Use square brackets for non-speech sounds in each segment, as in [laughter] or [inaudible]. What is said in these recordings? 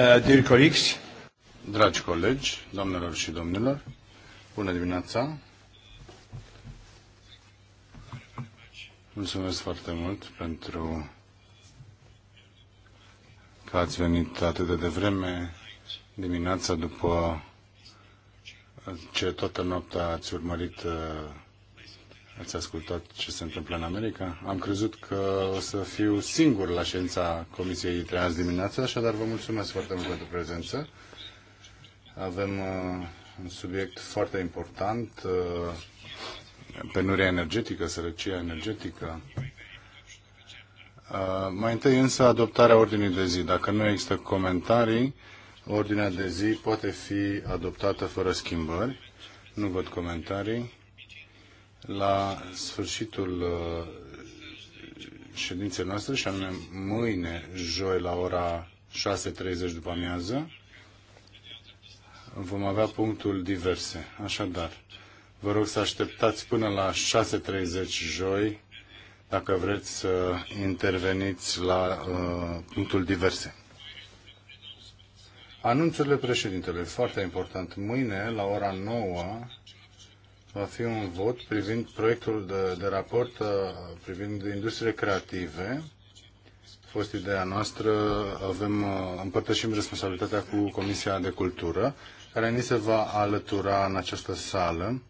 Uh, dear colleagues. Dragi colegi, doamnelor și domnilor, bună dimineața. Mulțumesc foarte mult pentru că ați venit atât de devreme dimineața după ce toată noaptea ați urmărit uh, Ați ascultat ce se întâmplă în America? Am crezut că o să fiu singur la ședința Comisiei de dimineața, așadar vă mulțumesc foarte mult pentru prezență. Avem uh, un subiect foarte important, uh, penuria energetică, sărăcia energetică. Uh, mai întâi însă adoptarea ordinii de zi. Dacă nu există comentarii, ordinea de zi poate fi adoptată fără schimbări. Nu văd comentarii la sfârșitul uh, ședinței noastre și anume mâine, joi, la ora 6.30 după amiază, vom avea punctul diverse. Așadar, vă rog să așteptați până la 6.30 joi dacă vreți să interveniți la uh, punctul diverse. Anunțurile președintelui, foarte important. Mâine, la ora 9, va fi un vot privind proiectul de, de raport uh, privind industriile creative. A fost ideea noastră, avem, uh, împărtășim responsabilitatea cu Comisia de Cultură, care ni se va alătura în această sală.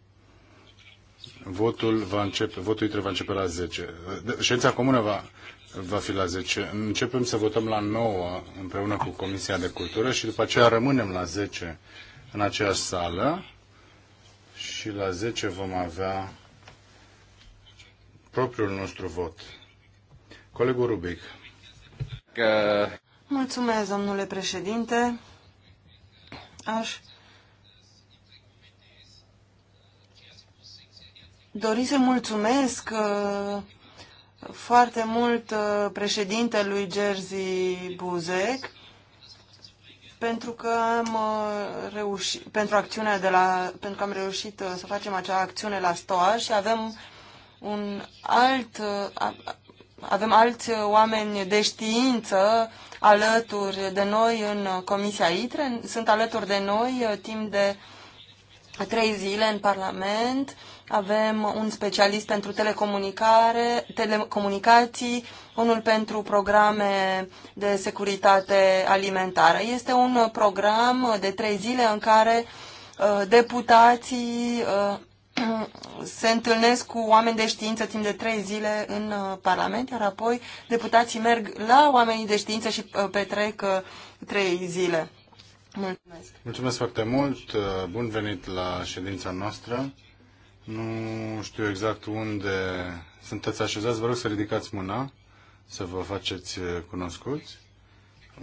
Votul va începe, votul va începe la 10. Ședința comună va, va fi la 10. Începem să votăm la 9 împreună cu Comisia de Cultură și după aceea rămânem la 10 în aceeași sală și la 10 vom avea propriul nostru vot. Colegul Rubic. Că... Mulțumesc, domnule președinte. Aș dori să mulțumesc uh, foarte mult uh, președintelui Jerzy Buzek pentru că am uh, reușit, pentru acțiunea de la, pentru că am reușit uh, să facem acea acțiune la STOA și avem un alt, uh, avem alți oameni de știință alături de noi în Comisia ITRE, sunt alături de noi timp de trei zile în Parlament avem un specialist pentru telecomunicare, telecomunicații, unul pentru programe de securitate alimentară. Este un program de trei zile în care uh, deputații uh, se întâlnesc cu oameni de știință timp de trei zile în uh, Parlament, iar apoi deputații merg la oamenii de știință și uh, petrec uh, trei zile. Mulțumesc! Mulțumesc foarte mult! Bun venit la ședința noastră! Nu știu exact unde sunteți așezați. Vă rog să ridicați mâna, să vă faceți eh, cunoscuți.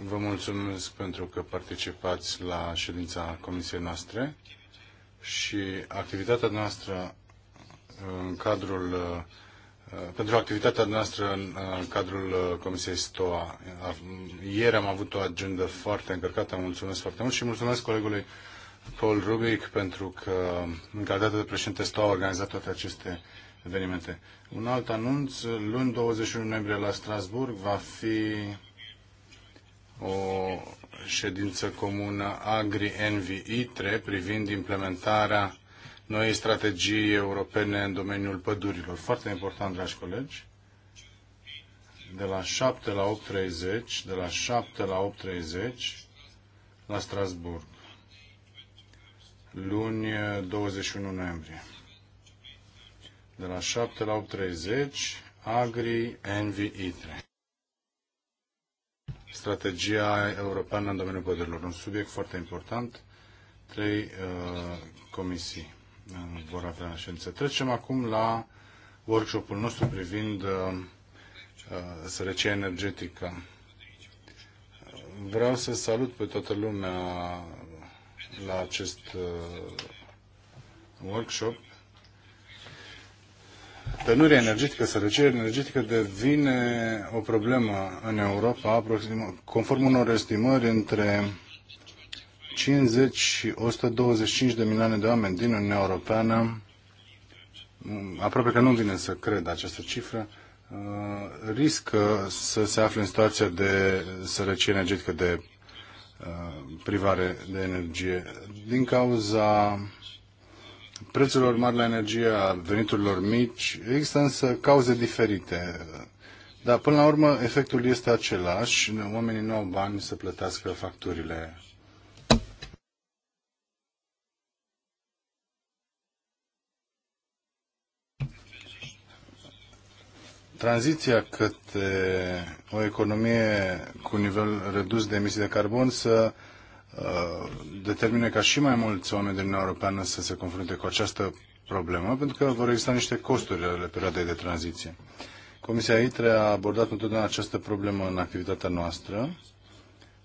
Vă mulțumesc pentru că participați la ședința comisiei noastre și activitatea noastră eh, în cadrul eh, pentru activitatea noastră în cadrul Comisiei STOA. Ieri am avut o agendă foarte încărcată, mulțumesc foarte mult și mulțumesc colegului Paul Rubic pentru că, în calitate de președinte, stau a organizat toate aceste evenimente. Un alt anunț, luni 21 noiembrie la Strasburg va fi o ședință comună Agri-NVI3 privind implementarea noi strategii europene în domeniul pădurilor. Foarte important, dragi colegi. De la 7 la 8.30, de la 7 la 8.30 la Strasburg luni 21 eh, noiembrie. De la 7 la 8.30, Agri Envy ITRE. Strategia europeană în domeniul pădurilor. Un subiect foarte important. Trei uh, comisii uh, vor avea ședință. Trecem acum la workshopul nostru privind uh, uh, sărăcia energetică. Vreau să salut pe toată lumea la acest uh, workshop. Tănuria energetică, sărăcia energetică devine o problemă în Europa, aproxim, conform unor estimări între 50 și 125 de milioane de oameni din Uniunea Europeană, mm, aproape că nu vine să cred această cifră, uh, riscă să se afle în situația de sărăcie energetică, de Uh, privare de energie. Din cauza prețurilor mari la energie, a veniturilor mici, există însă cauze diferite. Dar până la urmă efectul este același, oamenii nu au bani să plătească facturile tranziția către o economie cu nivel redus de emisii de carbon să uh, determine ca și mai mulți oameni din Uniunea Europeană să se confrunte cu această problemă, pentru că vor exista niște costuri ale perioadei de tranziție. Comisia ITRE a abordat întotdeauna această problemă în activitatea noastră.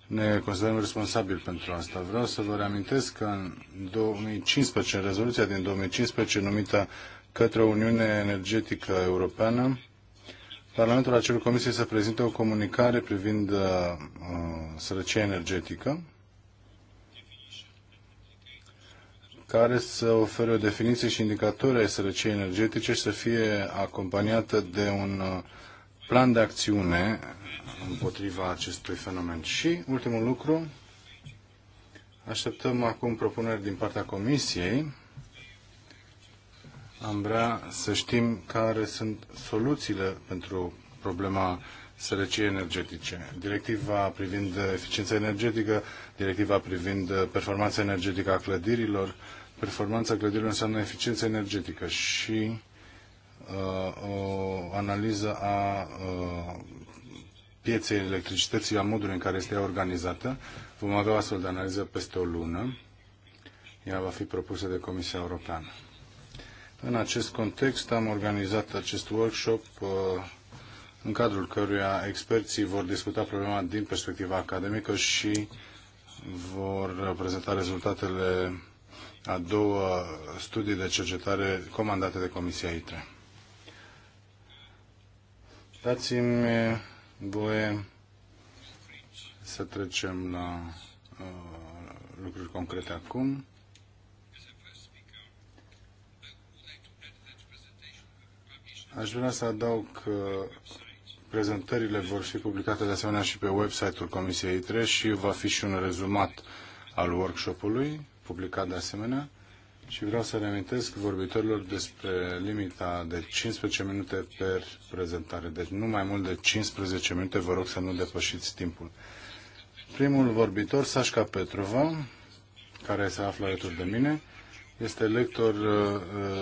Ne considerăm responsabili pentru asta. Vreau să vă reamintesc că în 2015, în rezoluția din 2015 numită către Uniunea Energetică Europeană, Parlamentul acelui comisie să prezinte o comunicare privind uh, uh, sărăcia energetică care să ofere o definiție și indicatori ai sărăciei energetice și să fie acompaniată de un uh, plan de acțiune împotriva acestui fenomen. Și ultimul lucru, așteptăm acum propuneri din partea Comisiei am vrea să știm care sunt soluțiile pentru problema sărăciei energetice. Directiva privind eficiența energetică, directiva privind performanța energetică a clădirilor. Performanța clădirilor înseamnă eficiență energetică și uh, o analiză a uh, pieței electricității, a modului în care este ea organizată. Vom avea o astfel de analiză peste o lună. Ea va fi propusă de Comisia Europeană. În acest context am organizat acest workshop uh, în cadrul căruia experții vor discuta problema din perspectiva academică și vor prezenta rezultatele a două studii de cercetare comandate de Comisia ITRE. Dați-mi voie să trecem la uh, lucruri concrete acum. Aș vrea să adaug că prezentările vor fi publicate de asemenea și pe website-ul Comisiei 3 și va fi și un rezumat al workshopului publicat de asemenea. Și vreau să reamintesc vorbitorilor despre limita de 15 minute per prezentare. Deci nu mai mult de 15 minute, vă rog să nu depășiți timpul. Primul vorbitor, Sașca Petrova, care se află alături de mine, este lector uh, uh,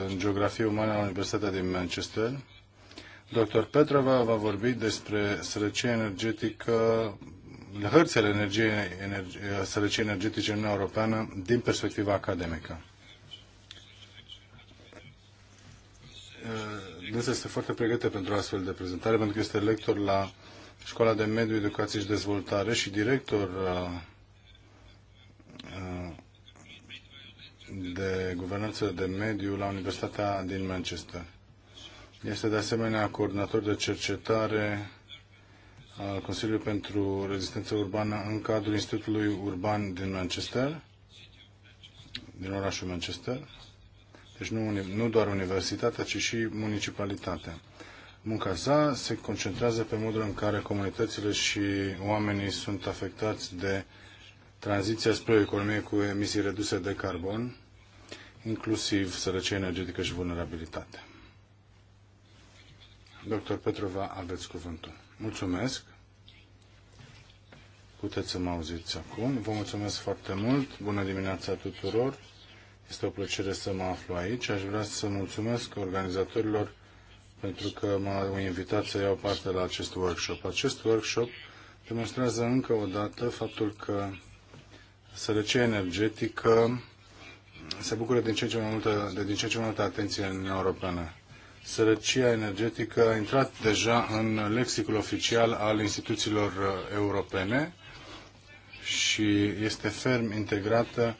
în geografie umană la Universitatea din Manchester. Dr. Petrova va vorbi despre sărăcie energetică, hărțile energie, energie, uh, sărăcie energetice în Uniunea Europeană din perspectiva academică. Însă este foarte pregătită pentru astfel de prezentare, pentru că este lector la Școala de Mediu, Educație și Dezvoltare și director de guvernanță de mediu la Universitatea din Manchester. Este de asemenea coordonator de cercetare al Consiliului pentru Rezistență Urbană în cadrul Institutului Urban din Manchester, din orașul Manchester. Deci nu, nu doar universitatea, ci și municipalitatea. Munca sa se concentrează pe modul în care comunitățile și oamenii sunt afectați de tranziția spre o economie cu emisii reduse de carbon, inclusiv sărăcie energetică și vulnerabilitate. Dr. Petrova, aveți cuvântul. Mulțumesc. Puteți să mă auziți acum. Vă mulțumesc foarte mult. Bună dimineața tuturor. Este o plăcere să mă aflu aici. Aș vrea să mulțumesc organizatorilor pentru că m-au invitat să iau parte la acest workshop. Acest workshop demonstrează încă o dată faptul că sărăcia energetică se bucură din ce ce mai multă, de din ce ce mai multă atenție în Uniunea Europeană. Sărăcia energetică a intrat deja în lexicul oficial al instituțiilor uh, europene și este ferm integrată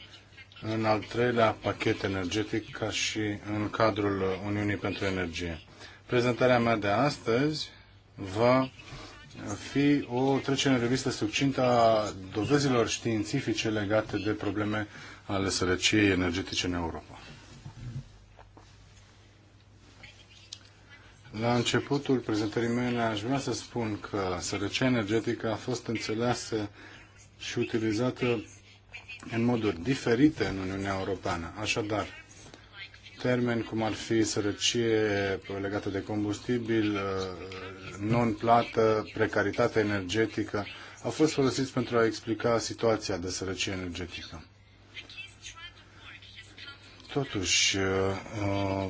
în al treilea pachet energetic ca și în cadrul Uniunii pentru Energie. Prezentarea mea de astăzi va fi o trecere în revistă succintă a dovezilor științifice legate de probleme ale sărăciei energetice în Europa. La începutul prezentării mele aș vrea să spun că sărăcia energetică a fost înțeleasă și utilizată în moduri diferite în Uniunea Europeană. Așadar, termeni cum ar fi sărăcie legată de combustibil, non-plată, precaritate energetică, au fost folosiți pentru a explica situația de sărăcie energetică. Totuși, uh, uh,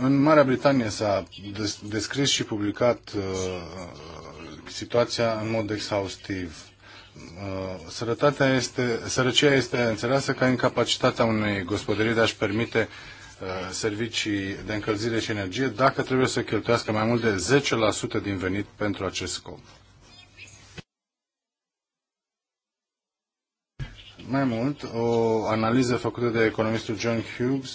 în Marea Britanie s-a descris și publicat uh, situația în mod exhaustiv. este, sărăcia este înțeleasă ca incapacitatea unei gospodării de a-și permite servicii de încălzire și energie dacă trebuie să cheltuiască mai mult de 10% din venit pentru acest scop. Mai mult, o analiză făcută de economistul John Hughes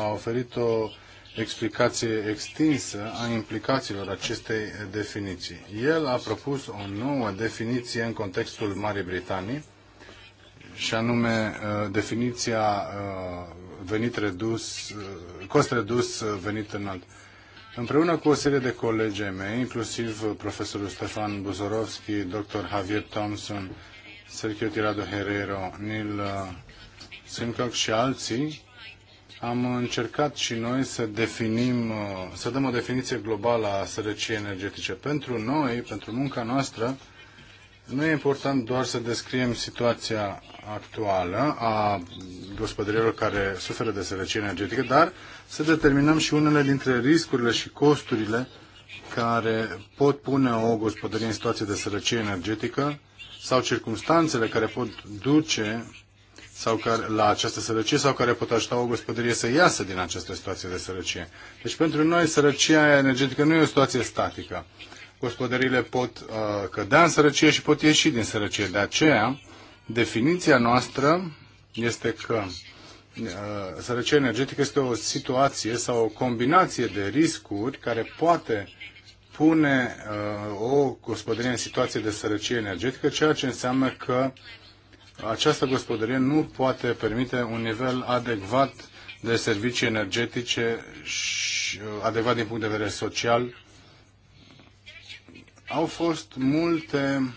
a oferit o explicație extinsă a implicațiilor acestei definiții. El a propus o nouă definiție în contextul Marii Britanii, și anume uh, definiția uh, venit redus, uh, cost redus, venit înalt. Împreună cu o serie de colegi mei, inclusiv profesorul Stefan Buzorovski, dr. Javier Thompson, Sergio Tirado Herrero, Neil uh, Simcox și alții, am încercat și noi să definim, uh, să dăm o definiție globală a sărăciei energetice. Pentru noi, pentru munca noastră, nu e important doar să descriem situația actuală a gospodărilor care suferă de sărăcie energetică, dar să determinăm și unele dintre riscurile și costurile care pot pune o gospodărie în situație de sărăcie energetică sau circumstanțele care pot duce sau care, la această sărăcie sau care pot ajuta o gospodărie să iasă din această situație de sărăcie. Deci pentru noi sărăcia energetică nu e o situație statică. Gospodăriile pot uh, cădea în sărăcie și pot ieși din sărăcie. De aceea, definiția noastră este că uh, sărăcia energetică este o situație sau o combinație de riscuri care poate pune uh, o gospodărie în situație de sărăcie energetică, ceea ce înseamnă că această gospodărie nu poate permite un nivel adecvat de servicii energetice și uh, adecvat din punct de vedere social. Au fost multe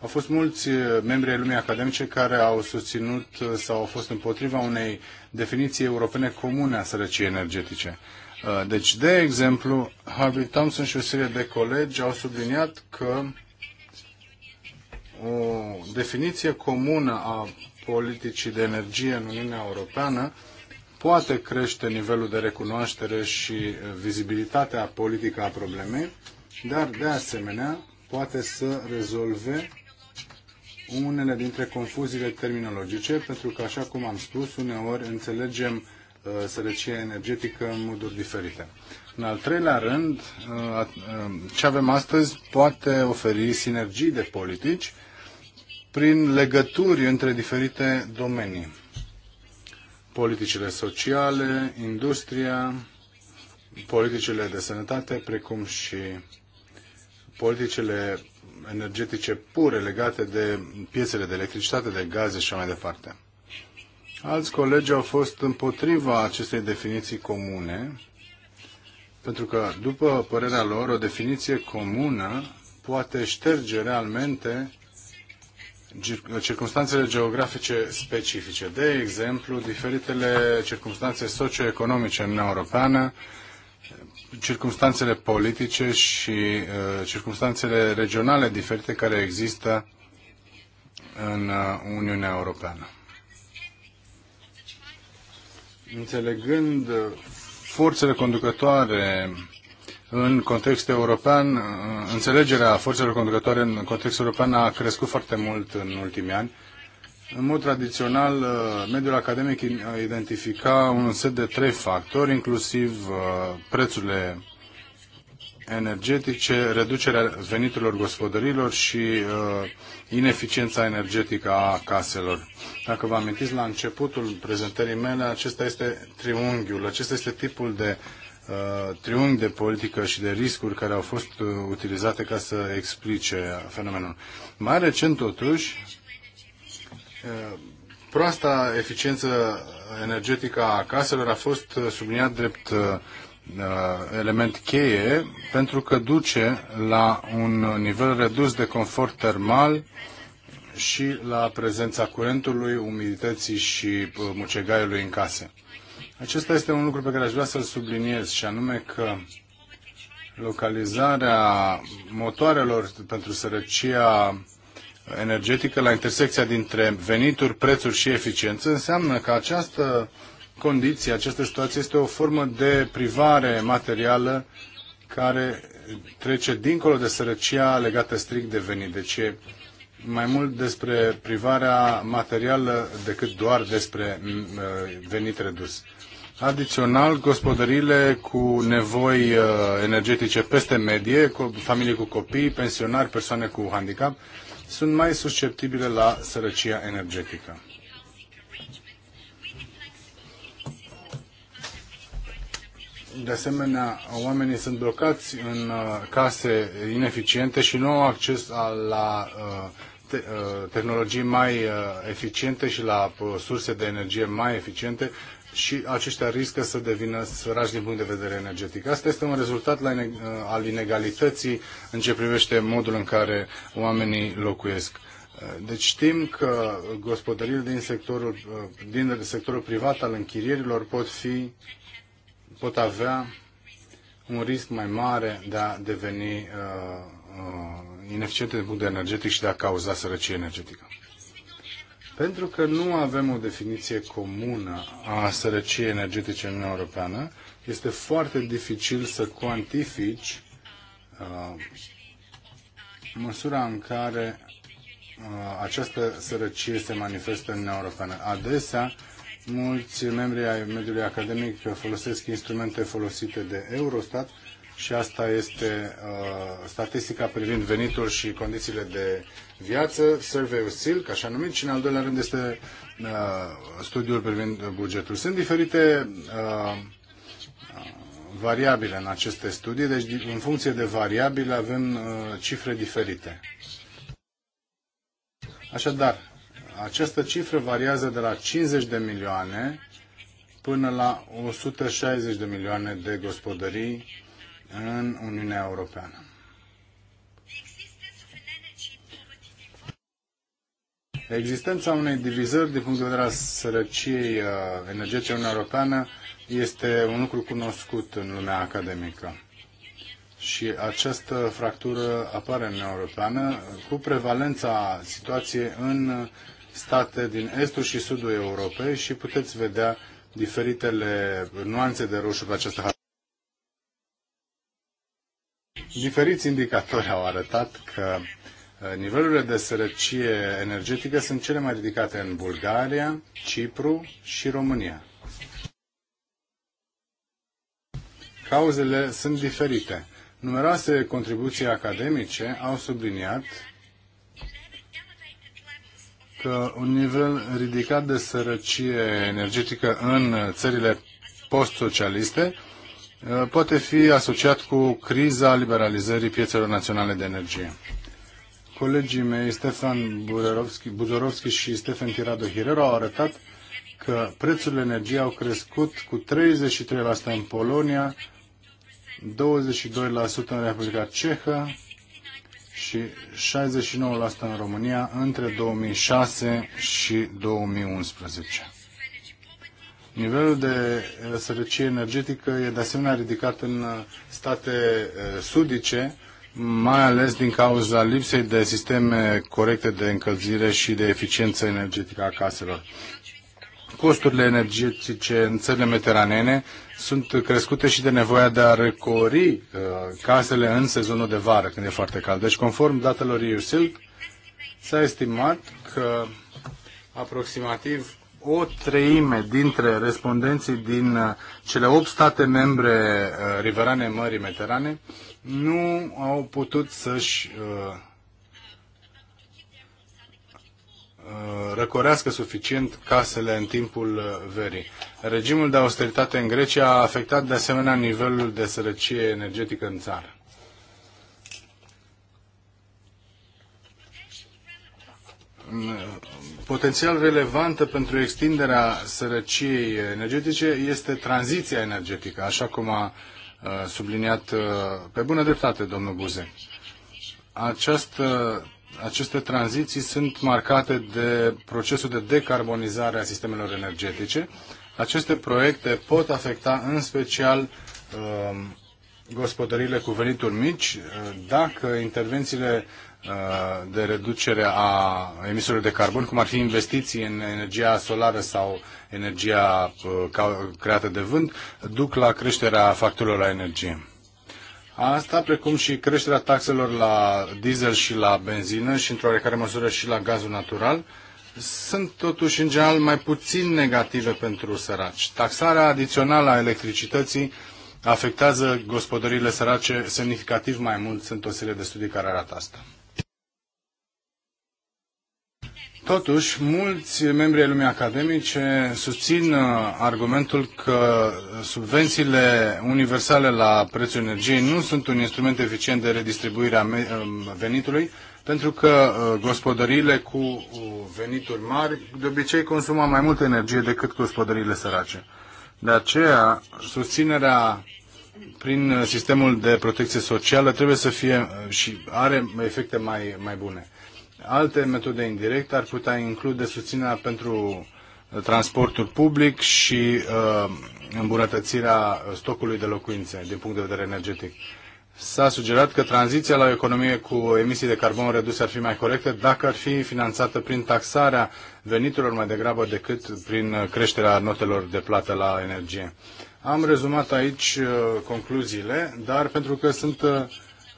au fost mulți uh, membri ai lumii academice care au susținut sau au fost împotriva unei definiții europene comune a sărăciei energetice. Uh, deci, de exemplu, Harvey Thompson și o serie de colegi au subliniat că o definiție comună a politicii de energie în Uniunea Europeană poate crește nivelul de recunoaștere și vizibilitatea politică a problemei, dar de asemenea poate să rezolve unele dintre confuziile terminologice, pentru că, așa cum am spus, uneori înțelegem Uh, sărăcie energetică în moduri diferite. În al treilea rând, uh, uh, ce avem astăzi poate oferi sinergii de politici prin legături între diferite domenii. Politicile sociale, industria, politicile de sănătate, precum și politicile energetice pure legate de piețele de electricitate, de gaze și mai departe. Alți colegi au fost împotriva acestei definiții comune, pentru că, după părerea lor, o definiție comună poate șterge realmente circunstanțele geografice specifice. De exemplu, diferitele circunstanțe socioeconomice în Uniunea Europeană, circunstanțele politice și uh, circunstanțele regionale diferite care există în uh, Uniunea Europeană înțelegând forțele conducătoare în context european, înțelegerea forțelor conducătoare în context european a crescut foarte mult în ultimii ani. În mod tradițional, mediul academic identifica un set de trei factori, inclusiv uh, prețurile energetice, reducerea veniturilor gospodărilor și uh, ineficiența energetică a caselor. Dacă vă amintiți, la începutul prezentării mele, acesta este triunghiul, acesta este tipul de uh, triunghi de politică și de riscuri care au fost uh, utilizate ca să explice fenomenul. Mai recent, totuși, uh, proasta eficiență energetică a caselor a fost uh, subliniat drept uh, Uh, element cheie pentru că duce la un nivel redus de confort termal și la prezența curentului, umidității și uh, mucegaiului în case. Acesta este un lucru pe care aș vrea să-l subliniez și anume că localizarea motoarelor pentru sărăcia energetică la intersecția dintre venituri, prețuri și eficiență înseamnă că această uh, condiție, această situație este o formă de privare materială care trece dincolo de sărăcia legată strict de venit. Deci e mai mult despre privarea materială decât doar despre uh, venit redus. Adițional, gospodăriile cu nevoi uh, energetice peste medie, familii cu copii, pensionari, persoane cu handicap, sunt mai susceptibile la sărăcia energetică. De asemenea, oamenii sunt blocați în uh, case ineficiente și nu au acces la uh, uh, tehnologii mai eficiente și la surse de energie mai eficiente și aceștia riscă să devină sărași din punct de vedere energetic. Asta este un rezultat la, al inegalității în ce privește modul în care oamenii locuiesc. Deci știm că gospodăriile din sectorul, din sectorul privat al închirierilor pot fi pot avea un risc mai mare de a deveni uh, uh, ineficiente din punct de energetic și de a cauza sărăcie energetică. Pentru că nu avem o definiție comună a sărăciei energetice în Uniunea Europeană, este foarte dificil să cuantifici uh, măsura în care uh, această sărăcie se manifestă în Uniunea Europeană. Adesea, Mulți membri ai mediului academic folosesc instrumente folosite de Eurostat și asta este uh, statistica privind venituri și condițiile de viață, Survey-ul SILC, așa numit, și în al doilea rând este uh, studiul privind bugetul. Sunt diferite uh, variabile în aceste studii, deci în funcție de variabile avem uh, cifre diferite. Așadar, această cifră variază de la 50 de milioane până la 160 de milioane de gospodării în Uniunea Europeană. Existența unei divizări din punct de vedere al sărăciei uh, energetice în Uniunea Europeană este un lucru cunoscut în lumea academică. Și această fractură apare în Uniunea Europeană cu prevalența situației în state din estul și sudul Europei și puteți vedea diferitele nuanțe de roșu pe această hartă. Diferiți indicatori au arătat că uh, nivelurile de sărăcie energetică sunt cele mai ridicate în Bulgaria, Cipru și România. Cauzele sunt diferite. Numeroase contribuții academice au subliniat că un nivel ridicat de sărăcie energetică în țările post-socialiste uh, poate fi asociat cu criza liberalizării piețelor naționale de energie. Colegii mei, Stefan Buzorovski și Stefan Tirado Hirero, au arătat că prețurile energiei au crescut cu 33% în Polonia, 22% în Republica Cehă, și 69% în România între 2006 și 2011. Nivelul de eh, sărăcie energetică e de asemenea ridicat în eh, state eh, sudice, mai ales din cauza lipsei de sisteme corecte de încălzire și de eficiență energetică a caselor costurile energetice în țările meteranene sunt crescute și de nevoia de a recori uh, casele în sezonul de vară, când e foarte cald. Deci, conform datelor EUSIL, s-a estimat că aproximativ o treime dintre respondenții din uh, cele 8 state membre uh, riverane Mării Mediterane nu au putut să-și uh, Uh, răcorească suficient casele în timpul uh, verii. Regimul de austeritate în Grecia a afectat de asemenea nivelul de sărăcie energetică în țară. Uh, potențial relevantă pentru extinderea sărăciei energetice este tranziția energetică, așa cum a subliniat pe bună dreptate domnul Guze. această aceste tranziții sunt marcate de procesul de decarbonizare a sistemelor energetice. Aceste proiecte pot afecta în special um, gospodăriile cu venituri mici uh, dacă intervențiile uh, de reducere a emisiilor de carbon, cum ar fi investiții în energia solară sau energia uh, creată de vânt, duc la creșterea factorilor la energie. Asta, precum și creșterea taxelor la diesel și la benzină și, într-o oarecare măsură, și la gazul natural, sunt totuși, în general, mai puțin negative pentru săraci. Taxarea adițională a electricității afectează gospodăriile sărace semnificativ mai mult. Sunt o serie de studii care arată asta. Totuși, mulți membri ai lumii academice susțin uh, argumentul că subvențiile universale la prețul energiei nu sunt un instrument eficient de redistribuire a uh, venitului, pentru că uh, gospodăriile cu venituri mari de obicei consumă mai multă energie decât gospodăriile sărace. De aceea, susținerea prin sistemul de protecție socială trebuie să fie și are efecte mai, mai bune. Alte metode indirecte ar putea include susținerea pentru uh, transportul public și uh, îmbunătățirea stocului de locuințe din punct de vedere energetic. S-a sugerat că tranziția la o economie cu emisii de carbon reduse ar fi mai corectă dacă ar fi finanțată prin taxarea veniturilor mai degrabă decât prin uh, creșterea notelor de plată la energie. Am rezumat aici uh, concluziile, dar pentru că sunt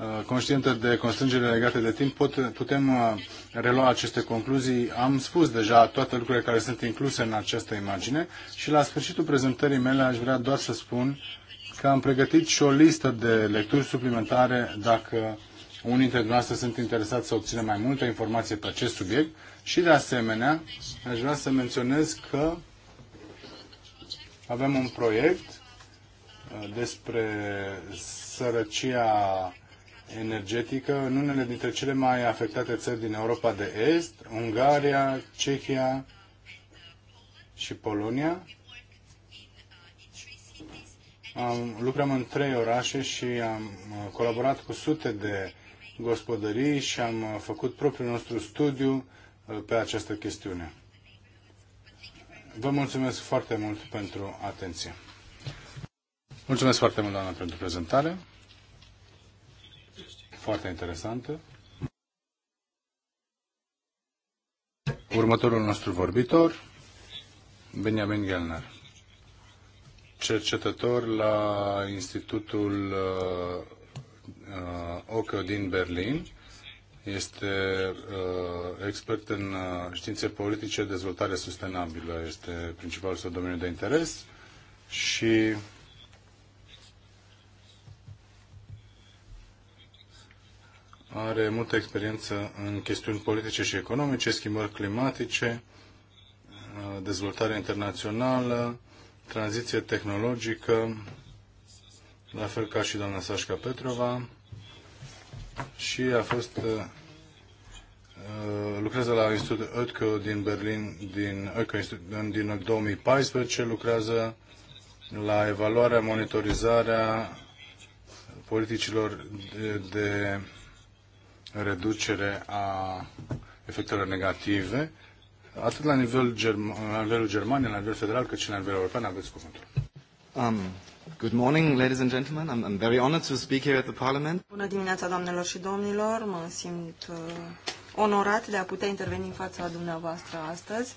Uh, conștientă de constrângerile legate de timp, pot, putem uh, relua aceste concluzii. Am spus deja toate lucrurile care sunt incluse în această imagine și la sfârșitul prezentării mele aș vrea doar să spun că am pregătit și o listă de lecturi suplimentare dacă unii dintre dumneavoastră sunt interesați să obțină mai multă informație pe acest subiect și de asemenea aș vrea să menționez că avem un proiect uh, despre sărăcia energetică în unele dintre cele mai afectate țări din Europa de Est, Ungaria, Cehia și Polonia. Am, lucrăm în trei orașe și am uh, colaborat cu sute de gospodării și am uh, făcut propriul nostru studiu uh, pe această chestiune. Vă mulțumesc foarte mult pentru atenție. Mulțumesc foarte mult, doamna, pentru prezentare foarte interesantă. Următorul nostru vorbitor, Benjamin Gelner, cercetător la Institutul uh, uh OCO din Berlin, este uh, expert în uh, științe politice, dezvoltare sustenabilă, este principalul său domeniu de interes și are multă experiență în chestiuni politice și economice, schimbări climatice, dezvoltare internațională, tranziție tehnologică, la fel ca și doamna Sașca Petrova, și a fost uh, uh, lucrează la Institutul Oetker din Berlin din, Oetker, din 2014, lucrează la evaluarea, monitorizarea politicilor de, de reducere a efectelor negative, atât la nivel germ- la nivelul Germaniei, la nivel federal, cât și la nivel european. Aveți cuvântul. Um, good morning, ladies and gentlemen. I'm, I'm very honored to speak here at the Parliament. Bună dimineața, doamnelor și domnilor. Mă simt uh, onorat de a putea interveni în fața dumneavoastră astăzi.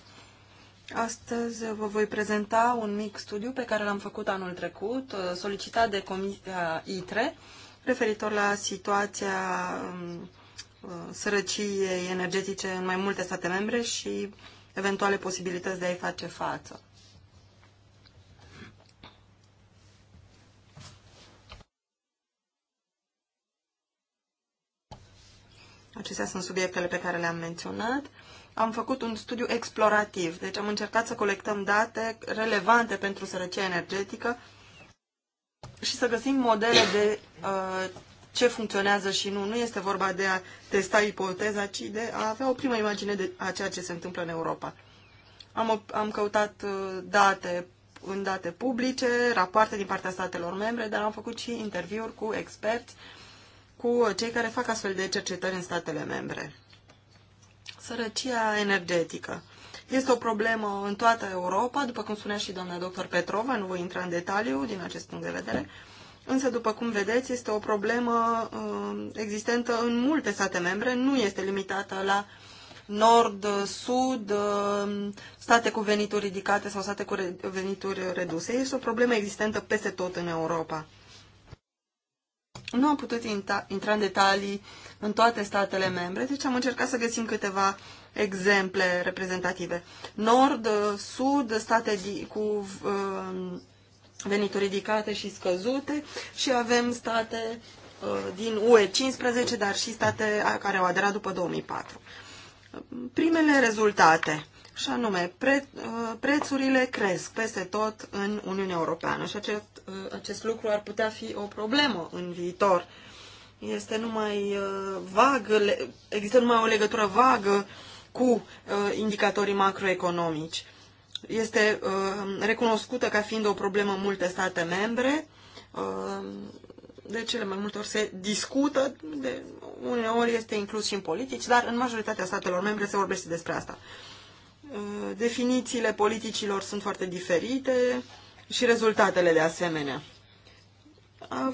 Astăzi vă voi prezenta un mic studiu pe care l-am făcut anul trecut, uh, solicitat de Comisia ITRE, referitor la situația um, Uh, sărăciei energetice în mai multe state membre și eventuale posibilități de a-i face față. Acestea sunt subiectele pe care le-am menționat. Am făcut un studiu explorativ, deci am încercat să colectăm date relevante pentru sărăcia energetică și să găsim modele de uh, ce funcționează și nu. Nu este vorba de a testa ipoteza, ci de a avea o primă imagine de a ceea ce se întâmplă în Europa. Am, am căutat uh, date în date publice, rapoarte din partea statelor membre, dar am făcut și interviuri cu experți, cu cei care fac astfel de cercetări în statele membre. Sărăcia energetică. Este o problemă în toată Europa, după cum spunea și doamna doctor Petrova, nu voi intra în detaliu din acest punct de vedere însă, după cum vedeți, este o problemă uh, existentă în multe state membre, nu este limitată la nord, sud, uh, state cu venituri ridicate sau state cu venituri reduse. Este o problemă existentă peste tot în Europa. Nu am putut intra în detalii în toate statele membre, deci am încercat să găsim câteva exemple reprezentative. Nord, uh, sud, state cu venituri ridicate și scăzute și avem state uh, din UE 15, dar și state care au aderat după 2004. Primele rezultate, și anume, pre, uh, prețurile cresc peste tot în Uniunea Europeană și acest, uh, acest lucru ar putea fi o problemă în viitor. Este numai vag, există numai o legătură vagă cu indicatorii macroeconomici este uh, recunoscută ca fiind o problemă în multe state membre. Uh, de cele mai multe ori se discută, de uneori este inclus și în politici, dar în majoritatea statelor membre se vorbește despre asta. Uh, definițiile politicilor sunt foarte diferite și rezultatele de asemenea.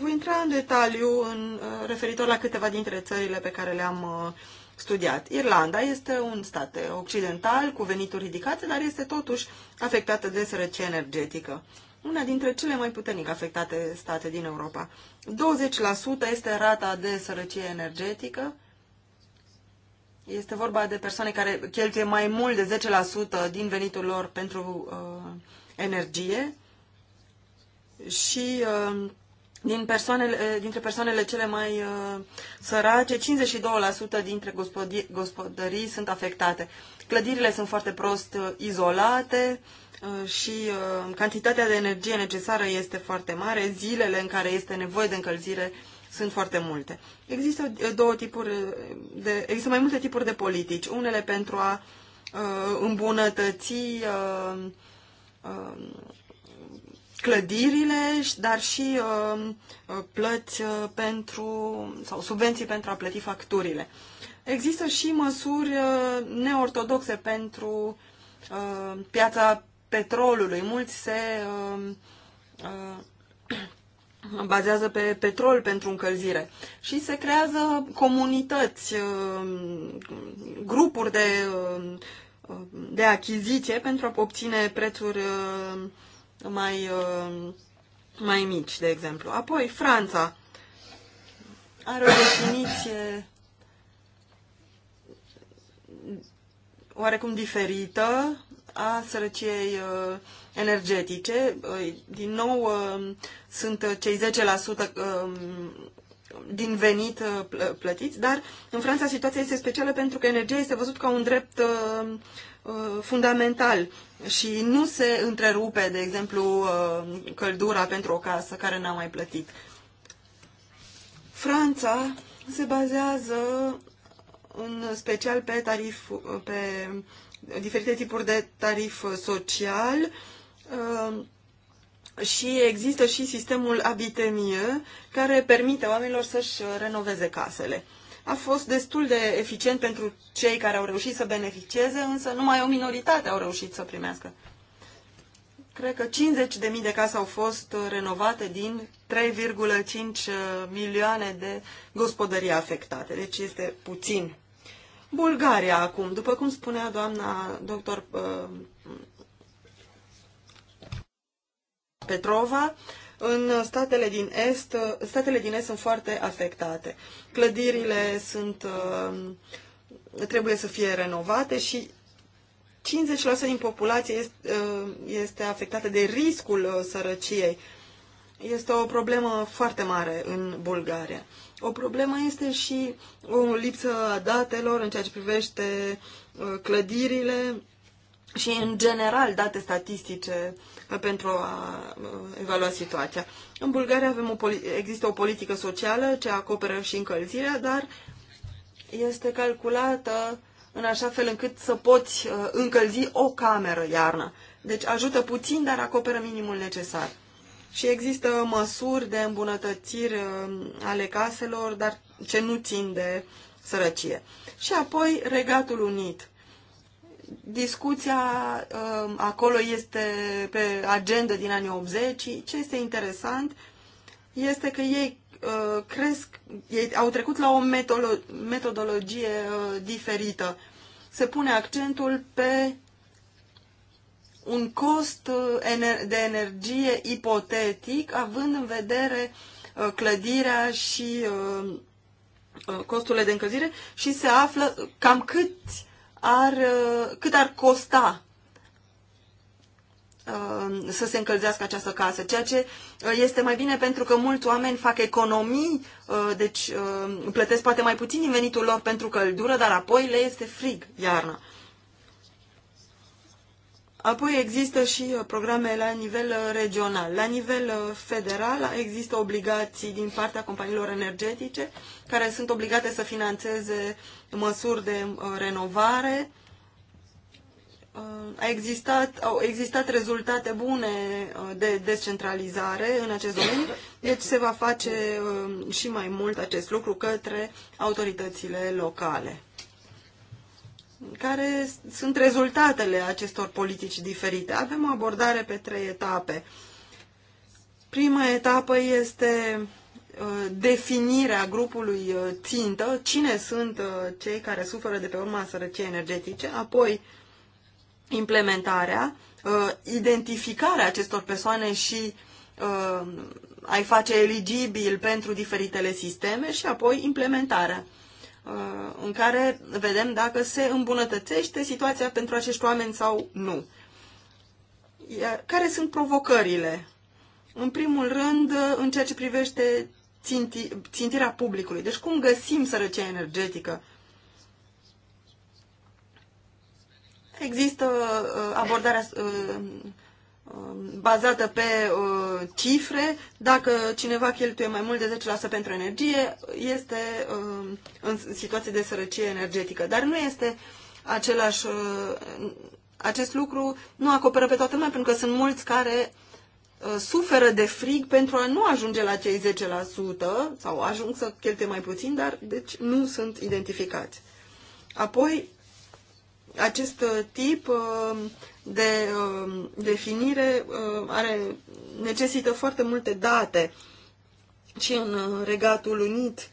Voi intra în detaliu în, referitor la câteva dintre țările pe care le-am uh, studiat. Irlanda este un stat occidental cu venituri ridicate, dar este totuși afectată de sărăcie energetică. Una dintre cele mai puternic afectate state din Europa. 20% este rata de sărăcie energetică. Este vorba de persoane care cheltuie mai mult de 10% din venitul lor pentru uh, energie și uh, din persoanele, eh, dintre persoanele cele mai uh, sărace, 52% dintre gospodii, gospodării sunt afectate. Clădirile sunt foarte prost eh, izolate uh, și uh, cantitatea de energie necesară este foarte mare. Zilele în care este nevoie de încălzire sunt foarte multe. Există două tipuri de, există mai multe tipuri de politici, unele pentru a uh, îmbunătăți uh, uh, clădirile, dar și um, uh, plăți uh, pentru sau subvenții pentru a plăti facturile. Există și măsuri uh, neortodoxe pentru piața petrolului. Mulți se um, [clears throat] bazează pe petrol pentru încălzire și se creează comunități, grupuri de, de achiziție pentru a obține prețuri mai, uh, mai mici, de exemplu. Apoi, Franța are o definiție oarecum diferită a sărăciei uh, energetice. Din nou, uh, sunt cei 10% din venit plătiți, dar în Franța situația este specială pentru că energia este văzut ca un drept Uh, fundamental și nu se întrerupe, de exemplu, uh, căldura pentru o casă care n-a mai plătit. Franța se bazează în special pe tarif, uh, pe diferite tipuri de tarif social și există și sistemul Abitemie care permite oamenilor să-și renoveze casele a fost destul de eficient pentru cei care au reușit să beneficieze, însă numai o minoritate au reușit să primească. Cred că 50.000 de case au fost uh, renovate din 3,5 uh, milioane de gospodării afectate, deci este puțin. Bulgaria acum, după cum spunea doamna doctor uh, Petrova, uh, în statele din Est, statele din Est sunt foarte afectate. Clădirile sunt, uh, trebuie să fie renovate și 50% din populație uh, este afectată de riscul uh, sărăciei. Este o problemă foarte mare în Bulgaria. O problemă este și o lipsă a datelor în ceea ce privește clădirile, și, în general, date statistice uh, pentru a uh, evalua situația. În Bulgaria avem o există o politică socială ce acoperă și încălzirea, dar este calculată în așa fel încât să poți uh, încălzi o cameră iarna. Deci ajută puțin, dar acoperă minimul necesar. Și există măsuri de îmbunătățiri ale caselor, dar ce nu țin de sărăcie. Și apoi Regatul Unit discuția uh, acolo este pe agenda din anii 80. Ce este interesant este că ei uh, cresc, ei au trecut la o metodologie uh, diferită. Se pune accentul pe un cost uh, de energie ipotetic, având în vedere uh, clădirea și uh, costurile de încălzire și se află cam câți ar, uh, cât ar costa uh, să se încălzească această casă, ceea ce uh, este mai bine pentru că mulți oameni fac economii, deci plătesc poate mai puțin din venitul lor pentru căldură, dar apoi le este frig iarna. Apoi există și uh, programe la nivel uh, regional. La nivel uh, federal există obligații din partea companiilor energetice care sunt obligate să financeze măsuri de renovare. A existat, au existat rezultate bune de descentralizare în acest domeniu, deci se va face și mai mult acest lucru către autoritățile locale care sunt rezultatele acestor politici diferite. Avem o abordare pe trei etape. Prima etapă este uh, definirea grupului uh, țintă, cine sunt uh, cei care suferă de pe urma sărăciei energetice, apoi implementarea, identificarea acestor persoane și ai face eligibil pentru diferitele sisteme și apoi implementarea. Uh, în care vedem dacă se îmbunătățește situația pentru acești oameni sau nu. Iar care sunt provocările? În primul rând, uh, în ceea ce privește ținti, țintirea publicului. Deci cum găsim sărăcia energetică? Există uh, abordarea Um, bazată pe uh, cifre, dacă cineva cheltuie mai mult de 10% pentru energie, este uh, în situație de sărăcie energetică. Dar nu este același. Uh, acest lucru nu acoperă pe toată lumea, pentru că sunt mulți care uh, suferă de frig pentru a nu ajunge la cei 10% sau ajung să cheltuie mai puțin, dar deci nu sunt identificați. Apoi, acest uh, tip uh, de uh, definire are, necesită foarte multe date și în Regatul Unit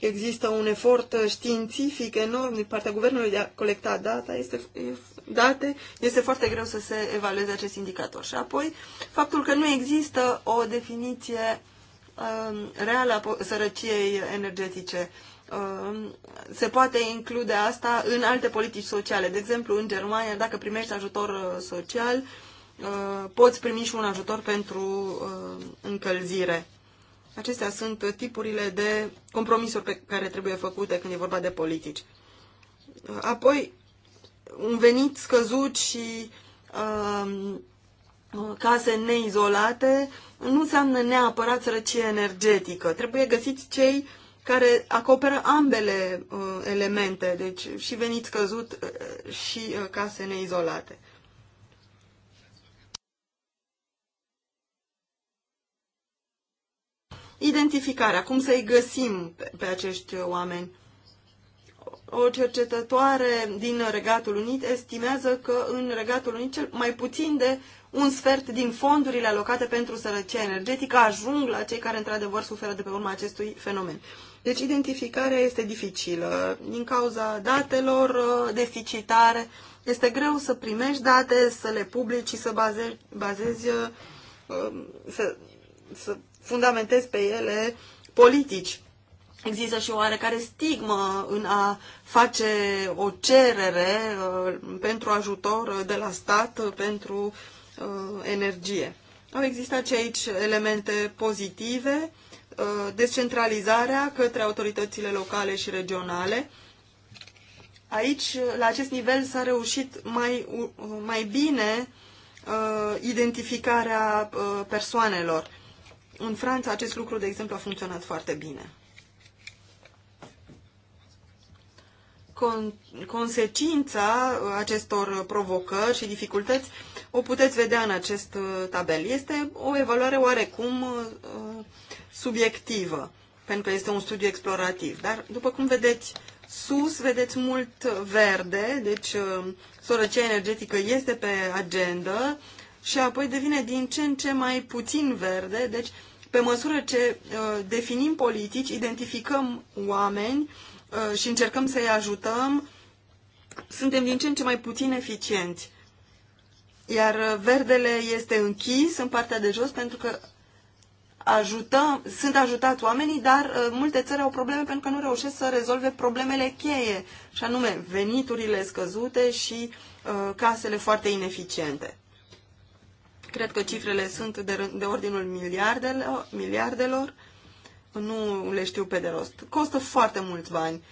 există un efort științific enorm din partea guvernului de a colecta data, este, date, este foarte greu să se evalueze acest indicator. Și apoi, faptul că nu există o definiție um, reală a sărăciei energetice. Um, se poate include asta în alte politici sociale. De exemplu, în Germania, dacă primești ajutor uh, social, uh, poți primi și un ajutor pentru uh, încălzire. Acestea sunt tipurile de compromisuri pe care trebuie făcute când e vorba de politici. Apoi, un venit scăzut și um, case neizolate nu înseamnă neapărat sărăcie energetică. Trebuie găsiți cei uh, care acoperă ambele uh, elemente, deci și venit scăzut uh, și uh, case neizolate. Identificarea, cum să-i găsim pe, pe acești oameni. O cercetătoare din Regatul Unit estimează că în Regatul Unit cel mai puțin de un sfert din fondurile alocate pentru sărăcie energetică ajung la cei care într-adevăr suferă de pe urma acestui fenomen. Deci identificarea este dificilă. Din cauza datelor uh, deficitare, este greu să primești date, să le publici și să bazezi, bazezi uh, um, să, să fundamentezi pe ele politici. Există și oarecare stigmă în a face o cerere uh, pentru ajutor de la stat pentru energie. Au existat și aici elemente pozitive Uh, descentralizarea către autoritățile locale și regionale. Aici, la acest nivel, s-a reușit mai, uh, mai bine uh, identificarea uh, persoanelor. În Franța, acest lucru, de exemplu, a funcționat foarte bine. Con- consecința uh, acestor provocări și dificultăți o puteți vedea în acest tabel. Este o evaluare oarecum uh, subiectivă, pentru că este un studiu explorativ. Dar, după cum vedeți sus, vedeți mult verde, deci uh, sărăcia energetică este pe agenda și apoi devine din ce în ce mai puțin verde, deci pe măsură ce uh, definim politici, identificăm oameni uh, și încercăm să-i ajutăm, suntem din ce în ce mai puțin eficienți. Iar verdele este închis în partea de jos pentru că ajutăm, sunt ajutați oamenii, dar uh, multe țări au probleme pentru că nu reușesc să rezolve problemele cheie, și anume veniturile scăzute și uh, casele foarte ineficiente. Cred că cifrele sunt de, de ordinul miliardelor, miliardelor, nu le știu pe de rost. Costă foarte mulți bani.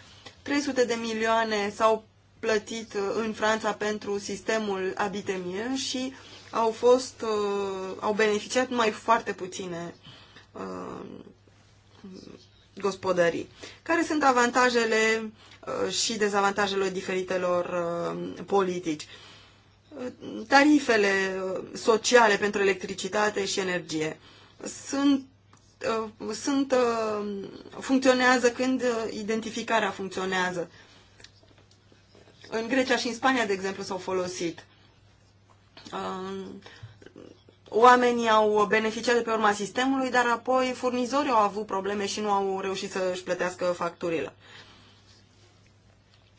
300 de milioane s-au plătit uh, în Franța pentru sistemul Abitemie și au fost, uh, au beneficiat mai foarte puține Uh, gospodării. Care sunt avantajele uh, și dezavantajele diferitelor uh, politici? Tarifele sociale pentru electricitate și energie sunt, sunt, funcționează când identificarea funcționează. În Grecia și în Spania, de exemplu, s-au folosit oamenii au beneficiat de pe urma sistemului, dar apoi furnizorii au avut probleme și nu au reușit să-și plătească facturile.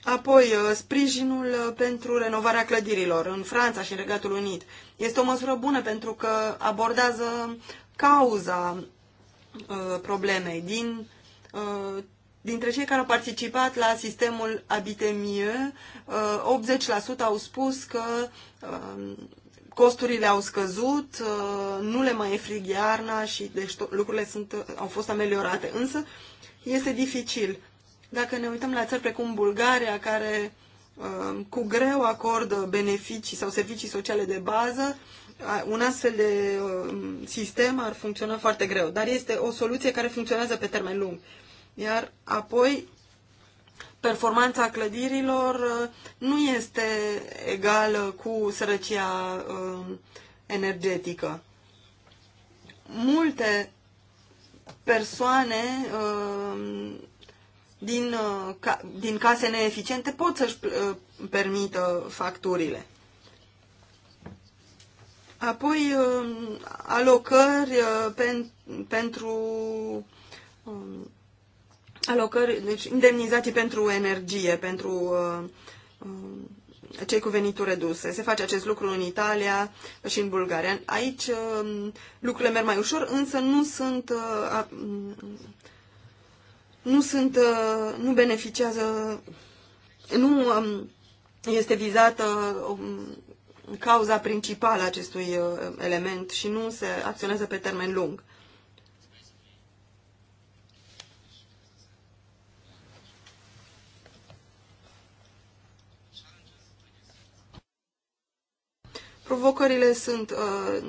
Apoi, uh, sprijinul uh, pentru renovarea clădirilor în Franța și în Regatul Unit este o măsură bună pentru că abordează cauza uh, problemei din, dintre cei care au participat la sistemul Abitemie, 80% au spus că costurile au scăzut, uh, nu le mai e frig iarna și deci lucrurile sunt, uh, au fost ameliorate. Însă este dificil. Dacă ne uităm la țări precum Bulgaria, care uh, cu greu acordă beneficii sau servicii sociale de bază, un astfel de sistem ar funcționa foarte greu. Dar este o soluție care funcționează pe termen lung. Iar apoi performanța clădirilor uh, nu este egală cu sărăcia uh, energetică. Multe persoane uh, din, din case neeficiente pot să-și permită facturile. Apoi, alocări pen, pentru um, alocări, deci indemnizații pentru energie, pentru uh, uh, cei cu venituri reduse. Se face acest lucru în Italia și în Bulgaria. Aici uh, lucrurile merg mai ușor, însă nu sunt uh, nu sunt uh, nu beneficiază nu um, este vizată um, cauza principală acestui uh, element și nu se acționează pe termen lung. Provocările sunt uh,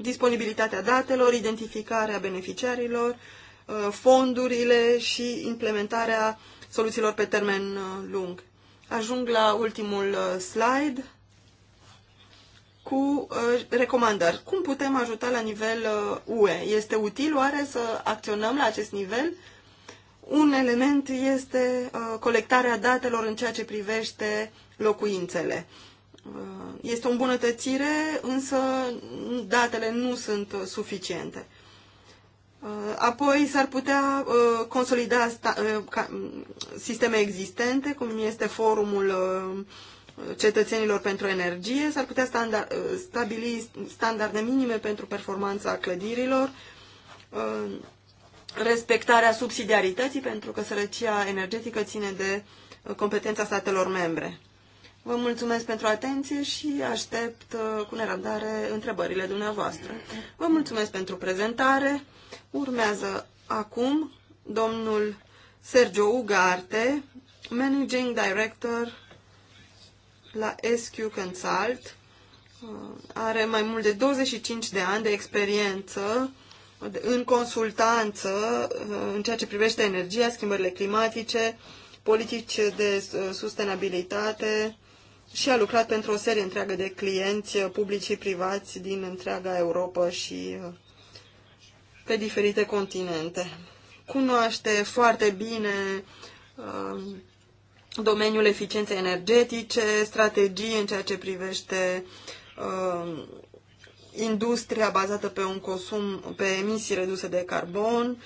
disponibilitatea datelor, identificarea beneficiarilor, uh, fondurile și implementarea soluțiilor pe termen uh, lung. Ajung la ultimul uh, slide cu uh, recomandări. Cum putem ajuta la nivel uh, UE? Este util oare să acționăm la acest nivel? Un element este uh, colectarea datelor în ceea ce privește locuințele. Uh, este o îmbunătățire, însă datele nu sunt suficiente. Uh, apoi s-ar putea uh, consolida mm, sisteme existente, cum este forumul cetățenilor pentru energie, s-ar putea standard, stabili standarde minime pentru performanța clădirilor, respectarea subsidiarității, pentru că sărăcia energetică ține de competența statelor membre. Vă mulțumesc pentru atenție și aștept uh, cu nerăbdare întrebările dumneavoastră. Vă mulțumesc pentru prezentare. Urmează acum domnul Sergio Ugarte, Managing Director la SQ Consult. Uh, are mai mult de 25 de ani de experiență în consultanță uh, în ceea ce privește energia, schimbările climatice, politici de sustenabilitate, și a lucrat pentru o serie întreagă de clienți eh, publici și privați din întreaga Europa și eh, pe diferite continente. Cunoaște foarte bine eh, domeniul eficienței energetice, strategii în ceea ce privește industria bazată pe un consum, pe emisii reduse de carbon,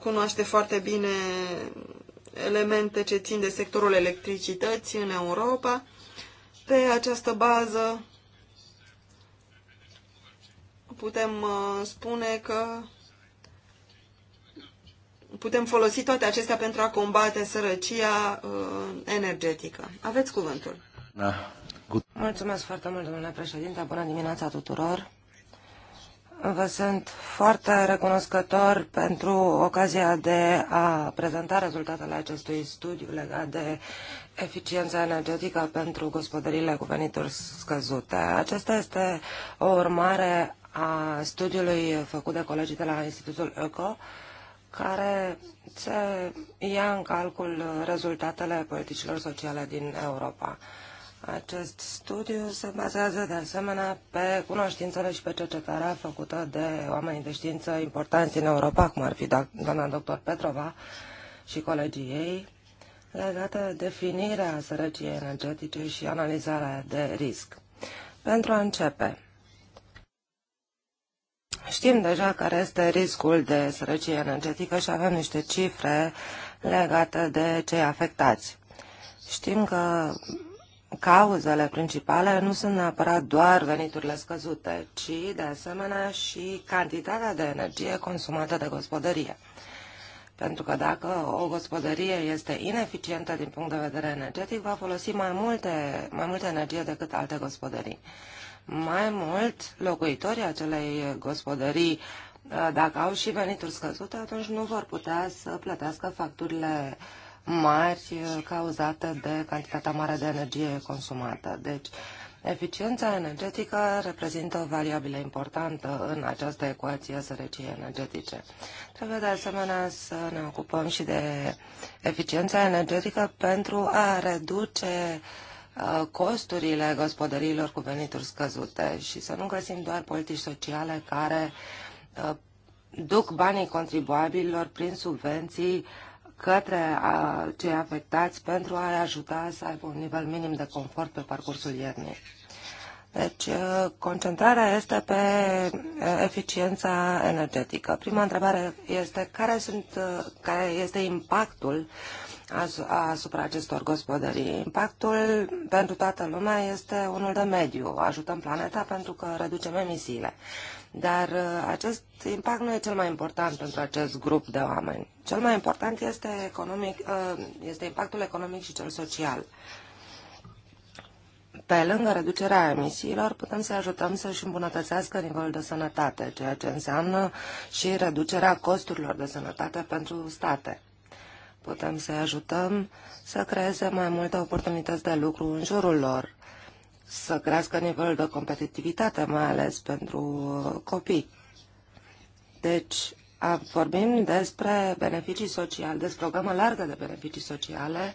cunoaște foarte bine elemente ce țin de sectorul electricității în Europa. Pe această bază putem uh, spune că putem folosi toate acestea pentru a combate sărăcia uh, energetică. Aveți cuvântul. Da. Mulțumesc foarte mult, domnule președinte. Bună dimineața tuturor. Vă sunt foarte recunoscător pentru ocazia de a prezenta rezultatele acestui studiu legat de eficiența energetică pentru gospodăriile cu venituri scăzute. Aceasta este o urmare a studiului făcut de colegii de la Institutul ECO, care se ia în calcul rezultatele politicilor sociale din Europa. Acest studiu se bazează de asemenea pe cunoștințele și pe cercetarea făcută de oameni de știință importanți în Europa, cum ar fi doamna doctor Petrova și colegii ei, legată de definirea sărăciei energetice și analizarea de risc. Pentru a începe, știm deja care este riscul de sărăcie energetică și avem niște cifre legate de cei afectați. Știm că cauzele principale nu sunt neapărat doar veniturile scăzute, ci de asemenea și cantitatea de energie consumată de gospodărie. Pentru că dacă o gospodărie este ineficientă din punct de vedere energetic, va folosi mai, multe, mai multă energie decât alte gospodării. Mai mult, locuitorii acelei gospodării, uh, dacă au și venituri scăzute, atunci nu vor putea să plătească facturile uh, mari uh, cauzate de cantitatea mare de energie consumată. Deci, eficiența energetică reprezintă o variabilă importantă în această ecuație a sărăciei energetice. Trebuie de asemenea să ne ocupăm și de eficiența energetică pentru a reduce uh, costurile gospodăriilor cu venituri scăzute și să nu găsim doar politici sociale care uh, duc banii contribuabililor prin subvenții către cei afectați pentru a-i ajuta să aibă un nivel minim de confort pe parcursul iernii. Deci, concentrarea este pe eficiența energetică. Prima întrebare este care, sunt, care este impactul asupra acestor gospodării. Impactul pentru toată lumea este unul de mediu. Ajutăm planeta pentru că reducem emisiile. Dar uh, acest impact nu e cel mai important pentru acest grup de oameni. Cel mai important este, economic, uh, este impactul economic și cel social. Pe lângă reducerea emisiilor, putem să ajutăm să-și îmbunătățească nivelul de sănătate, ceea ce înseamnă și reducerea costurilor de sănătate pentru state. Putem să-i ajutăm să creeze mai multe oportunități de lucru în jurul lor, să crească nivelul de competitivitate, mai ales pentru copii. Deci, vorbim despre beneficii sociale, despre o gamă largă de beneficii sociale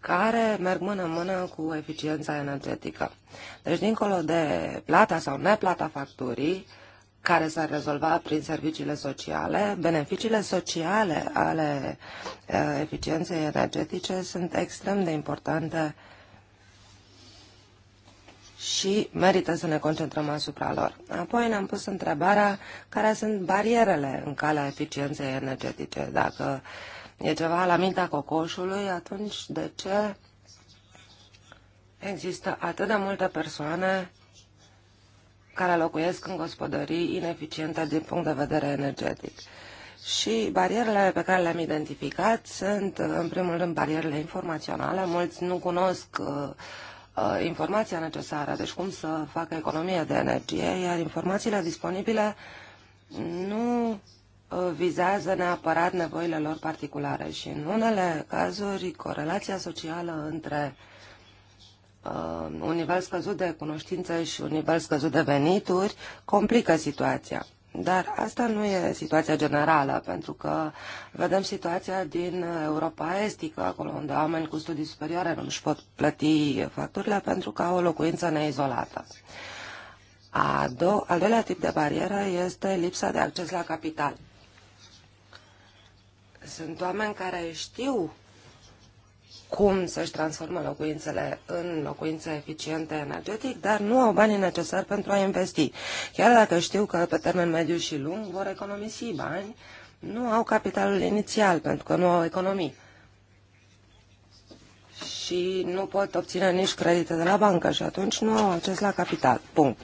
care merg mână-mână cu eficiența energetică. Deci, dincolo de plata sau neplata facturii, care s-ar rezolva prin serviciile sociale, beneficiile sociale ale eficienței energetice sunt extrem de importante uh, și merită să ne concentrăm asupra lor. Apoi ne-am pus întrebarea care sunt barierele în calea eficienței energetice. Dacă e ceva la mintea cocoșului, atunci de ce există atât de multe persoane care locuiesc în gospodării ineficiente din punct de vedere energetic? Și barierele pe care le-am identificat sunt, în primul rând, barierele informaționale. Mulți nu cunosc uh, Uh, informația necesară, deci cum să facă economie de energie, iar informațiile disponibile nu uh, vizează neapărat nevoile lor particulare și în unele cazuri corelația socială între uh, un nivel scăzut de cunoștințe și un nivel scăzut de venituri complică situația. Dar asta nu e situația generală, pentru că vedem situația din Europa Estică, acolo unde oameni cu studii superioare nu își pot plăti facturile pentru că au o locuință neizolată. A do- al doilea tip de barieră este lipsa de acces la capital. Sunt oameni care știu cum să-și transformă locuințele în locuințe eficiente energetic, dar nu au banii necesari pentru a investi. Chiar dacă știu că pe termen mediu și lung vor economisi bani, nu au capitalul inițial pentru că nu au economii și nu pot obține nici credite de la bancă și atunci nu au acces la capital. Punct.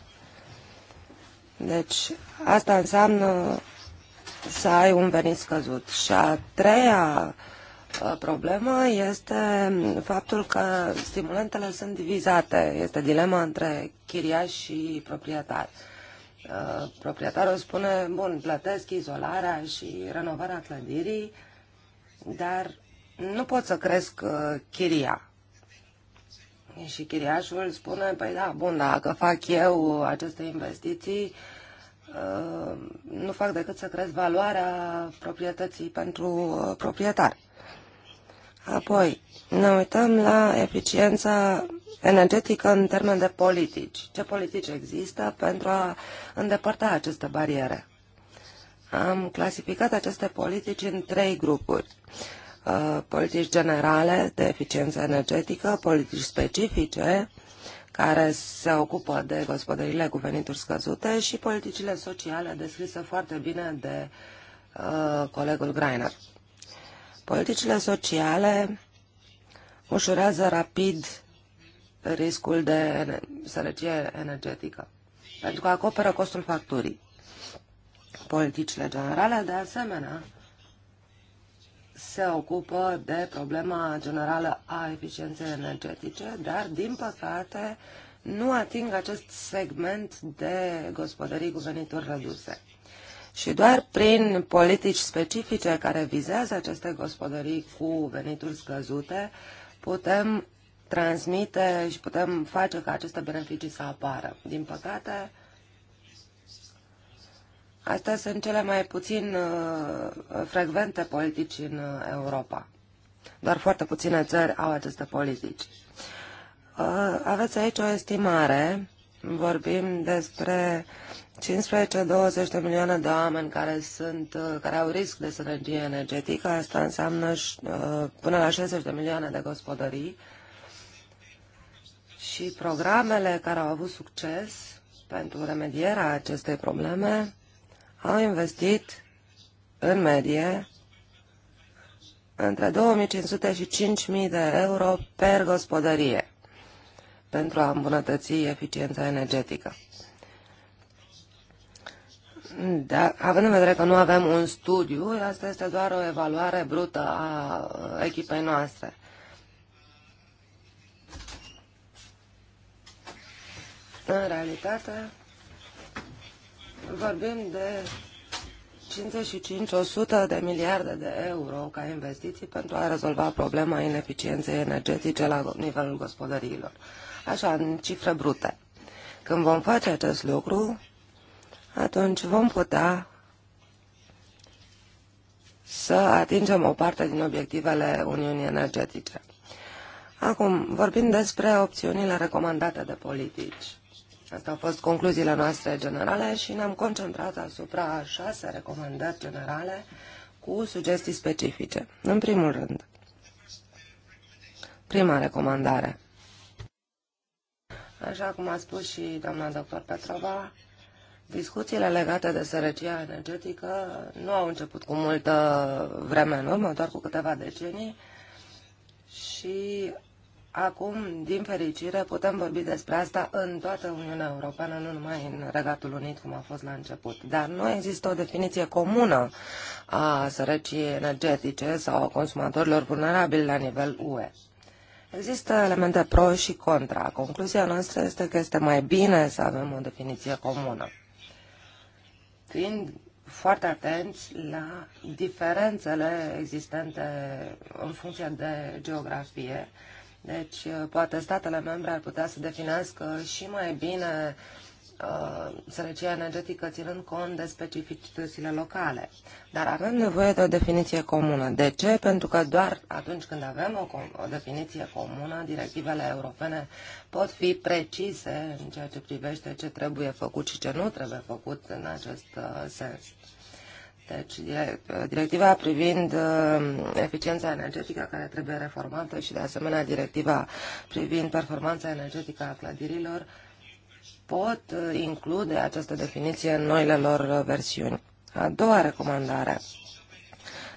Deci asta înseamnă să ai un venit scăzut. Și a treia uh, Uh, problemă este faptul că stimulentele sunt divizate. Este dilema între chiriaș și proprietar. Uh, proprietarul spune, bun, plătesc izolarea și renovarea clădirii, dar nu pot să cresc uh, chiria. Și chiriașul spune, păi da, bun, dacă fac eu aceste investiții, nu fac decât să cresc valoarea proprietății pentru proprietar. Apoi, ne uităm la eficiența energetică în termen de politici. Ce politici există pentru a îndepărta aceste bariere? Am clasificat aceste politici în trei grupuri. Uh, politici generale de eficiență energetică, politici specifice care se ocupă de gospodările cu venituri scăzute și politicile sociale descrise foarte bine de uh, colegul Greiner. Politicile sociale ușurează rapid riscul de sărăcie energetică, pentru că acoperă costul facturii. Politicile generale, de asemenea, se ocupă de problema generală a eficienței energetice, dar, din păcate, nu ating acest segment de gospodării cu venituri reduse. Și doar prin politici specifice care vizează aceste gospodării cu venituri scăzute, putem transmite și putem face ca aceste beneficii să apară. Din păcate, astea sunt cele mai puțin uh, frecvente politici în uh, Europa. Doar foarte puține țări au aceste politici. Uh, aveți aici o estimare vorbim despre 15-20 de milioane de oameni care, sunt, uh, care au risc de sărăcie energetică, asta înseamnă uh, până la 60 de milioane de gospodării și programele care au avut succes pentru remedierea acestei probleme au investit în medie între 2500 și 5000 de euro per gospodărie pentru a îmbunătăți eficiența energetică. Da, având în vedere că nu avem un studiu, asta este doar o evaluare brută a echipei noastre. În realitate, vorbim de 55-100 de miliarde de euro ca investiții pentru a rezolva problema ineficienței energetice la nivelul gospodăriilor așa, în cifre brute. Când vom face acest lucru, atunci vom putea să atingem o parte din obiectivele Uniunii Energetice. Acum, vorbim despre opțiunile recomandate de politici. Asta au fost concluziile noastre generale și ne-am concentrat asupra șase recomandări generale cu sugestii specifice. În primul rând, prima recomandare. Așa cum a spus și doamna doctor Petrova, discuțiile legate de sărăcia energetică nu au început cu multă vreme în urmă, doar cu câteva decenii și acum, din fericire, putem vorbi despre asta în toată Uniunea Europeană, nu numai în Regatul Unit, cum a fost la început. Dar nu există o definiție comună a sărăciei energetice sau a consumatorilor vulnerabili la nivel UE. Există elemente pro și contra. Concluzia noastră este că este mai bine să avem o definiție comună. Fiind foarte atenți la diferențele existente în funcție de geografie. Deci, poate statele membre ar putea să definească și mai bine uh, Uh, sărăcia energetică ținând cont de specificitățile locale. Dar avem nevoie de o definiție comună. De ce? Pentru că doar atunci când avem o, o definiție comună, directivele europene pot fi precise în ceea ce privește ce trebuie făcut și ce nu trebuie făcut în acest uh, sens. Deci, uh, directiva privind uh, eficiența energetică care trebuie reformată și, de asemenea, directiva privind performanța energetică a clădirilor pot uh, include această definiție în noile lor uh, versiuni. A doua recomandare.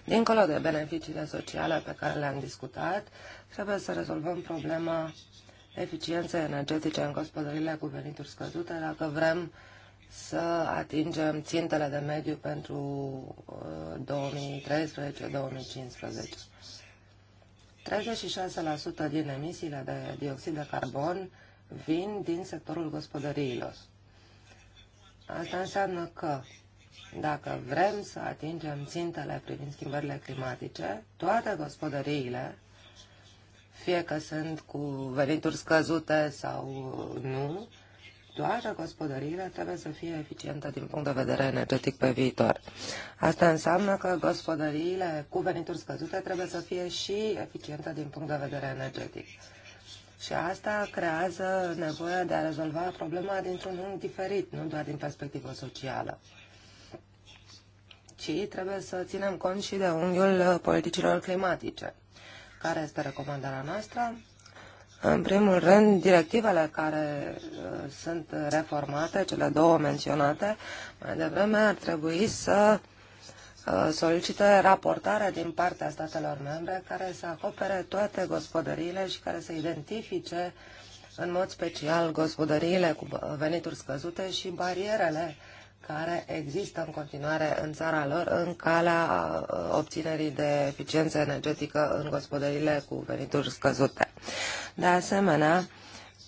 Dincolo de beneficiile sociale pe care le-am discutat, trebuie să rezolvăm problema eficienței energetice în gospodările cu venituri scăzute dacă vrem să atingem țintele de mediu pentru 2013-2015. Uh, 36% din emisiile de dioxid de carbon vin din sectorul gospodăriilor. Asta înseamnă că dacă vrem să atingem țintele privind schimbările climatice, toate gospodăriile, fie că sunt cu venituri scăzute sau nu, toate gospodăriile trebuie să fie eficiente din punct de vedere energetic pe viitor. Asta înseamnă că gospodăriile cu venituri scăzute trebuie să fie și eficiente din punct de vedere energetic. Și asta creează nevoia de a rezolva problema dintr-un unghi diferit, nu doar din perspectivă socială ci trebuie să ținem cont și de unghiul politicilor climatice. Care este recomandarea noastră? În primul rând, directivele care uh, sunt reformate, cele două menționate, mai devreme ar trebui să solicită raportarea din partea statelor membre care să acopere toate gospodăriile și care să identifice în mod special gospodăriile cu venituri scăzute și barierele care există în continuare în țara lor în calea uh, obținerii de eficiență energetică în gospodăriile cu venituri scăzute. De asemenea,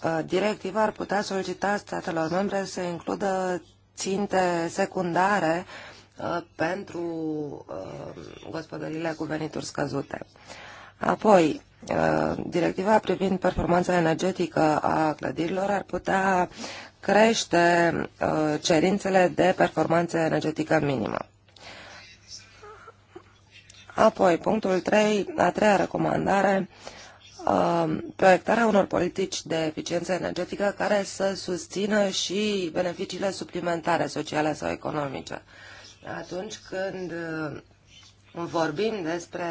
uh, directiva ar putea solicita statelor membre să includă ținte secundare uh, Uh, pentru uh, gospodările cu venituri scăzute. Apoi, uh, directiva privind performanța energetică a clădirilor ar putea crește cerințele de performanță energetică minimă. Apoi, punctul 3, a treia recomandare, proiectarea unor politici de eficiență energetică care să susțină și beneficiile suplimentare sociale sau economice. Atunci când uh, vorbim despre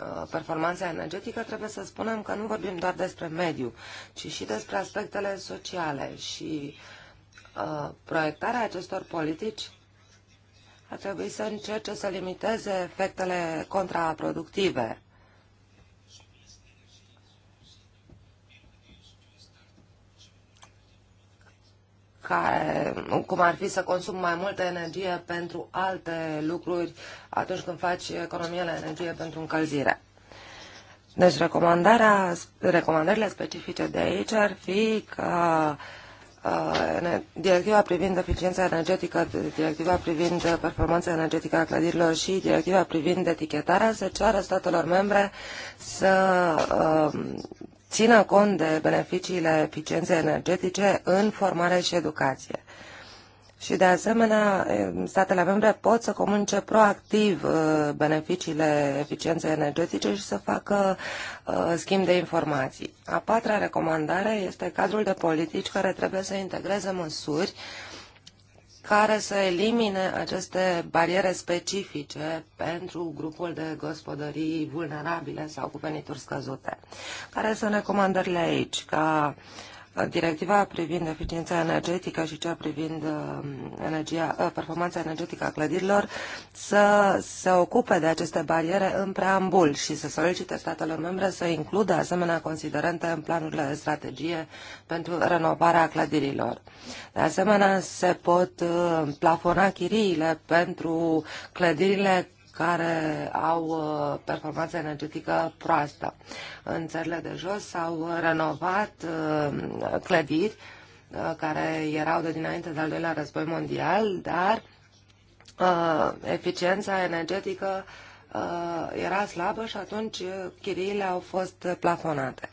uh, performanța energetică, trebuie să spunem că nu vorbim doar despre mediu, ci și despre aspectele sociale și uh, proiectarea acestor politici ar trebui să încerce să limiteze efectele contraproductive care, cum ar fi să consum mai multă energie pentru alte lucruri atunci când faci economie la energie pentru încălzire. Deci recomandarea, recomandările specifice de aici ar fi că uh, directiva privind eficiența energetică, directiva privind performanța energetică a clădirilor și directiva privind etichetarea se ceară statelor membre să uh, țină cont de beneficiile eficienței energetice în formare și educație. Și de asemenea, statele membre pot să comunice proactiv beneficiile eficienței energetice și să facă schimb de informații. A patra recomandare este cadrul de politici care trebuie să integreze măsuri uh, care să elimine aceste bariere specifice pentru grupul de gospodării vulnerabile sau cu venituri scăzute. Care sunt recomandările aici? Ca uh, Directiva privind eficiența energetică și cea privind uh, energia, uh, performanța energetică a clădirilor să se ocupe de aceste bariere în preambul și să solicite statelor membre să includă asemenea considerente în planurile de strategie pentru renovarea clădirilor. De asemenea, se pot uh, plafona chiriile pentru clădirile care au uh, performanță energetică proastă. În țările de jos s-au renovat uh, clădiri uh, care erau de dinainte de al doilea război mondial, dar eficiența energetică era slabă și atunci chiriile au fost plafonate.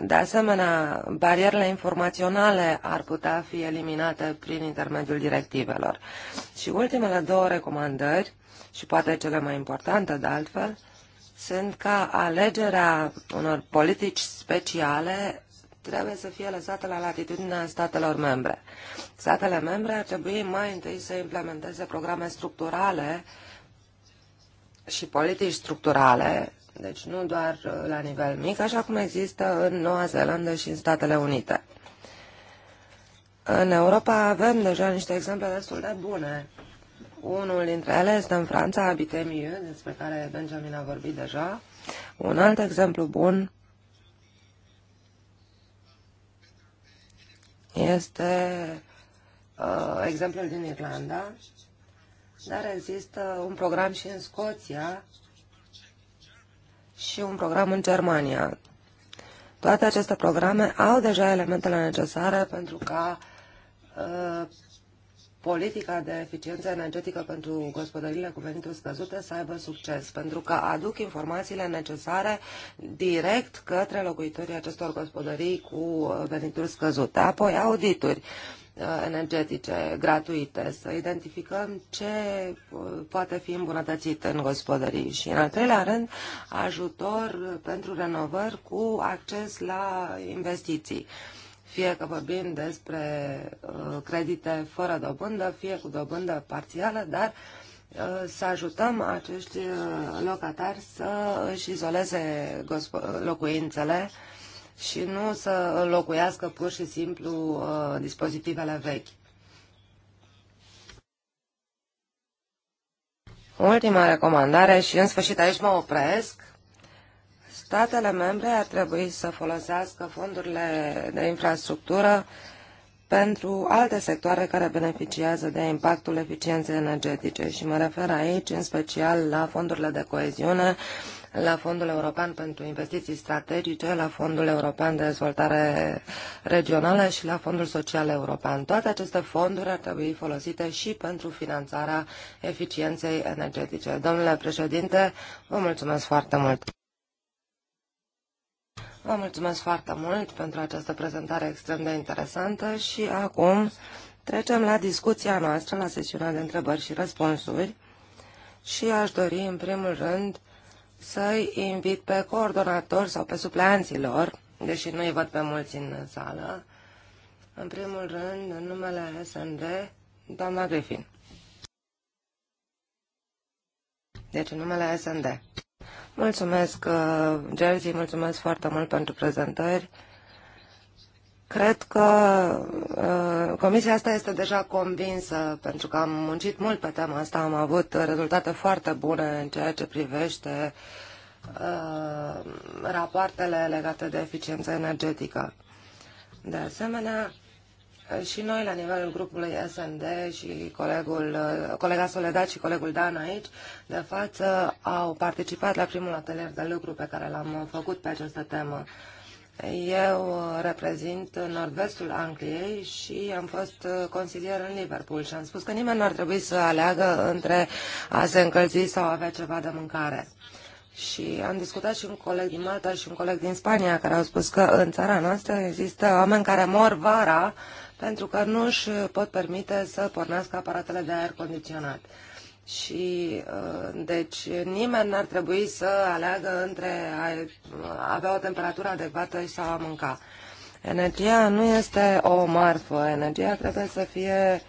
De asemenea, barierele informaționale ar putea fi eliminate prin intermediul directivelor. Și ultimele două recomandări și poate cele mai importante de altfel, sunt că alegerea unor politici speciale trebuie să fie lăsată la latitudinea statelor membre. Statele membre ar trebui mai întâi să implementeze programe structurale și politici structurale, deci nu doar uh, la nivel mic, așa cum există în Noua Zeelandă și în Statele Unite. În Europa avem deja niște exemple destul de bune unul dintre ele este în Franța, Abitemiu, despre care Benjamin a vorbit deja. Un alt exemplu bun este uh, exemplul din Irlanda, dar există un program și în Scoția și un program în Germania. Toate aceste programe au deja elementele necesare pentru ca uh, politica de eficiență energetică pentru gospodăriile cu venituri scăzute să aibă succes, pentru că aduc informațiile necesare direct către locuitorii acestor gospodării cu uh, venituri scăzute. Apoi audituri uh, energetice gratuite, să identificăm ce uh, poate fi îmbunătățit în gospodării și, în al treilea rând, ajutor pentru renovări cu acces la investiții fie că vorbim despre uh, credite fără dobândă, fie cu dobândă parțială, dar uh, să ajutăm acești uh, locatari să își izoleze locuințele și nu să locuiască pur și simplu dispozitivele vechi. Ultima recomandare și în sfârșit aici mă opresc Statele membre ar trebui să folosească fondurile de infrastructură pentru alte sectoare care beneficiază de impactul eficienței energetice și mă refer aici în special la fondurile de coeziune, la Fondul European pentru Investiții Strategice, la Fondul European de Dezvoltare Regională și la Fondul Social European. Toate aceste fonduri ar trebui folosite și pentru finanțarea eficienței energetice. Domnule președinte, vă mulțumesc foarte mult! Vă mulțumesc foarte mult pentru această prezentare extrem de interesantă și acum trecem la discuția noastră, la sesiunea de întrebări și răspunsuri și aș dori în primul rând să-i invit pe coordonator sau pe lor, deși nu-i văd pe mulți în sală, în primul rând, în numele SND, doamna Griffin. Deci, în numele SND. Mulțumesc, uh, Gerzi, mulțumesc foarte mult pentru prezentări. Cred că uh, comisia asta este deja convinsă, pentru că am muncit mult pe tema asta, am avut rezultate foarte bune în ceea ce privește uh, rapoartele legate de eficiență energetică. De asemenea, și noi la nivelul grupului SND și colegul, colega Soledad și colegul Dan aici de față au participat la primul atelier de lucru pe care l-am făcut pe această temă. Eu reprezint nord-vestul Angliei și am fost consilier în Liverpool și am spus că nimeni nu ar trebui să aleagă între a se încălzi sau a avea ceva de mâncare. Și am discutat și un coleg din Malta și un coleg din Spania care au spus că în țara noastră există oameni care mor vara pentru că nu își pot permite să pornească aparatele de aer condiționat. Și uh, deci nimeni n-ar trebui să aleagă între a avea o temperatură adecvată și a mânca. Energia nu este o marfă, energia trebuie să fie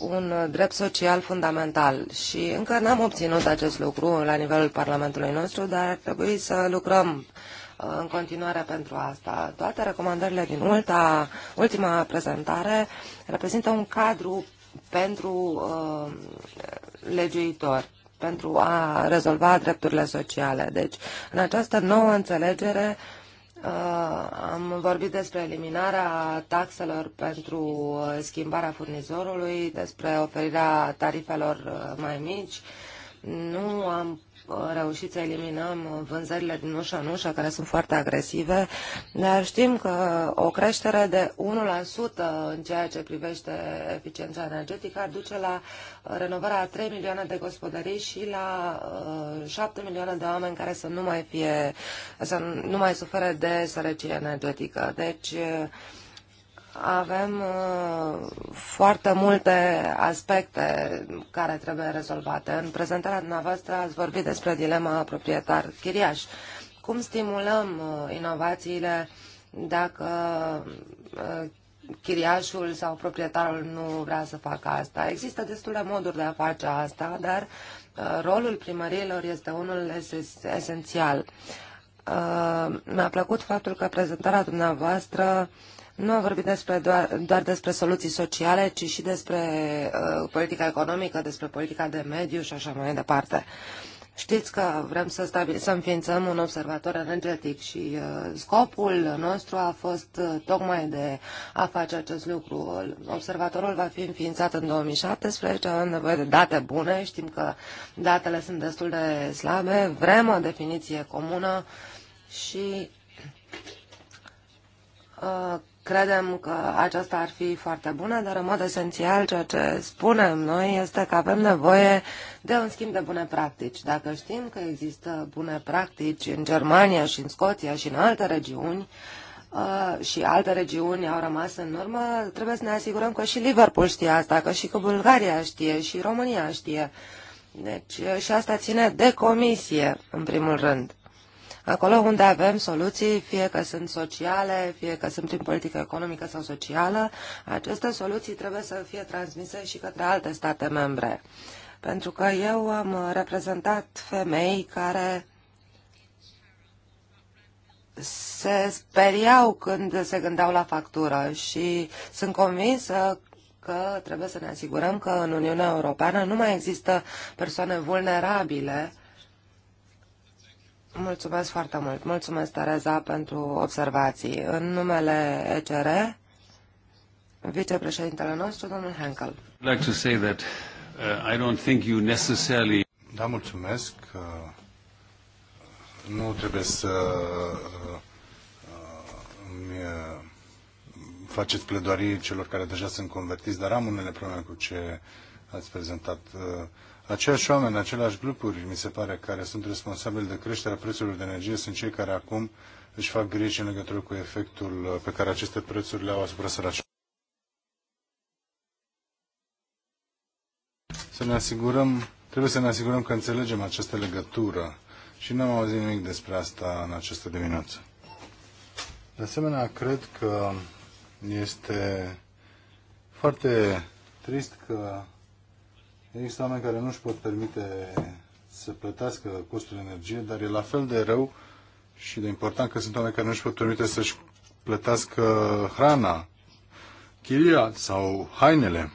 un drept social fundamental și încă n-am obținut acest lucru la nivelul Parlamentului nostru, dar ar trebui să lucrăm în continuare pentru asta. Toate recomandările din ulta, ultima prezentare reprezintă un cadru pentru uh, legiuitor pentru a rezolva drepturile sociale. Deci, în această nouă înțelegere, uh, am vorbit despre eliminarea taxelor pentru schimbarea furnizorului, despre oferirea tarifelor uh, mai mici. Nu am reușit să eliminăm uh, vânzările din ușa în ușa, care sunt foarte agresive, dar știm că o creștere de 1% în ceea ce privește eficiența energetică ar duce la uh, renovarea 3 milioane de gospodării și la 7 uh, milioane de oameni care să nu mai, fie, să nu mai sufere de sărăcie energetică. Deci, avem uh, foarte multe aspecte care trebuie rezolvate. În prezentarea dumneavoastră ați vorbit despre dilema proprietar-chiriaș. Cum stimulăm uh, inovațiile dacă uh, chiriașul sau proprietarul nu vrea să facă asta? Există destule moduri de a face asta, dar rolul primăriilor este unul esențial. Mi-a plăcut faptul că prezentarea dumneavoastră uh, nu am vorbit despre doar, doar despre soluții sociale, ci și despre uh, politica economică, despre politica de mediu și așa mai departe. Știți că vrem să, stabil, să înființăm un observator energetic și uh, scopul nostru a fost uh, tocmai de a face acest lucru. Observatorul va fi înființat în 2017, avem nevoie de date bune, știm că datele sunt destul de slabe, vrem o definiție comună și uh, Credem că aceasta ar fi foarte bună, dar în mod esențial ceea ce spunem noi este că avem nevoie de un schimb de bune practici. Dacă știm că există bune practici în Germania și în Scoția și în alte regiuni, uh, și alte regiuni au rămas în urmă, trebuie să ne asigurăm că și Liverpool știe asta, că și că Bulgaria știe și România știe. Deci uh, și asta ține de comisie, în primul rând. Acolo unde avem soluții, fie că sunt sociale, fie că sunt prin politică economică sau socială, aceste soluții trebuie să fie transmise și către alte state membre. Pentru că eu am reprezentat femei care se speriau când se gândeau la factură și sunt convinsă că trebuie să ne asigurăm că în Uniunea Europeană nu mai există persoane vulnerabile Mulțumesc foarte mult. Mulțumesc, Tereza, pentru observații. În numele ECR, vicepreședintele nostru, domnul Henkel. like to say that uh, I don't think you necessarily... Da, mulțumesc. Uh, nu trebuie să uh, uh, îmi faceți pledoarii celor care deja sunt convertiți, dar am unele probleme cu ce ați prezentat. Aceiași oameni, aceleași grupuri, mi se pare, care sunt responsabili de creșterea prețurilor de energie, sunt cei care acum își fac griji în legătură cu efectul pe care aceste prețuri le au asupra săracilor. Să ne asigurăm, trebuie să ne asigurăm că înțelegem această legătură și n-am auzit nimic despre asta în această dimineață. De asemenea, cred că este foarte trist că Există oameni care nu își pot permite să plătească costul energie, dar e la fel de rău și de important că sunt oameni care nu își pot permite să-și plătească hrana, chiria sau hainele.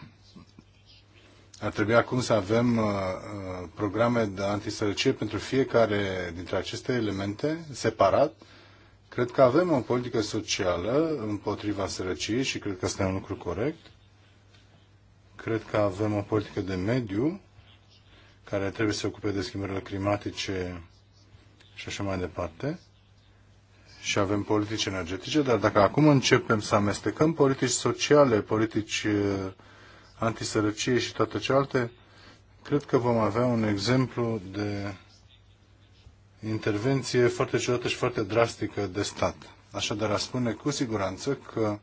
Ar trebui acum să avem uh, uh programe de antisărăcie pentru fiecare dintre aceste elemente separat. Cred că avem o politică socială împotriva sărăciei și cred că este un lucru corect. Cred că avem o politică de mediu care trebuie să se ocupe de schimbările climatice și așa mai departe. Și avem politici energetice, dar dacă acum începem să amestecăm politici sociale, politici uh, antisărăcie și toate cealaltă, cred că vom avea un exemplu de intervenție foarte ciudată și foarte drastică de stat. Așadar, a spune cu siguranță că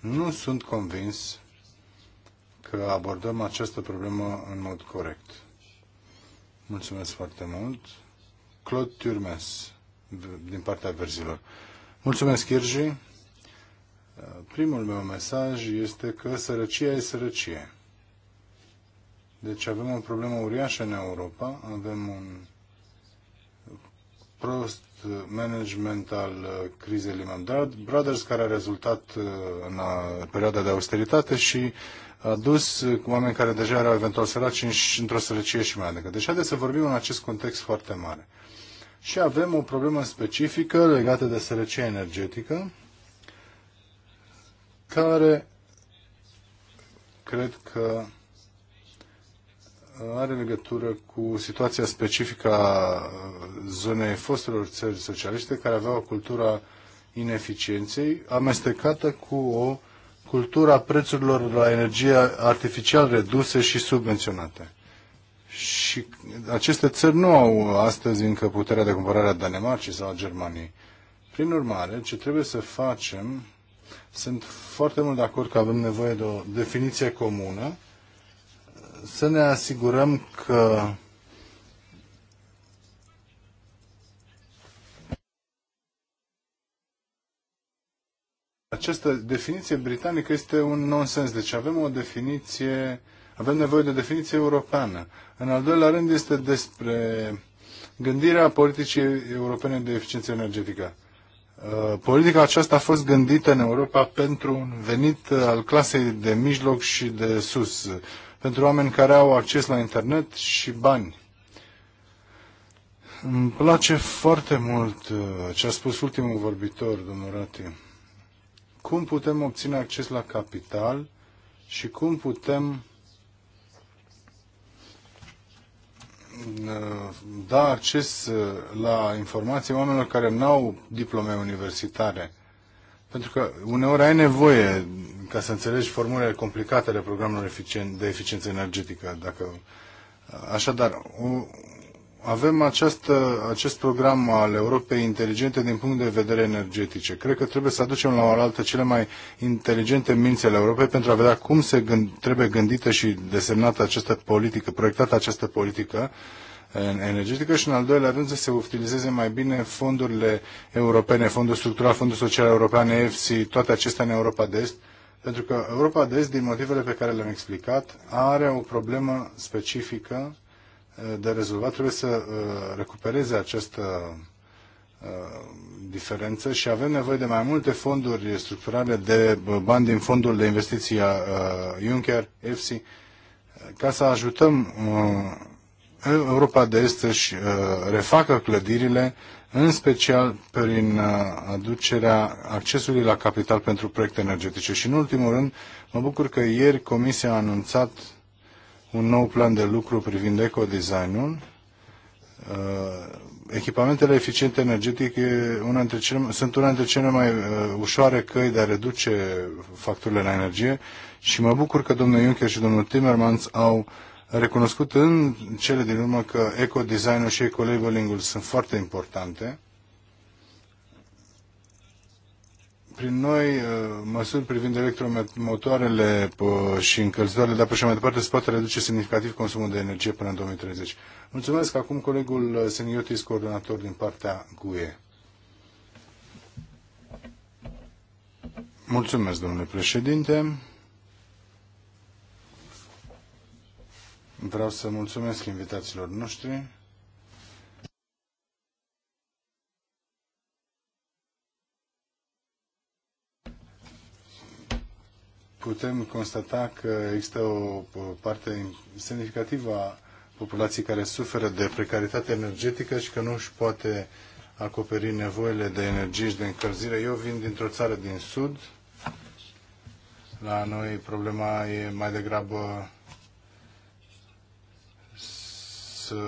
nu sunt convins că abordăm această problemă în mod corect. Mulțumesc foarte mult. Claude Turmes, din partea verzilor. Mulțumesc, Irji. Primul meu mesaj este că sărăcia e sărăcie. Deci avem o problemă uriașă în Europa, avem un prost management al uh, crizei Lehman Brothers, care a rezultat uh, în uh, perioada de austeritate și a dus oameni care deja erau eventual săraci într-o sărăcie și mai adică. Deci haideți să vorbim în acest context foarte mare. Și avem o problemă specifică legată de sărăcie energetică, care cred că are legătură cu situația specifică a uh, zonei fostelor țări socialiste care aveau o cultură ineficienței amestecată cu o cultura prețurilor la energie artificial reduse și subvenționate. Și aceste țări nu au astăzi încă puterea de cumpărare a Danemarcii sau a Germaniei. Prin urmare, ce trebuie să facem, sunt foarte mult de acord că avem nevoie de o definiție comună să ne asigurăm că această definiție britanică este un nonsens. Deci avem o definiție, avem nevoie de o definiție europeană. În al doilea rând este despre gândirea politicii europene de eficiență energetică. Uh, politica aceasta a fost gândită în Europa pentru un venit al clasei de mijloc și de sus, pentru oameni care au acces la internet și bani. Îmi place foarte mult uh, ce a spus ultimul vorbitor, domnul Rati. Cum putem obține acces la capital și cum putem uh, da acces uh, la informații oamenilor care n-au diplome universitare. Pentru că uneori ai nevoie ca să înțelegi formulele complicate ale programului de eficiență energetică. Dacă, așadar, avem această, acest program al Europei inteligente din punct de vedere energetice. Cred că trebuie să aducem la oaltă cele mai inteligente minți ale Europei pentru a vedea cum se gând, trebuie gândită și desemnată această politică, proiectată această politică energetică și în al doilea rând să se utilizeze mai bine fondurile europene, fondul structural, fondul social european, EFSI, toate acestea în Europa de Est, pentru că Europa de Est, din motivele pe care le-am explicat, are o problemă specifică uh, de rezolvat. Trebuie să uh, recupereze această uh, diferență și avem nevoie de mai multe fonduri structurale de bani din fondul de investiții Juncker, EFSI, ca să ajutăm Europa de Est să-și refacă clădirile în special prin uh, aducerea accesului la capital pentru proiecte energetice. Și în ultimul rând, mă bucur că ieri Comisia a anunțat un nou plan de lucru privind ecodesignul. Uh, echipamentele eficiente energetic una dintre cele, sunt una dintre cele mai uh, ușoare căi de a reduce facturile la energie și mă bucur că domnul Juncker și domnul Timmermans au recunoscut în cele din urmă că eco designul ul și eco-labeling-ul sunt foarte importante. Prin noi, uh, măsuri privind electromotoarele uh, și încălzitoarele dar pe și mai departe, se poate reduce semnificativ consumul de energie până în 2030. Mulțumesc. Acum colegul uh, Seniotis, coordonator din partea GUE. Mulțumesc, domnule președinte. Vreau să mulțumesc invitațiilor noștri. Putem constata că există o parte semnificativă a populației care suferă de precaritate energetică și că nu își poate acoperi nevoile de energie și de încălzire. Eu vin dintr-o țară din sud. La noi problema e mai degrabă Uh,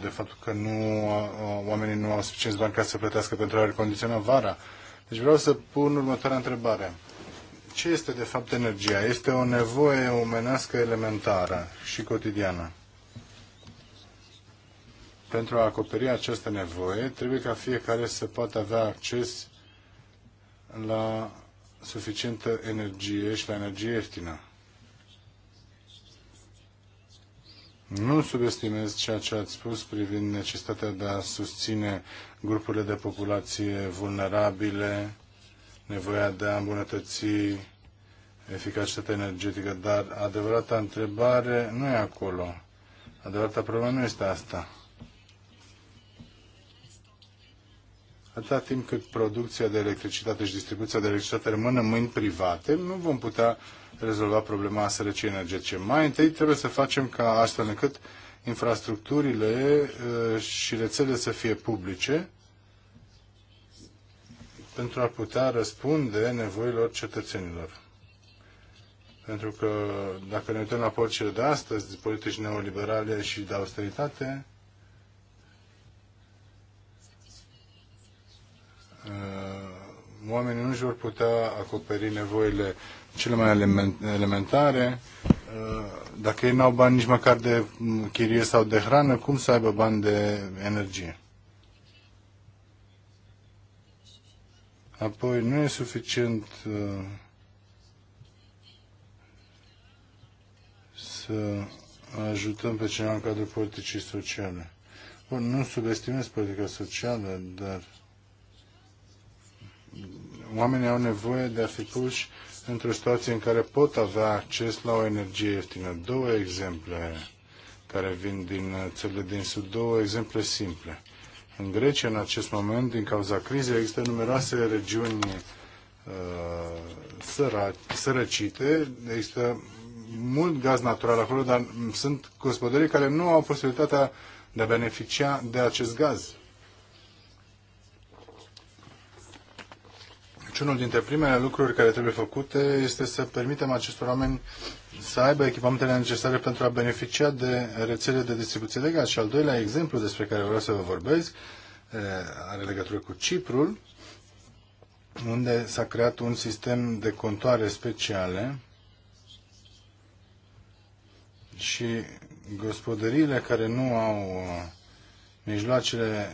de faptul că nu, uh, oamenii nu au suficient bani ca să plătească pentru aer condiționat vara. Deci vreau să pun următoarea întrebare. Ce este de fapt energia? Este o nevoie omenească elementară și cotidiană. Pentru a acoperi această nevoie, trebuie ca fiecare să poată avea acces la suficientă energie și la energie ieftină. Nu subestimez ceea ce ați spus privind necesitatea de a susține grupurile de populație vulnerabile, nevoia de a îmbunătăți eficacitatea energetică, dar adevărata întrebare nu e acolo. Adevărata problemă nu este asta. Atâta timp cât producția de electricitate și distribuția de electricitate rămână în mâini private, nu vom putea uh, rezolva problema sărăciei energetice. Mai întâi trebuie să facem ca astfel încât infrastructurile uh, și rețele să fie publice pentru a putea răspunde nevoilor cetățenilor. Pentru că dacă ne uităm la politicile de astăzi, politici neoliberale și de austeritate, uh, oamenii nu își vor putea acoperi nevoile cele mai elementare. Uh, dacă ei n-au bani nici măcar de chirie sau de hrană, cum să aibă bani de energie? Apoi, nu e suficient uh, să ajutăm pe cineva în cadrul politicii sociale. Bun, nu subestimez politica socială, dar oamenii au nevoie de a fi puși într-o situație în care pot avea acces la o energie ieftină. Două exemple care vin din țările din Sud, două exemple simple. În Grecia, în acest moment, din cauza crizei, există numeroase regiuni uh, săra, sărăcite, există mult gaz natural acolo, dar sunt gospodării care nu au posibilitatea de a beneficia de acest gaz. Deci unul dintre primele lucruri care trebuie făcute este să permitem acestor oameni să aibă echipamentele necesare pentru a beneficia de rețele de distribuție de gaz. Și al doilea exemplu despre care vreau să vă vorbesc eh, are legătură cu Ciprul, unde s-a creat un sistem de contoare speciale și gospodăriile care nu au eh, mijloacele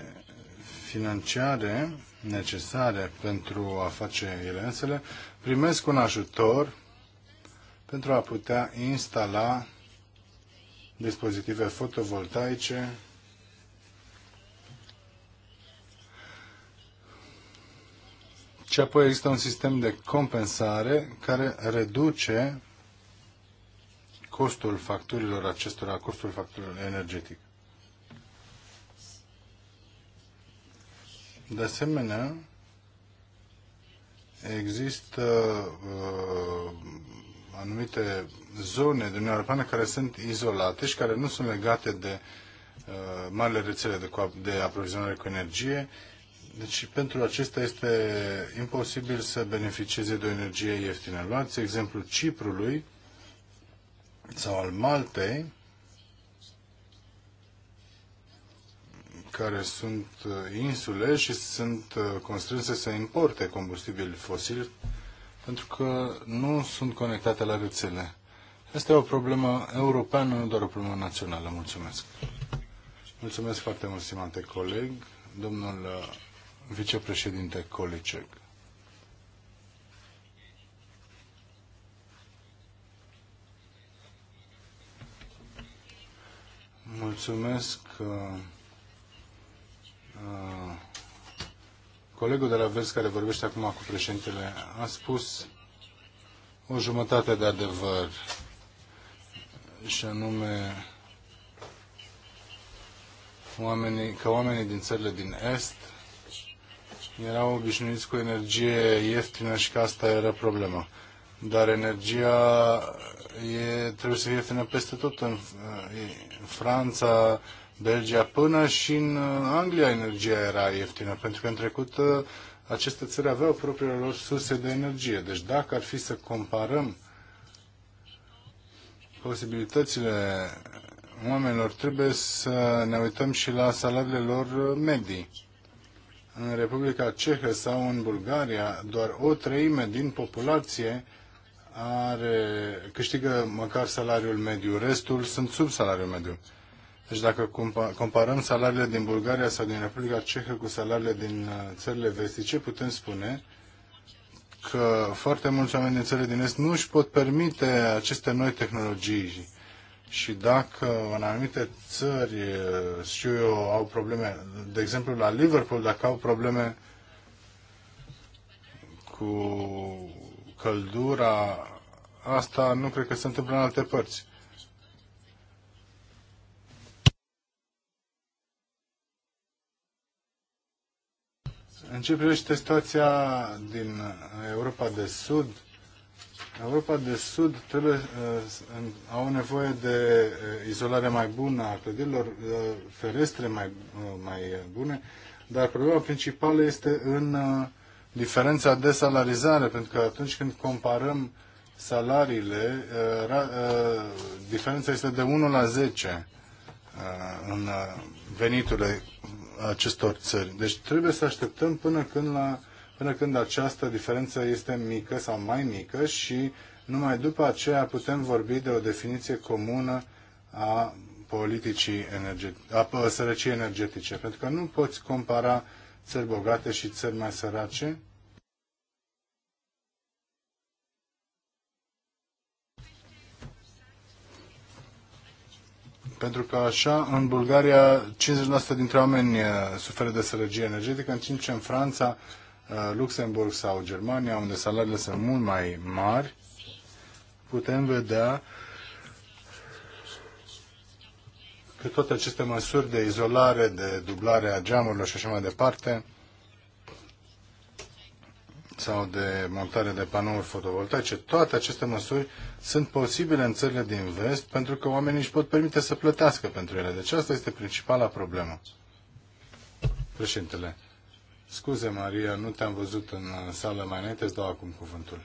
financiare necesare pentru a face ele primesc un ajutor pentru a putea instala dispozitive fotovoltaice și apoi există un sistem de compensare care reduce costul facturilor acestora, costul facturilor energetic. De asemenea, există uh, anumite zone din Uniunea Europeană care sunt izolate și care nu sunt legate de uh, marile rețele de, de aprovizionare cu energie. Deci pentru acesta este imposibil să beneficieze de o energie ieftină. Luați exemplul Ciprului sau al Maltei, care sunt uh, insule și sunt uh, constrânse să importe combustibili fosili pentru că nu sunt conectate la rețele. Asta e o problemă europeană, nu doar o problemă națională. Mulțumesc. Mulțumesc foarte mult, stimate coleg, domnul uh, vicepreședinte Kolicek. Mulțumesc. Ah, colegul de la Vers care vorbește acum cu președintele a spus o jumătate de adevăr și anume oamenii, că oamenii din țările din Est erau obișnuiți cu energie ieftină și că asta era problema. Dar energia e, trebuie să fie ieftină peste tot. În, în Franța, Belgia, până și în uh, Anglia energia era ieftină, pentru că în trecut uh, aceste țări aveau propriile lor surse de energie. Deci dacă ar fi să comparăm posibilitățile oamenilor, trebuie să ne uităm și la salariile lor uh, medii. În Republica Cehă sau în Bulgaria, doar o treime din populație are, câștigă măcar salariul mediu. Restul sunt sub salariul mediu. Deci dacă comparăm salariile din Bulgaria sau din Republica Cehă cu salariile din uh, țările vestice, putem spune că foarte mulți oameni din țările din Est nu își pot permite aceste noi tehnologii. Și dacă în anumite țări, uh, știu eu, au probleme, de exemplu la Liverpool, dacă au probleme cu căldura, asta nu cred că se întâmplă în alte părți. În ce privește situația din uh, Europa de Sud, Europa de Sud trebuie, uh, au nevoie de uh, izolare mai bună a clădirilor, uh, ferestre mai, uh, mai bune, dar problema principală este în uh, diferența de salarizare, pentru că atunci când comparăm salariile, uh, uh, diferența este de 1 la 10 uh, în uh, veniturile acestor țări. Deci trebuie să așteptăm până când, la, până când această diferență este mică sau mai mică și numai după aceea putem vorbi de o definiție comună a politicii energetice, a sărăciei energetice, pentru că nu poți compara țări bogate și țări mai sărace Pentru că așa, în Bulgaria, 50% dintre oameni uh, suferă de sărăgie energetică, în timp ce în Franța, uh, Luxemburg sau Germania, unde salariile sunt mult mai mari, putem vedea că toate aceste măsuri de izolare, de dublare a geamurilor și așa mai departe, sau de montare de panouri fotovoltaice, toate aceste măsuri sunt posibile în țările din vest pentru că oamenii își pot permite să plătească pentru ele. Deci asta este principala problemă. Președintele, scuze Maria, nu te-am văzut în sală mai înainte, îți dau acum cuvântul.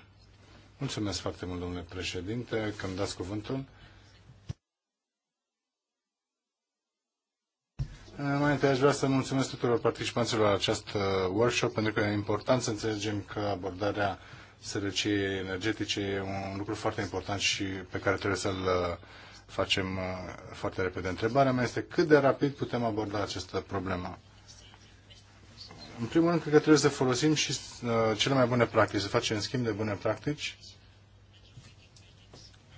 Mulțumesc foarte mult, domnule președinte, că îmi dați cuvântul. Mai întâi aș vrea să mulțumesc tuturor participanților la acest uh, workshop, pentru că e important să înțelegem că abordarea sărăciei energetice e un lucru foarte important și pe care trebuie să-l uh, facem uh, foarte repede. Întrebarea mea este cât de rapid putem aborda această problemă? În primul rând, cred că trebuie să folosim și cele mai bune practici, să facem schimb de bune practici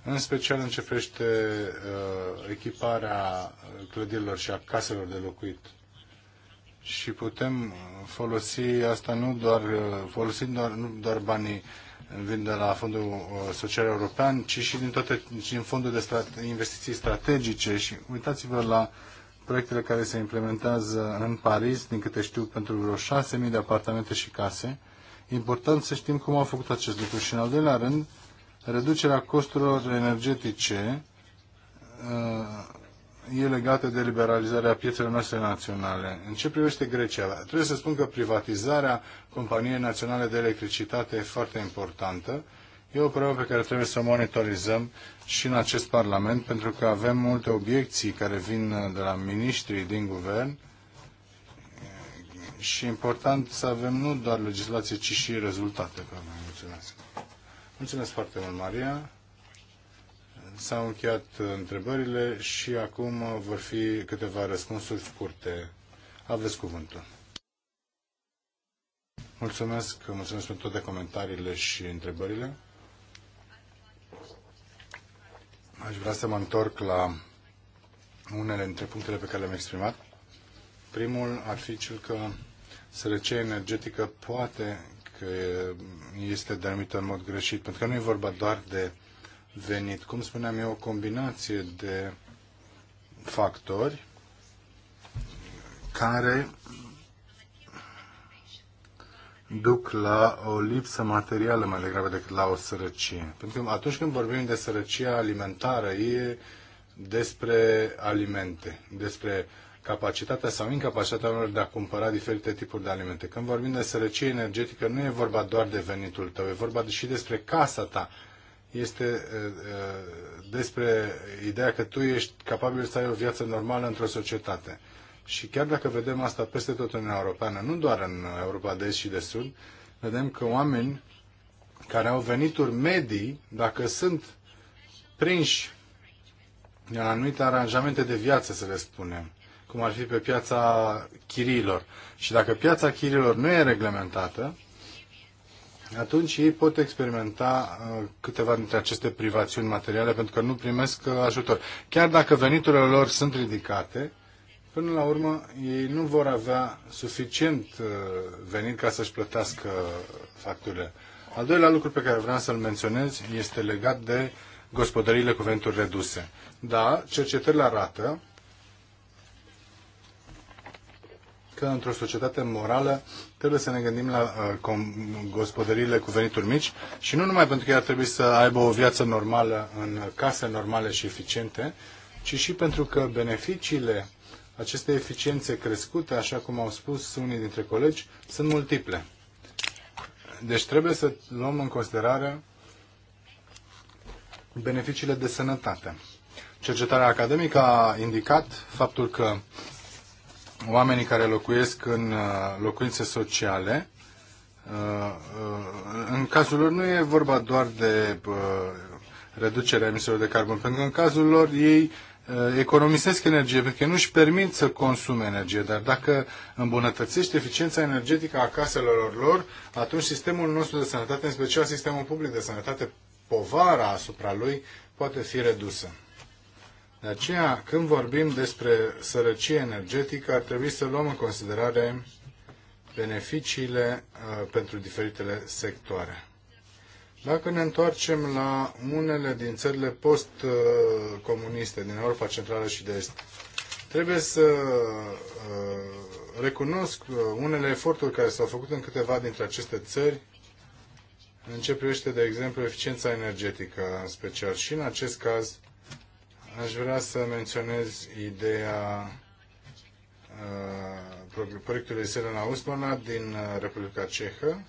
în special în ce privește uh, echiparea clădirilor și a caselor de locuit. Și putem folosi asta nu doar, uh, folosind doar, nu doar banii vin de la Fondul uh, Social European, ci și din toate, din fondul de strate, investiții strategice și uitați-vă la proiectele care se implementează în Paris, din câte știu, pentru vreo 6.000 de apartamente și case. Important să știm cum au făcut acest lucru. Și în al doilea rând, uh, Reducerea costurilor energetice uh, e legată de liberalizarea piețelor noastre naționale. În ce privește Grecia, trebuie să spun că privatizarea companiei naționale de electricitate e foarte importantă. E o problemă pe care trebuie să o monitorizăm și în acest Parlament, pentru că avem multe obiecții care vin uh, de la miniștrii din guvern și e important să avem nu doar legislație, ci și rezultate. Pe Mulțumesc foarte mult, Maria. S-au încheiat întrebările și acum vor fi câteva răspunsuri scurte. Aveți cuvântul. Mulțumesc, mulțumesc pentru toate comentariile și întrebările. Aș vrea să mă întorc la unele dintre punctele pe care le-am exprimat. Primul ar fi cel că sărăcia energetică poate că este denumită în mod greșit, pentru că nu e vorba doar de venit. Cum spuneam, e o combinație de factori care duc la o lipsă materială mai degrabă decât la o sărăcie. Pentru că atunci când vorbim de sărăcia alimentară, e despre alimente, despre capacitatea sau incapacitatea unor de a cumpăra diferite tipuri de alimente. Când vorbim de sărăcie energetică, nu e vorba doar de venitul tău, e vorba și despre casa ta. Este uh, despre ideea că tu ești capabil să ai o viață normală într-o societate. Și chiar dacă vedem asta peste tot în Uniunea Europeană, nu doar în Europa de Est și de Sud, vedem că oameni care au venituri medii, dacă sunt prinși în anumite aranjamente de viață, să le spunem, cum ar fi pe piața chiriilor. Și dacă piața chiriilor nu e reglementată, atunci ei pot experimenta uh, câteva dintre aceste privațiuni materiale pentru că nu primesc uh, ajutor. Chiar dacă veniturile lor sunt ridicate, până la urmă ei nu vor avea suficient uh, venit ca să-și plătească facturile. Al doilea lucru pe care vreau să-l menționez este legat de gospodăriile cu venituri reduse. Da, cercetările arată că într-o societate morală trebuie să ne gândim la uh, gospodăriile cu venituri mici și nu numai pentru că ar trebui să aibă o viață normală în case normale și eficiente, ci și pentru că beneficiile acestei eficiențe crescute, așa cum au spus unii dintre colegi, sunt multiple. Deci trebuie să luăm în considerare beneficiile de sănătate. Cercetarea academică a indicat faptul că oamenii care locuiesc în uh, locuințe sociale, uh, uh, în cazul lor nu e vorba doar de reducerea emisiilor de carbon, pentru că în cazul lor ei economisesc energie, pentru că nu își permit să consume energie, dar dacă îmbunătățește eficiența energetică a caselor lor, atunci sistemul nostru de sănătate, în special sistemul public de sănătate, povara asupra lui poate fi redusă. De aceea, când vorbim despre sărăcie energetică, ar trebui să luăm în considerare beneficiile uh, pentru diferitele sectoare. Dacă ne întoarcem la unele din țările post-comuniste din Europa Centrală și de Est, trebuie să uh, recunosc uh, unele eforturi care s-au făcut în câteva dintre aceste țări în ce privește, de exemplu, eficiența energetică, în special. Și în acest caz, Aș vrea să menționez ideea uh, proiectului Selena Usmana din uh, Republica Cehă.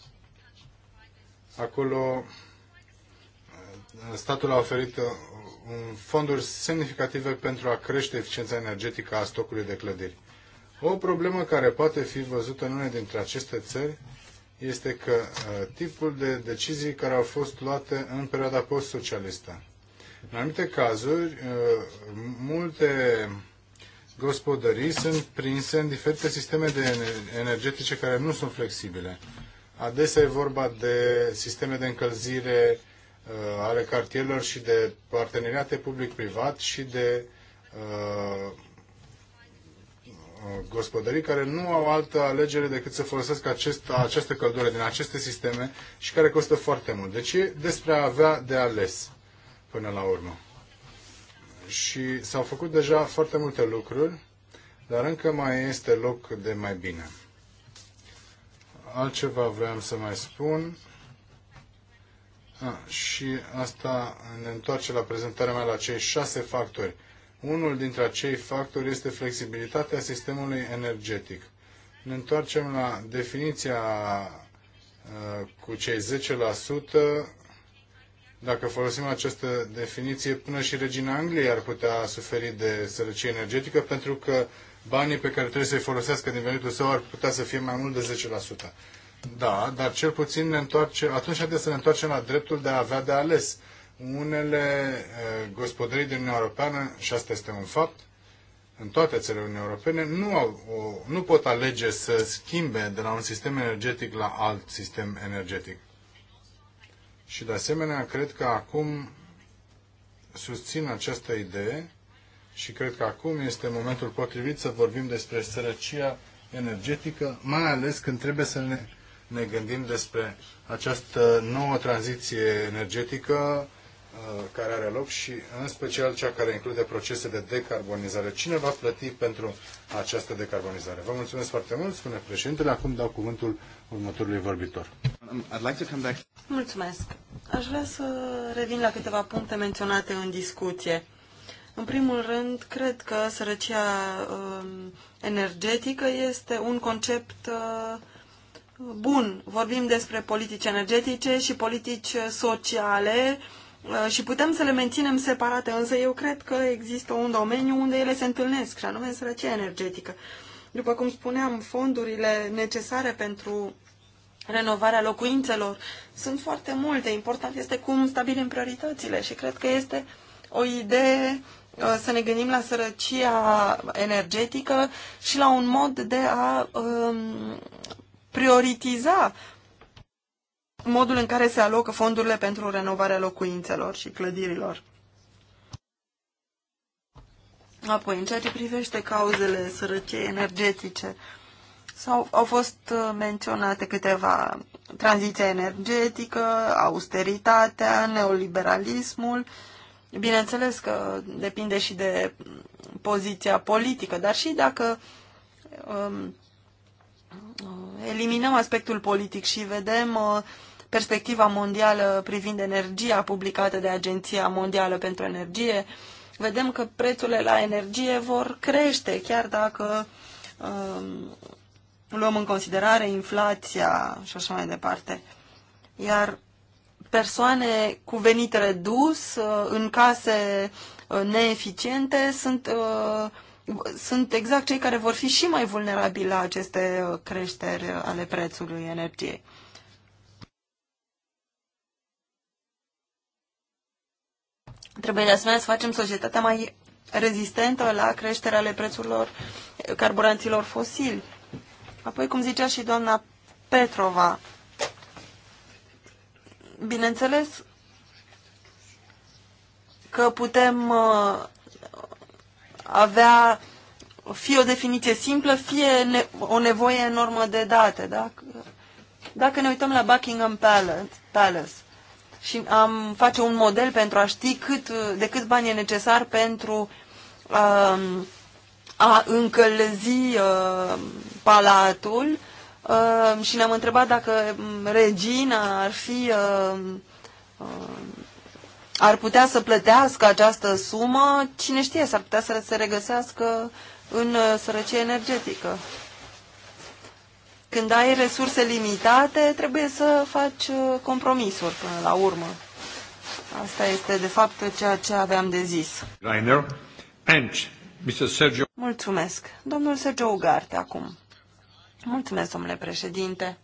Acolo uh, statul a oferit uh, fonduri semnificative pentru a crește eficiența energetică a stocului de clădiri. O problemă care poate fi văzută în unele dintre aceste țări este că tipul de decizii care au fost luate în perioada post-socialistă în anumite cazuri, uh, multe gospodării sunt prinse în diferite sisteme de energetice care nu sunt flexibile. Adesea e vorba de sisteme de încălzire uh, ale cartierelor și de parteneriate public-privat și de uh, gospodării care nu au altă alegere decât să folosească acest, această căldură din aceste sisteme și care costă foarte mult. Deci e despre a avea de ales până la urmă. Și s-au făcut deja foarte multe lucruri, dar încă mai este loc de mai bine. Altceva vreau să mai spun. A, ah, și asta ne întoarce la prezentarea mea la cei șase factori. Unul dintre acei factori este flexibilitatea sistemului energetic. Ne întoarcem la definiția ah, cu cei 10% dacă folosim această definiție, până și regina Angliei ar putea suferi de sărăcie energetică, pentru că banii pe care trebuie să-i folosească din venitul său ar putea să fie mai mult de 10%. Da, dar cel puțin ne întoarce, atunci haideți să ne întoarcem la dreptul de a avea de ales. Unele eh, gospodării din Uniunea Europeană, și asta este un fapt, în toate țările Uniunii Europene, nu, au, o, nu pot alege să schimbe de la un sistem energetic la alt sistem energetic. Și de asemenea, cred că acum susțin această idee și cred că acum este momentul potrivit să vorbim despre sărăcia energetică, mai ales când trebuie să ne, ne gândim despre această nouă tranziție energetică uh, care are loc și în special cea care include procese de decarbonizare. Cine va plăti pentru această decarbonizare? Vă mulțumesc foarte mult, spune președintele. Acum dau cuvântul următorului vorbitor. Mulțumesc. Aș vrea să revin la câteva puncte menționate în discuție. În primul rând, cred că sărăcia uh, energetică este un concept uh, bun. Vorbim despre politici energetice și politici sociale uh, și putem să le menținem separate, însă eu cred că există un domeniu unde ele se întâlnesc, și anume sărăcia energetică. Uh, după cum spuneam, fondurile necesare pentru renovarea locuințelor sunt foarte multe. Important este cum stabilim prioritățile și cred că este o idee uh, să ne gândim la sărăcia energetică și la un mod de a um, prioritiza modul în care se alocă fondurile pentru renovarea locuințelor și clădirilor. Apoi, în ceea ce privește cauzele sărăciei energetice, sau au fost uh, menționate câteva tranziția energetică, austeritatea, neoliberalismul. Bineînțeles că depinde și de poziția politică, dar și dacă um, eliminăm aspectul politic și vedem uh, perspectiva mondială privind energia publicată de Agenția Mondială pentru Energie, uh, vedem că prețurile la energie vor crește, chiar dacă um, luăm în considerare inflația și așa mai departe. Iar persoane cu venit redus, uh, în case uh, neeficiente, sunt, uh, sunt exact cei care vor fi și mai vulnerabili la aceste creșteri ale prețului energiei. Trebuie de asemenea să facem societatea mai rezistentă la creșterea ale prețurilor carburanților fosili. Apoi, cum zicea și doamna Petrova, bineînțeles că putem uh, avea fie o definiție simplă, fie ne o nevoie enormă de date. Dacă, dacă ne uităm la Buckingham Palace, Palace și am face un model pentru a ști cât, de cât bani e necesar pentru uh, a încălzi uh, palatul uh, și ne-am întrebat dacă regina ar fi uh, uh, ar putea să plătească această sumă, cine știe, s-ar putea să se regăsească în uh, sărăcie energetică. Când ai resurse limitate, trebuie să faci uh, compromisuri până la urmă. Asta este, de fapt, ceea ce aveam de zis. Mr. Sergio. Mulțumesc. Domnul Sergio Ugarte, acum. Mulțumesc, domnule președinte.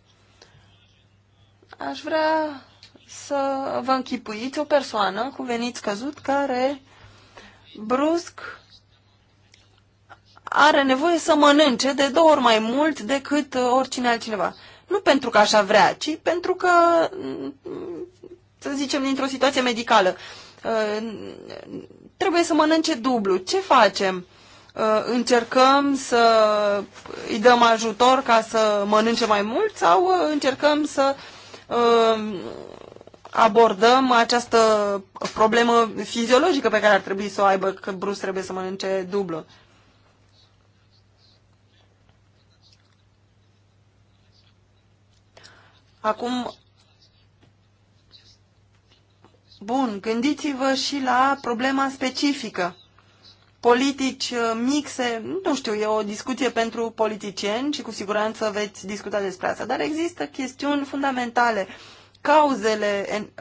Aș vrea să vă închipuiți o persoană cu venit scăzut care brusc are nevoie să mănânce de două ori mai mult decât uh, oricine altcineva. Nu pentru că așa vrea, ci pentru că, mm, să zicem, dintr-o situație medicală, uh, trebuie să mănânce dublu. Ce facem? Uh, încercăm să îi dăm ajutor ca să mănânce mai mult sau încercăm să abordăm această problemă fiziologică pe care ar trebui să o aibă, că Bruce trebuie să mănânce dublu. Acum, bun, gândiți-vă și la problema specifică. Politici uh, mixe, nu știu, e o discuție pentru politicieni și cu siguranță veți discuta despre asta, dar există chestiuni fundamentale. Cauzele en-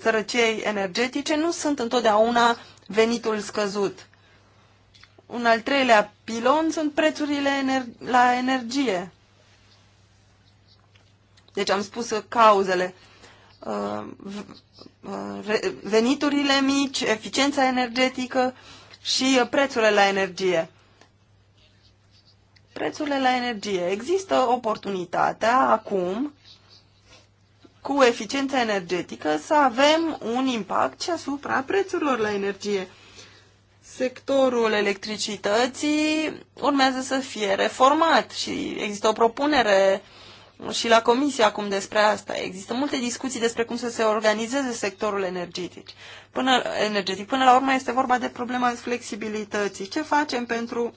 sărăciei energetice nu sunt întotdeauna venitul scăzut. Un al treilea pilon sunt prețurile ener- la energie. Deci am spus cauzele. Uh, uh, veniturile mici, eficiența energetică și uh, prețurile la energie. Prețurile la energie. Există oportunitatea acum cu eficiența energetică să avem un impact și asupra prețurilor la energie. Sectorul electricității urmează să fie reformat și există o propunere uh, și la comisie acum despre asta. Există multe discuții despre cum să se organizeze sectorul energetic. Până, energetic. Până la urmă este vorba de problema flexibilității. Ce facem pentru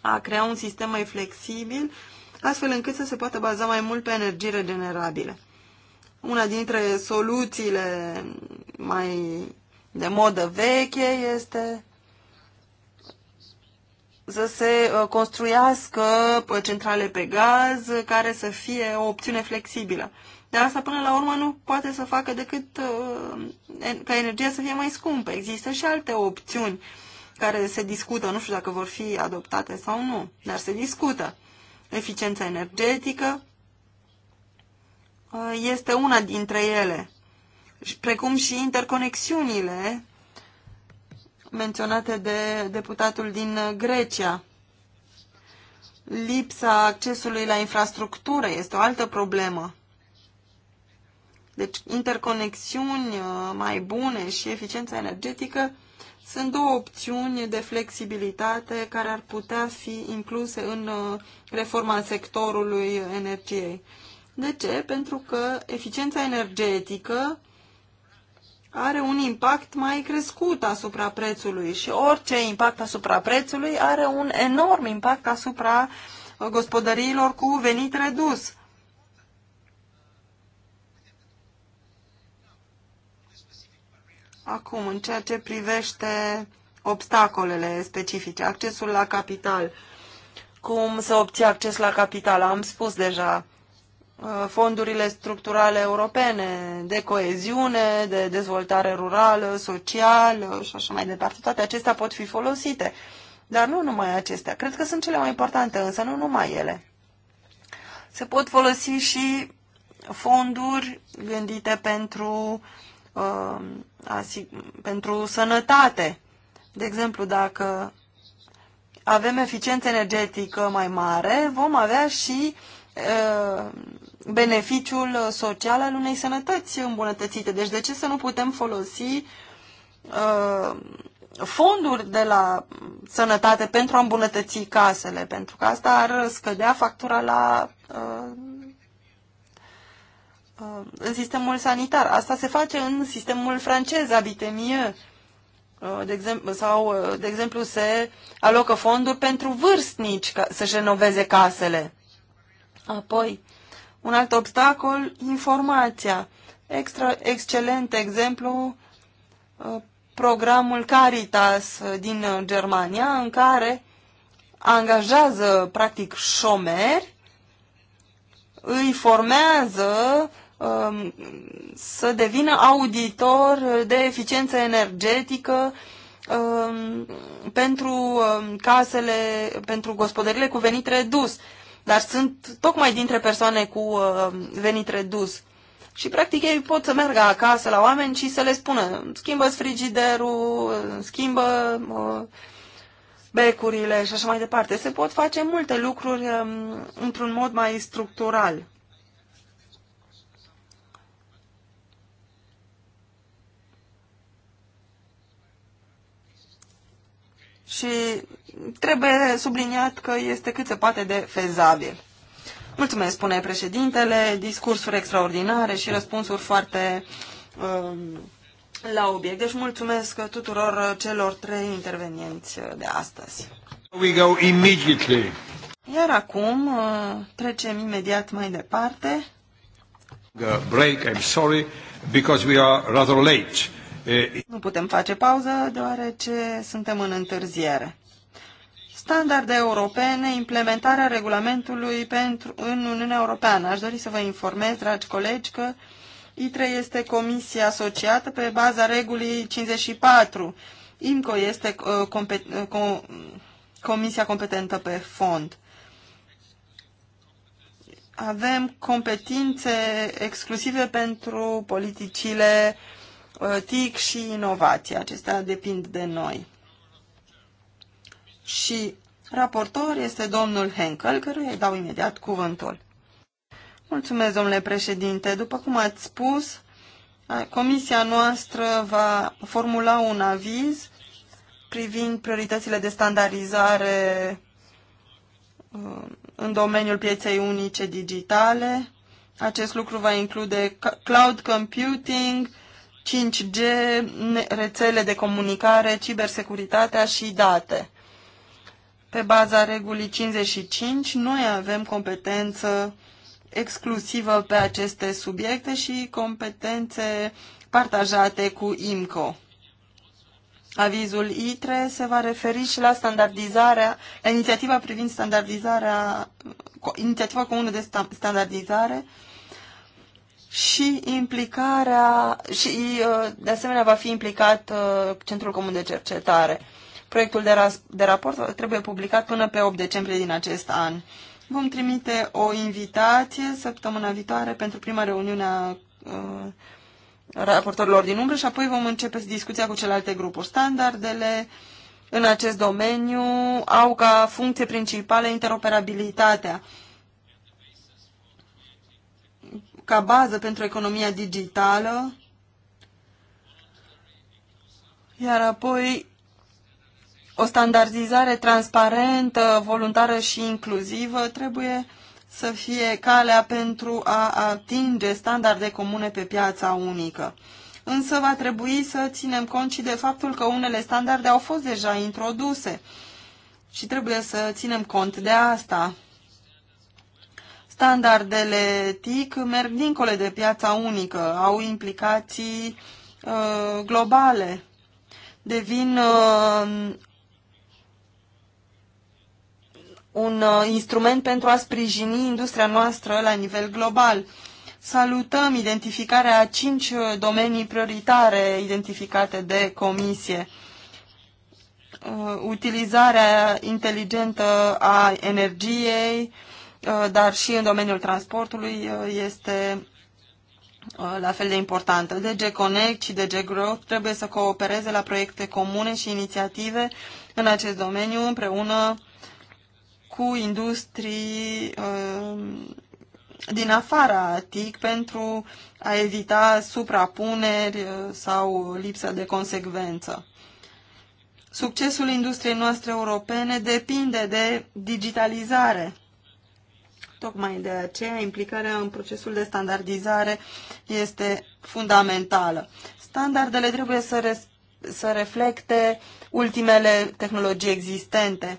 a crea un sistem mai flexibil, astfel încât să se poată baza mai mult pe energii regenerabile. Una dintre soluțiile mai de modă veche este să se uh, construiască uh, centrale pe gaz uh, care să fie o opțiune flexibilă. Dar asta până la urmă nu poate să facă decât ca energia să fie mai scumpă. Există și alte opțiuni care se discută, nu știu dacă vor fi adoptate sau nu, dar se discută. Eficiența energetică este una dintre ele, precum și interconexiunile menționate de deputatul din Grecia. Lipsa accesului la infrastructură este o altă problemă. Deci interconexiuni uh, mai bune și eficiența energetică sunt două opțiuni de flexibilitate care ar putea fi incluse în uh, reforma sectorului energiei. De ce? Pentru că eficiența energetică are un impact mai crescut asupra prețului și orice impact asupra prețului are un enorm impact asupra uh, gospodăriilor cu venit redus. Acum, în ceea ce privește obstacolele specifice, accesul la capital, cum să obții acces la capital, am spus deja, Uh, fondurile structurale europene, de coeziune, de dezvoltare rurală, socială și așa mai departe. Toate acestea pot fi folosite. Dar nu numai acestea. Cred că sunt cele mai importante, însă nu numai ele. Se pot folosi și fonduri gândite pentru, uh, pentru sănătate. De exemplu, dacă avem eficiență energetică mai mare, vom avea și uh, beneficiul social al unei sănătăți îmbunătățite. Deci de ce să nu putem folosi uh, fonduri de la sănătate pentru a îmbunătăți casele? Pentru că asta ar scădea factura la uh, uh, în sistemul sanitar. Asta se face în sistemul francez, abitemie. Uh, de exemplu, sau, uh, de exemplu, se alocă fonduri pentru vârstnici ca să-și renoveze casele. Apoi, un alt obstacol, informația. Extra, excelent exemplu, uh, programul Caritas uh, din uh, Germania, în care angajează, practic, șomeri, îi formează um, să devină auditor de eficiență energetică um, pentru um, casele, pentru gospodările cu venit redus dar sunt tocmai dintre persoane cu uh, venit redus. Și practic ei pot să meargă acasă la oameni și să le spună, schimbă frigiderul, schimbă uh, becurile și așa mai departe. Se pot face multe lucruri um, într-un mod mai structural. Și trebuie subliniat că este cât se poate de fezabil. Mulțumesc, spune președintele, discursuri extraordinare și răspunsuri foarte um, la obiect. Deci mulțumesc tuturor celor trei intervenienți de astăzi. We go immediately. Iar acum uh, trecem imediat mai departe. Break, I'm sorry, because we are rather late. Nu putem face pauză deoarece suntem în întârziere standarde europene, implementarea regulamentului pentru, în Uniunea Europeană. Aș dori să vă informez, dragi colegi, că ITRE este comisia asociată pe baza regulii 54. IMCO este uh, compet, uh, com, comisia competentă pe fond. Avem competințe exclusive pentru politicile uh, TIC și inovație. Acestea depind de noi și raportor este domnul Henkel, căruia îi dau imediat cuvântul. Mulțumesc, domnule președinte. După cum ați spus, comisia noastră va formula un aviz privind prioritățile de standardizare în domeniul pieței unice digitale. Acest lucru va include cloud computing, 5G, rețele de comunicare, cibersecuritatea și date. Pe baza regulii 55, noi avem competență exclusivă pe aceste subiecte și competențe partajate cu IMCO. Avizul ITRE se va referi și la standardizarea, la inițiativa privind standardizarea, inițiativa comună de standardizare și implicarea și uh, de asemenea va fi implicat uh, Centrul Comun de Cercetare. Proiectul de, ras, de raport trebuie publicat până pe 8 decembrie din acest an. Vom trimite o invitație săptămâna viitoare pentru prima reuniune a uh, raportorilor din umbră și apoi vom începe discuția cu celelalte grupuri. Standardele în acest domeniu au ca funcție principală interoperabilitatea ca bază pentru economia digitală, iar apoi o standardizare transparentă, voluntară și inclusivă trebuie să fie calea pentru a atinge standarde comune pe piața unică. Însă va trebui să ținem cont și de faptul că unele standarde au fost deja introduse și trebuie să ținem cont de asta. Standardele TIC merg dincolo de piața unică, au implicații uh, globale, devin uh, un uh, instrument pentru a sprijini industria noastră la nivel global. Salutăm identificarea a cinci uh, domenii prioritare identificate de comisie. Uh, utilizarea inteligentă a energiei, dar și în domeniul transportului este la fel de importantă. DG Connect și DG Growth trebuie să coopereze la proiecte comune și inițiative în acest domeniu împreună cu industrii um, din afara TIC pentru a evita suprapuneri uh, sau lipsa de consecvență. Succesul industriei noastre europene depinde de digitalizare. Tocmai de aceea implicarea în procesul de standardizare este fundamentală. Standardele trebuie să, re să reflecte ultimele tehnologii existente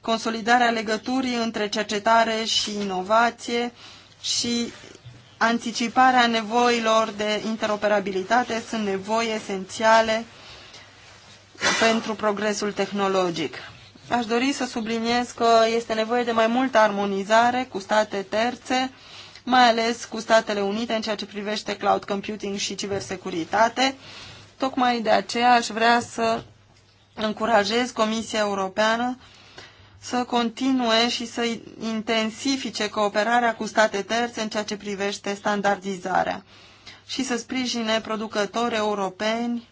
consolidarea legăturii între cercetare și inovație și anticiparea nevoilor de interoperabilitate sunt nevoi esențiale pentru progresul tehnologic. Aș dori să subliniez că este nevoie de mai multă armonizare cu state terțe, mai ales cu Statele Unite în ceea ce privește cloud computing și cibersecuritate. Tocmai de aceea aș vrea să încurajez Comisia Europeană să continue și să intensifice cooperarea cu state terțe în ceea ce privește standardizarea și să sprijine producători europeni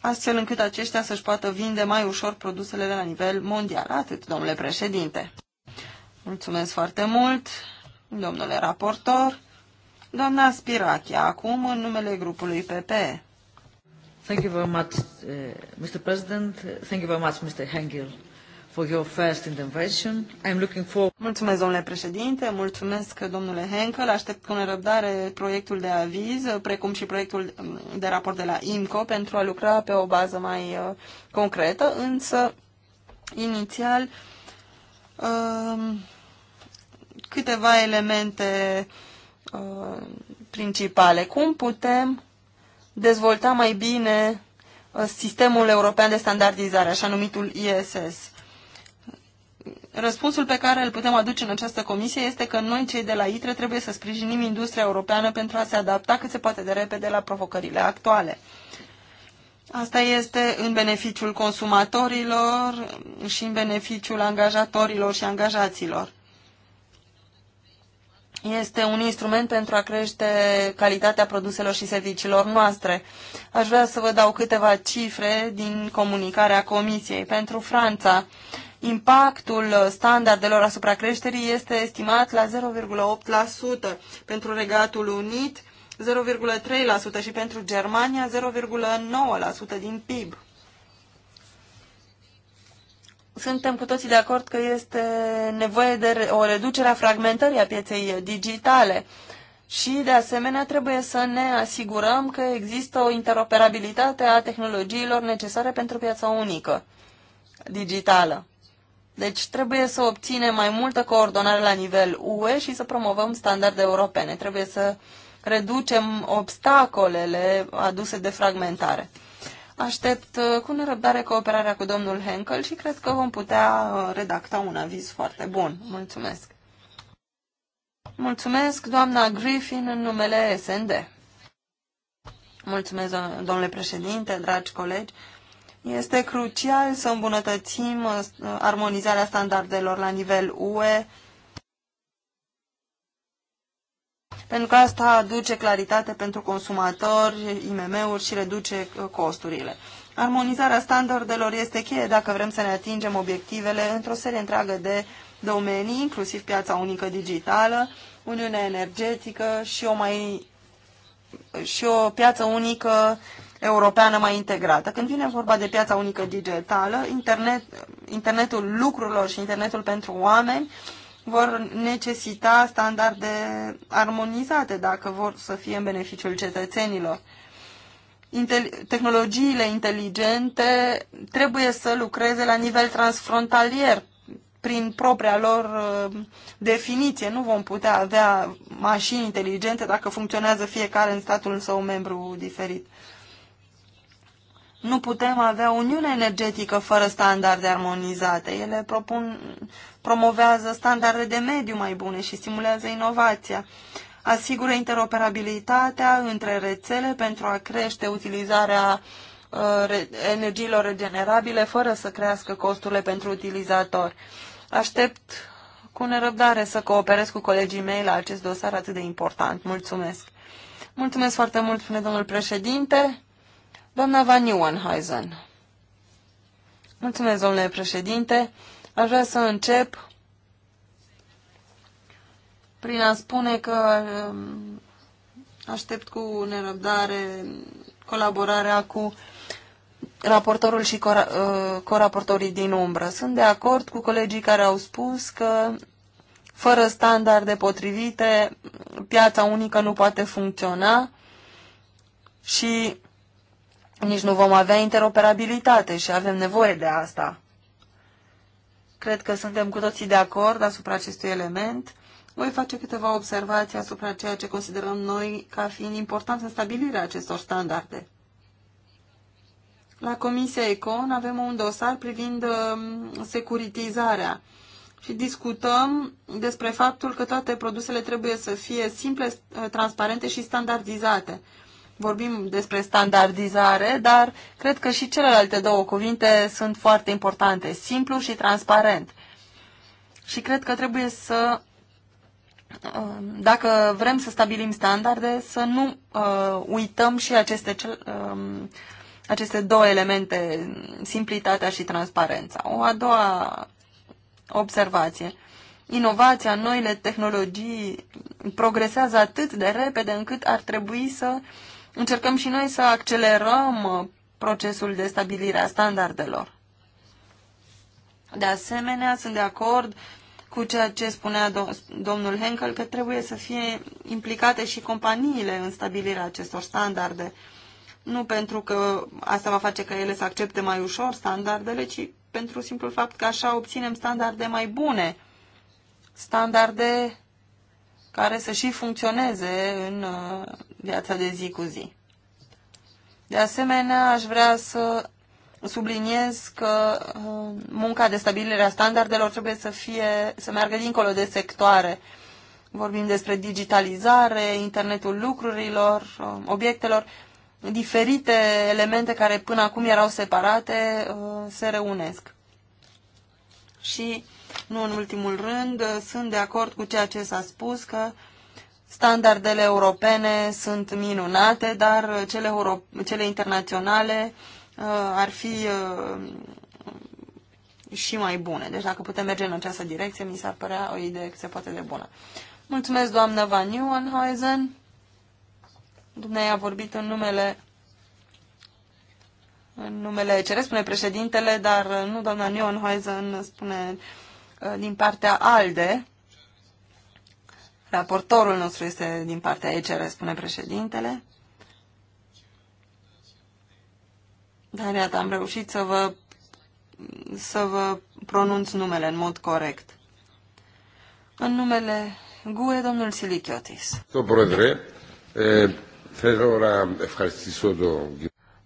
astfel încât aceștia să-și poată vinde mai ușor produsele de la nivel mondial. Atât, domnule președinte. Mulțumesc foarte mult, domnule raportor. Doamna Spirachia, acum în numele grupului PP. Thank you very much, uh, eh, Mr. President. Thank you very much, Mr. Hengel. Mulțumesc, domnule președinte, mulțumesc, domnule Henkel. Aștept cu nerăbdare proiectul de aviz, precum și proiectul mm, de raport de la IMCO, pentru a lucra pe o bază mai uh, concretă, însă, inițial, um, câteva elemente uh, principale. Cum putem dezvolta mai bine uh, sistemul european de standardizare, așa numitul ISS. Răspunsul pe care îl putem aduce în această comisie este că noi, cei de la ITRE, trebuie să sprijinim industria europeană pentru a se adapta cât se poate de repede la provocările actuale. Asta este în beneficiul consumatorilor și în beneficiul angajatorilor și angajaților. Este un instrument pentru a crește calitatea produselor și serviciilor noastre. Aș vrea să vă dau câteva cifre din comunicarea Comisiei. Pentru Franța, Impactul standardelor asupra creșterii este estimat la 0,8% pentru Regatul Unit, 0,3% și pentru Germania 0,9% din PIB. Suntem cu toții de acord că este nevoie de o reducere a fragmentării a pieței digitale și, de asemenea, trebuie să ne asigurăm că există o interoperabilitate a tehnologiilor necesare pentru piața unică digitală. Deci trebuie să obținem mai multă coordonare la nivel UE și să promovăm standarde europene. Trebuie să reducem obstacolele aduse de fragmentare. Aștept uh, cu nerăbdare cooperarea cu domnul Henkel și cred că vom putea uh, redacta un aviz foarte bun. Mulțumesc! Mulțumesc, doamna Griffin, în numele SND. Mulțumesc, domnule președinte, dragi colegi. Este crucial să îmbunătățim uh, armonizarea standardelor la nivel UE, pentru că asta aduce claritate pentru consumatori, IMM-uri și reduce uh, costurile. Armonizarea standardelor este cheie dacă vrem să ne atingem obiectivele într-o serie întreagă de domenii, inclusiv piața unică digitală, Uniunea energetică și o, mai, și o piață unică uh, europeană mai integrată. Când vine vorba de piața unică digitală, internet, internetul lucrurilor și internetul pentru oameni vor necesita standarde armonizate dacă vor să fie în beneficiul cetățenilor. Intel- tehnologiile inteligente trebuie să lucreze la nivel transfrontalier prin propria lor uh, definiție. Nu vom putea avea mașini inteligente dacă funcționează fiecare în statul său membru diferit nu putem avea uniune energetică fără standarde armonizate. Ele propun, promovează standarde de mediu mai bune și stimulează inovația. Asigură interoperabilitatea între rețele pentru a crește utilizarea uh, energiilor regenerabile fără să crească costurile pentru utilizator. Aștept cu nerăbdare să cooperez cu colegii mei la acest dosar atât de important. Mulțumesc! Mulțumesc foarte mult, spune domnul președinte! Doamna Van Nieuwenhuizen. Mulțumesc, domnule președinte. Aș vrea să încep prin a spune că um, aștept cu nerăbdare colaborarea cu raportorul și uh, coraportorii din umbră. Sunt de acord cu colegii care au spus că fără standarde potrivite, piața unică nu poate funcționa și nici nu vom avea interoperabilitate și avem nevoie de asta. Cred că suntem cu toții de acord asupra acestui element. Voi face câteva observații asupra ceea ce considerăm noi ca fiind important în stabilirea acestor standarde. La Comisia Econ avem un dosar privind um, securitizarea și discutăm despre faptul că toate produsele trebuie să fie simple, uh, transparente și standardizate vorbim despre standardizare, dar cred că și celelalte două cuvinte sunt foarte importante, simplu și transparent. Și cred că trebuie să, um, dacă vrem să stabilim standarde, să nu uh, uităm și aceste, uh, aceste două elemente, simplitatea și transparența. O a doua observație inovația, noile tehnologii progresează atât de repede încât ar trebui să încercăm și noi să accelerăm uh, procesul de stabilire a standardelor. De asemenea, sunt de acord cu ceea ce spunea domnul Henkel, că trebuie să fie implicate și companiile în stabilirea acestor standarde. Nu pentru că asta va face ca ele să accepte mai ușor standardele, ci pentru simplul fapt că așa obținem standarde mai bune. Standarde care să și funcționeze în uh, viața de zi cu zi. De asemenea, aș vrea să subliniez că uh, munca de stabilire a standardelor trebuie să, fie, să meargă dincolo de sectoare. Vorbim despre digitalizare, internetul lucrurilor, uh, obiectelor, diferite elemente care până acum erau separate se reunesc. Și nu în ultimul rând, sunt de acord cu ceea ce s-a spus că standardele europene sunt minunate, dar cele, euro, cele internaționale uh, ar fi uh, și mai bune. Deci dacă putem merge în această direcție, mi s-ar părea o idee că se poate de bună. Mulțumesc, doamnă Van Nieuwenhuizen. Dumnezeu a vorbit în numele în numele ce spune președintele, dar nu doamna Nieuwenhuizen, spune Uh, din partea ALDE. Raportorul nostru este din partea ECR, spune președintele. Dar iată, am reușit să vă, să vă pronunț numele în mod corect. În numele GUE, domnul Silichiotis.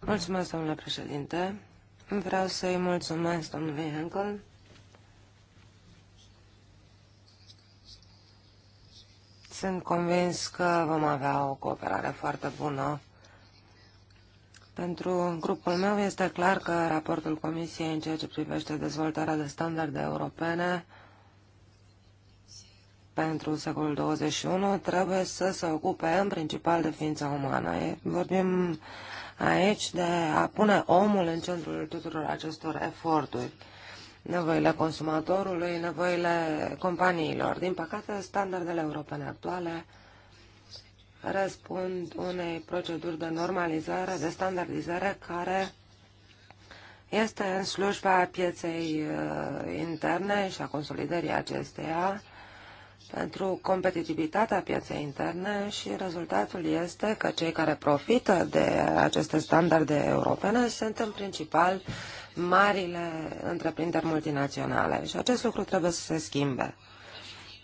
Mulțumesc, domnule președinte. Vreau să-i mulțumesc domnului Henkel Sunt convins că vom avea o cooperare foarte bună. Pentru grupul meu este clar că raportul Comisiei în ceea ce privește dezvoltarea de standarde europene pentru secolul 21 trebuie să se ocupe în principal de ființa umană. Vorbim aici de a pune omul în centrul tuturor acestor eforturi nevoile consumatorului, nevoile companiilor. Din păcate, standardele europene actuale răspund unei proceduri de normalizare, de standardizare care este în slujba pieței uh, interne și a consolidării acesteia pentru competitivitatea pieței interne și rezultatul este că cei care profită de aceste standarde europene sunt în principal marile întreprinderi multinaționale și acest lucru trebuie să se schimbe.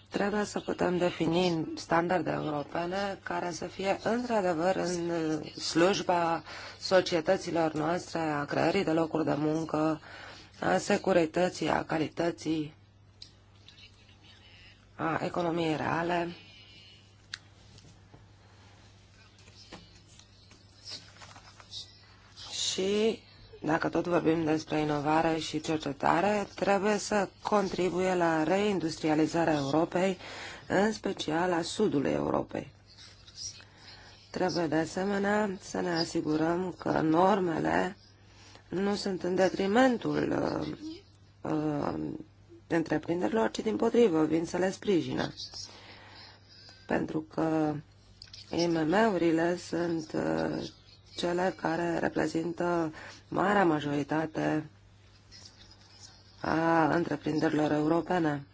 Trebuie să putem defini standarde europene care să fie într-adevăr în slujba societăților noastre, a creării de locuri de muncă, a securității, a calității, a economiei reale. și dacă tot vorbim despre inovare și cercetare, trebuie să contribuie la reindustrializarea Europei, în special a sudului Europei. Trebuie de asemenea să ne asigurăm că normele nu sunt în detrimentul uh, uh, întreprinderilor, ci din potrivă, vin să le sprijină. Pentru că IMM-urile sunt uh, cele care reprezintă marea majoritate a întreprinderilor europene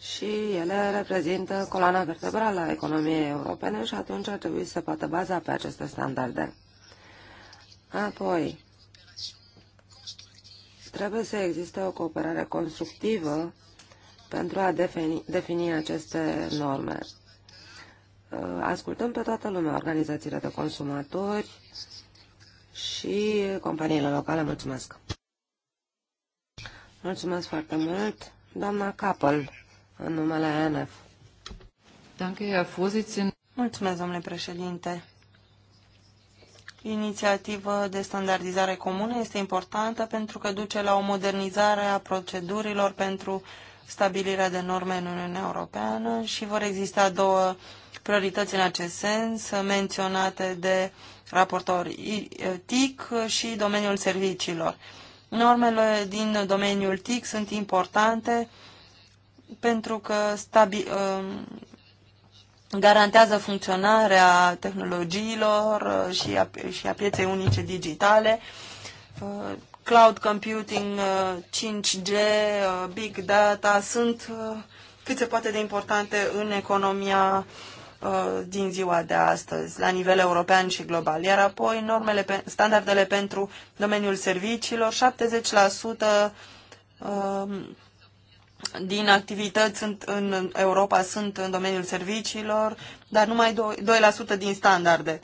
și ele reprezintă coloana vertebrală a economiei europene și atunci ar trebui să poată baza pe aceste standarde. Apoi, trebuie să existe o cooperare constructivă pentru a defini, defini aceste norme. Uh, ascultăm pe toată lumea, organizațiile de consumatori și companiile locale. Mulțumesc! Mulțumesc foarte mult, doamna Capel, în numele ANF. Mulțumesc, domnule președinte. Inițiativa de standardizare comună este importantă pentru că duce la o modernizare a procedurilor pentru stabilirea de norme în Uniunea Europeană și vor exista două uh, priorități în acest sens menționate de raportor eh, TIC și domeniul serviciilor. Normele din domeniul TIC sunt importante pentru că stabi, eh, garantează funcționarea tehnologiilor eh, și a, și a pieței unice digitale, cloud computing, 5G, big data sunt cât se poate de importante în economia Uh, din ziua de astăzi, la nivel european și global. Iar apoi normele, standardele pentru domeniul serviciilor, 70% um, din activități sunt în Europa sunt în domeniul serviciilor, dar numai 2% din standarde.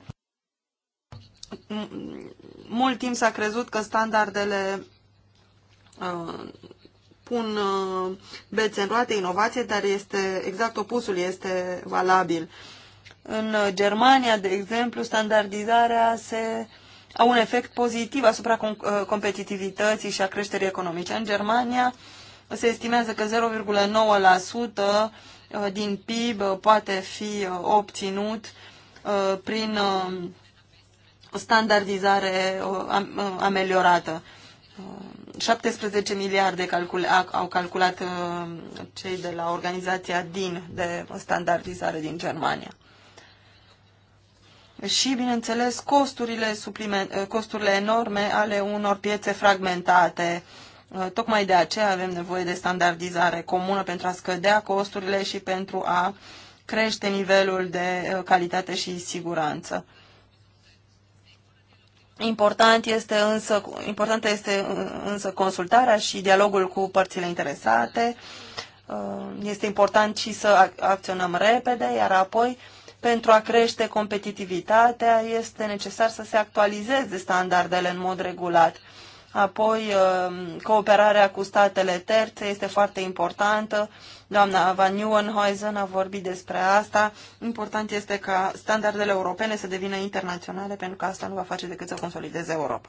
Mult timp s-a crezut că standardele uh, pun uh, bețe în roate inovație, dar este exact opusul este valabil. În Germania, de exemplu, standardizarea se au un efect pozitiv asupra uh, competitivității și a creșterii economice. În Germania se estimează că 0,9% uh, din PIB poate fi obținut prin standardizare ameliorată. 17 miliarde calcul, au calculat uh, cei de la organizația DIN de standardizare din Germania. Și, bineînțeles, costurile, uh, costurile enorme ale unor piețe fragmentate. Uh, tocmai de aceea avem nevoie de standardizare comună pentru a scădea costurile și pentru a crește nivelul de calitate și siguranță. Important este însă, importantă este uh, însă consultarea și dialogul cu părțile interesate. Uh, este important și să acționăm repede, iar apoi, pentru a crește competitivitatea, este necesar să se actualizeze standardele în mod regulat. Apoi, um, cooperarea cu statele terțe este foarte importantă. Doamna Van Nieuwenhuizen a vorbit despre asta. Important este ca standardele europene să devină internaționale, pentru că asta nu va face decât să consolideze Europa.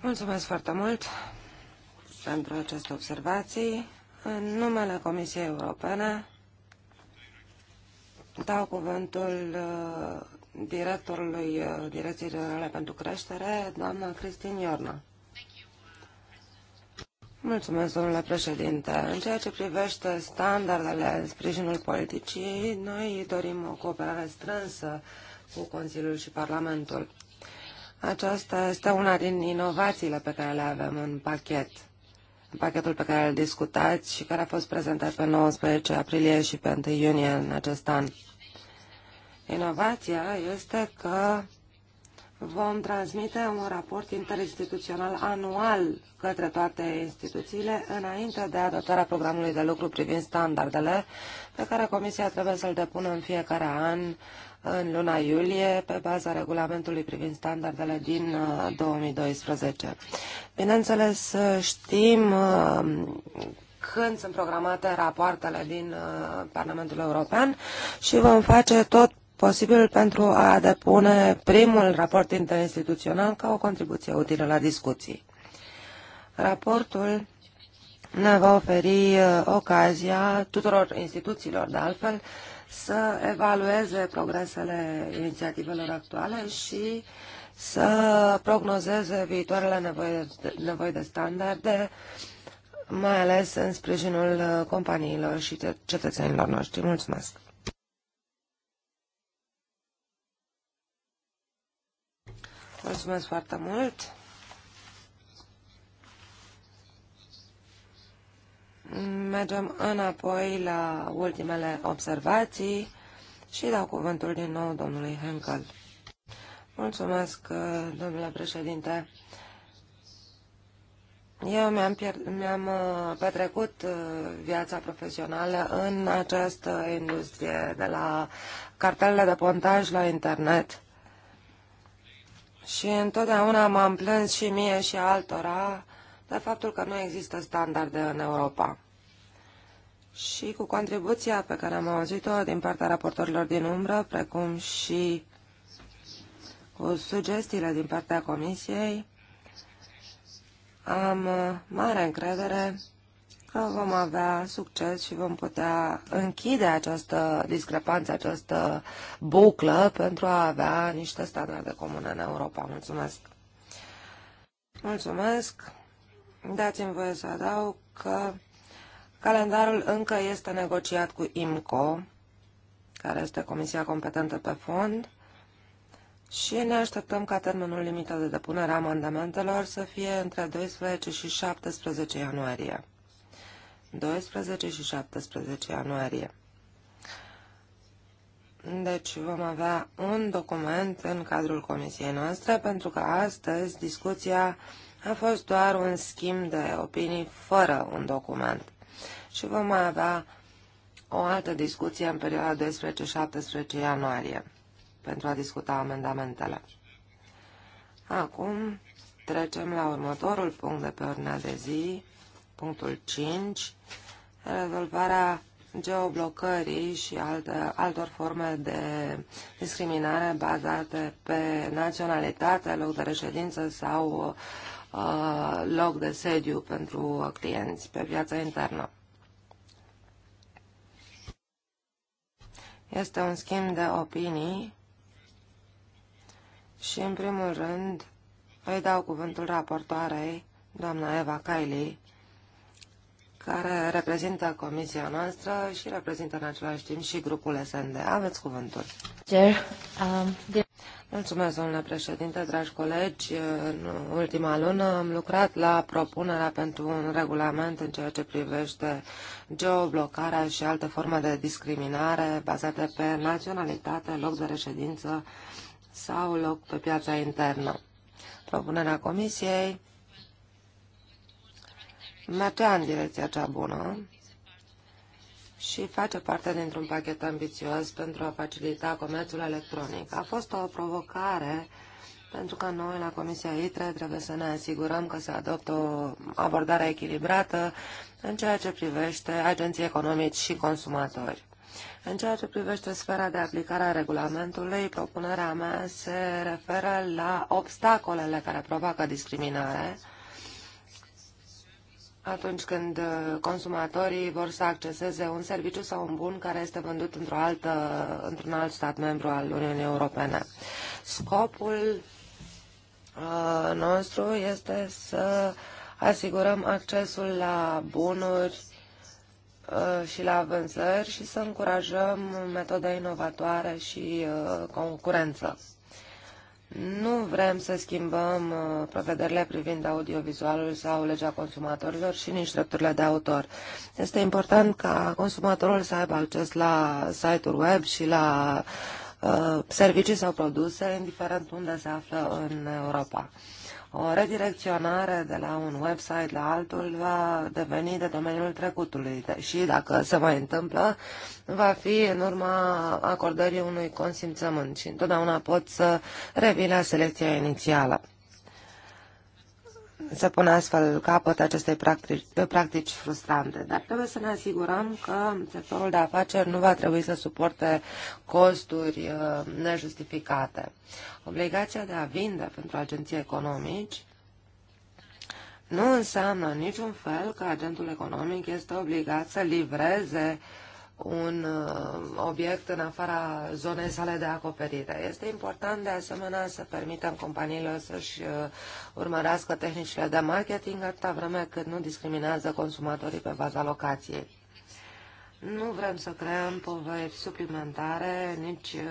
Mulțumesc foarte mult pentru aceste observații. În numele Comisiei Europene dau cuvântul uh, directorului uh, Direcției Generale pentru Creștere, doamna Cristin Iorna. Mulțumesc, domnule președinte. În ceea ce privește standardele în sprijinul politicii, noi dorim o cooperare strânsă cu Consiliul și Parlamentul. Aceasta este una din inovațiile pe care le avem în pachet, în pachetul pe care îl discutați și care a fost prezentat pe 19 aprilie și pe 1 iunie în acest an. Inovația este că vom transmite un raport interinstituțional anual către toate instituțiile înainte de adoptarea programului de lucru privind standardele pe care Comisia trebuie să-l depună în fiecare an în luna iulie pe baza regulamentului privind standardele din 2012. Uh, Bineînțeles, uh, știm uh, când sunt programate rapoartele din Parlamentul European și vom face tot posibil pentru a depune primul raport interinstituțional ca o contribuție utilă la discuții. Raportul ne va oferi uh, ocazia tuturor instituțiilor, de altfel, să evalueze progresele inițiativelor actuale și să prognozeze viitoarele nevoi, nevoi de standarde, mai ales în sprijinul uh, companiilor și cetățenilor noștri. Mulțumesc! Mulțumesc foarte mult. Mergem înapoi la ultimele observații și dau cuvântul din nou domnului Henkel. Mulțumesc, domnule președinte. Eu mi-am, mi-am uh, petrecut uh, viața profesională în această industrie, de la cartelele de pontaj la internet. Și întotdeauna m-am plâns și mie și altora de faptul că nu există standarde în Europa. Și cu contribuția pe care am auzit-o din partea raportorilor din umbră, precum și cu sugestiile din partea Comisiei, am mare încredere vom avea succes și vom putea închide această discrepanță, această buclă pentru a avea niște standarde comune în Europa. Mulțumesc! Mulțumesc! Dați-mi voie să adaug că calendarul încă este negociat cu IMCO, care este comisia competentă pe fond, și ne așteptăm ca termenul limită de depunere a amendamentelor să fie între 12 și 17 ianuarie. 12 și 17 ianuarie. Deci vom avea un document în cadrul comisiei noastre, pentru că astăzi discuția a fost doar un schimb de opinii fără un document. Și vom mai avea o altă discuție în perioada 12-17 ianuarie pentru a discuta amendamentele. Acum trecem la următorul punct de pe ordinea de zi, punctul 5, rezolvarea geoblocării și alte, altor forme de discriminare bazate pe naționalitate, loc de reședință sau uh, loc de sediu pentru clienți pe piața internă. Este un schimb de opinii și, în primul rând, îi dau cuvântul raportoarei, doamna Eva Kylie, care reprezintă comisia noastră și reprezintă în același timp și grupul SND. Aveți cuvântul. Um, Mulțumesc, domnule președinte, dragi colegi. În ultima lună am lucrat la propunerea pentru un regulament în ceea ce privește geoblocarea și alte forme de discriminare bazate pe naționalitate, loc de reședință sau loc pe piața internă. Propunerea Comisiei mergea în direcția cea bună și face parte dintr-un pachet ambițios pentru a facilita comerțul electronic. A fost o provocare pentru că noi la Comisia ITRE trebuie să ne asigurăm că se adoptă o abordare echilibrată în ceea ce privește agenții economici și consumatori. În ceea ce privește sfera de aplicare a regulamentului, propunerea mea se referă la obstacolele care provoacă discriminare atunci când uh, consumatorii vor să acceseze un serviciu sau un bun care este vândut într-o altă, într-un alt stat membru al Uniunii Europene. Scopul uh, nostru este să asigurăm accesul la bunuri uh, și la vânzări și să încurajăm metode inovatoare și uh, concurență. Nu vrem să schimbăm uh, prevederile privind audiovizualul sau legea consumatorilor și nici drepturile de autor. Este important ca consumatorul să aibă acces la site-uri web și la uh, servicii sau produse, indiferent unde se află în Europa. O redirecționare de la un website la altul va deveni de domeniul trecutului și, dacă se mai întâmplă, va fi în urma acordării unui consimțământ și întotdeauna pot să revii la selecția inițială să pună astfel capăt acestei practici, practici frustrante. Dar trebuie să ne asigurăm că sectorul de afaceri nu va trebui să suporte costuri uh, nejustificate. Obligația de a vinde pentru agenții economici nu înseamnă în niciun fel că agentul economic este obligat să livreze uh, un uh, obiect în afara zonei sale de acoperire. Este important de asemenea să permitem companiilor să-și uh, urmărească tehnicile de marketing atâta vreme cât nu discriminează consumatorii pe baza locației. Nu vrem să creăm poveri suplimentare, nici uh,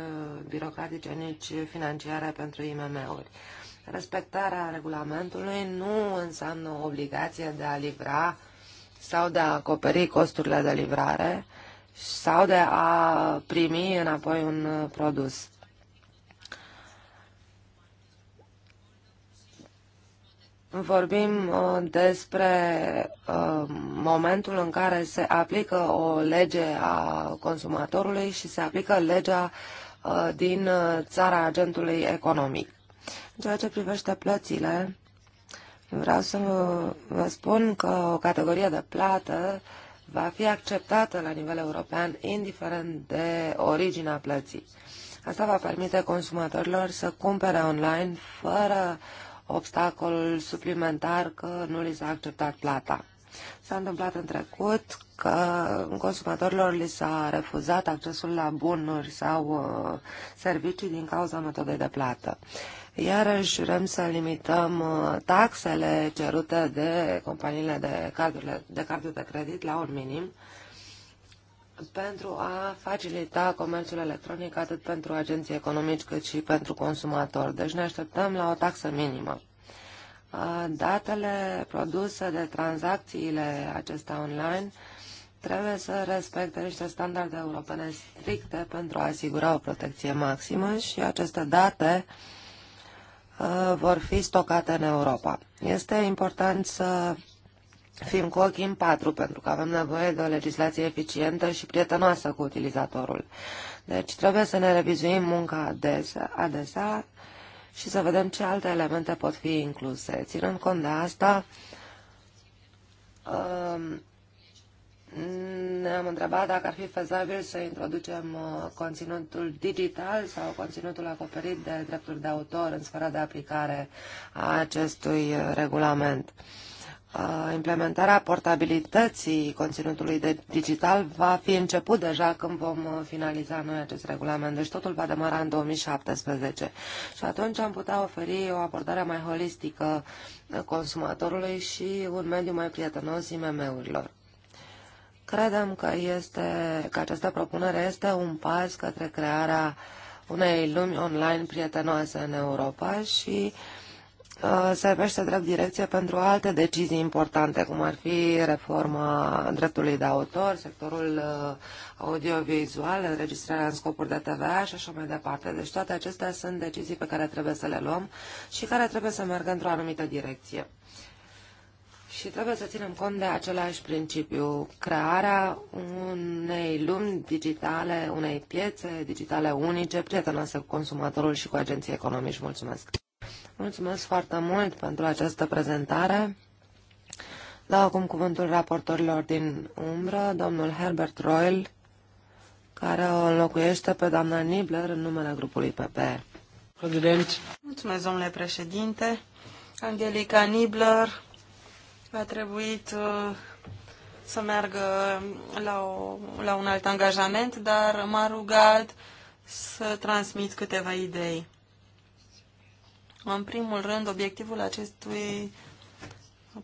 birocratice, nici financiare pentru IMM-uri. Respectarea regulamentului nu înseamnă obligație de a livra sau de a acoperi costurile de livrare, sau de a primi înapoi un uh, produs. Vorbim uh, despre uh, momentul în care se aplică o lege a consumatorului și se aplică legea din țara agentului economic. În ceea ce privește plățile, vreau să vă spun că o categorie de plată uh, va fi acceptată la nivel european, indiferent de originea plății. Asta va permite consumatorilor să cumpere online fără obstacolul suplimentar că nu li s-a acceptat plata. S-a întâmplat în trecut că consumatorilor li s-a refuzat accesul la bunuri sau uh, servicii din cauza metodei de plată. Uh, Iarăși vrem să limităm uh, taxele cerute de companiile de, cardurile, de carduri de credit la un minim pentru a facilita comerțul electronic atât pentru agenții economici cât și pentru consumatori. Deci ne așteptăm la o taxă minimă. Uh, datele produse de tranzacțiile acestea online trebuie să respecte niște standarde europene stricte pentru a asigura o protecție maximă și aceste date uh, Uh, vor fi stocate în Europa. Este important să fim cu ochii în patru, pentru că avem nevoie de o legislație eficientă și prietenoasă cu utilizatorul. Deci trebuie să ne revizuim munca adesea, adesea și să vedem ce alte elemente pot fi incluse. Ținând cont de asta, uh, ne-am întrebat dacă ar fi fezabil să introducem uh, conținutul digital sau conținutul acoperit de drepturi de autor în sfera de aplicare a acestui uh, regulament. Uh, implementarea portabilității conținutului de digital va fi început deja când vom finaliza noi acest regulament, deci totul va demara în 2017. Și atunci am putea oferi o abordare mai holistică consumatorului și un mediu mai prietenos IMM-urilor. Credem că, este, că această propunere este un pas către crearea unei lumi online prietenoase în Europa și uh, servește drept direcție pentru alte decizii importante, cum ar fi reforma dreptului de autor, sectorul uh, audiovizual, înregistrarea în scopuri de TVA și așa mai departe. Deci toate acestea sunt decizii pe care trebuie să le luăm și care trebuie să meargă într-o anumită direcție. Și trebuie să ținem cont de același principiu, crearea unei lumi digitale, unei piețe digitale unice, prietenoase cu consumatorul și cu agenții economici. Mulțumesc! Mulțumesc foarte mult pentru această prezentare. Dau acum cuvântul raportorilor din umbră, domnul Herbert Royal, care o înlocuiește pe doamna Nibler în numele grupului PP. Mulțumesc, domnule președinte. Angelica Nibler, a trebuit uh, să meargă la, o, la un alt angajament, dar m-a rugat să transmit câteva idei. În primul rând, obiectivul acestui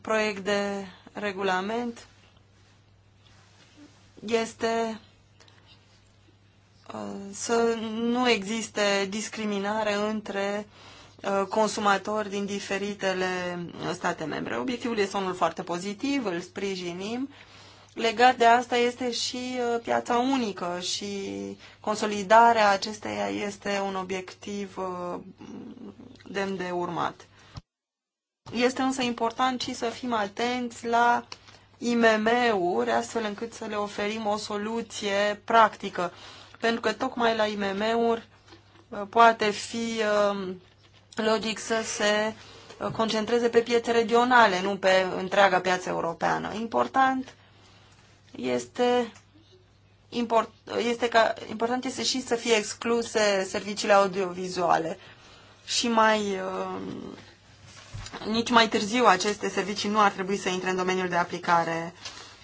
proiect de regulament este uh, să nu existe discriminare între Uh, consumatori din diferitele state membre. Obiectivul este unul foarte pozitiv, îl sprijinim. Legat de asta este și uh, piața unică și consolidarea acesteia este un obiectiv uh, demn de urmat. Este însă important și să fim atenți la IMM-uri, astfel încât să le oferim o soluție practică. Pentru că tocmai la IMM-uri poate fi Plodic să se uh, concentreze pe piețe regionale, nu pe întreaga piață europeană. Important este, import, este ca, important este și să fie excluse serviciile audiovizuale. Și mai uh, nici mai târziu aceste servicii nu ar trebui să intre în domeniul de aplicare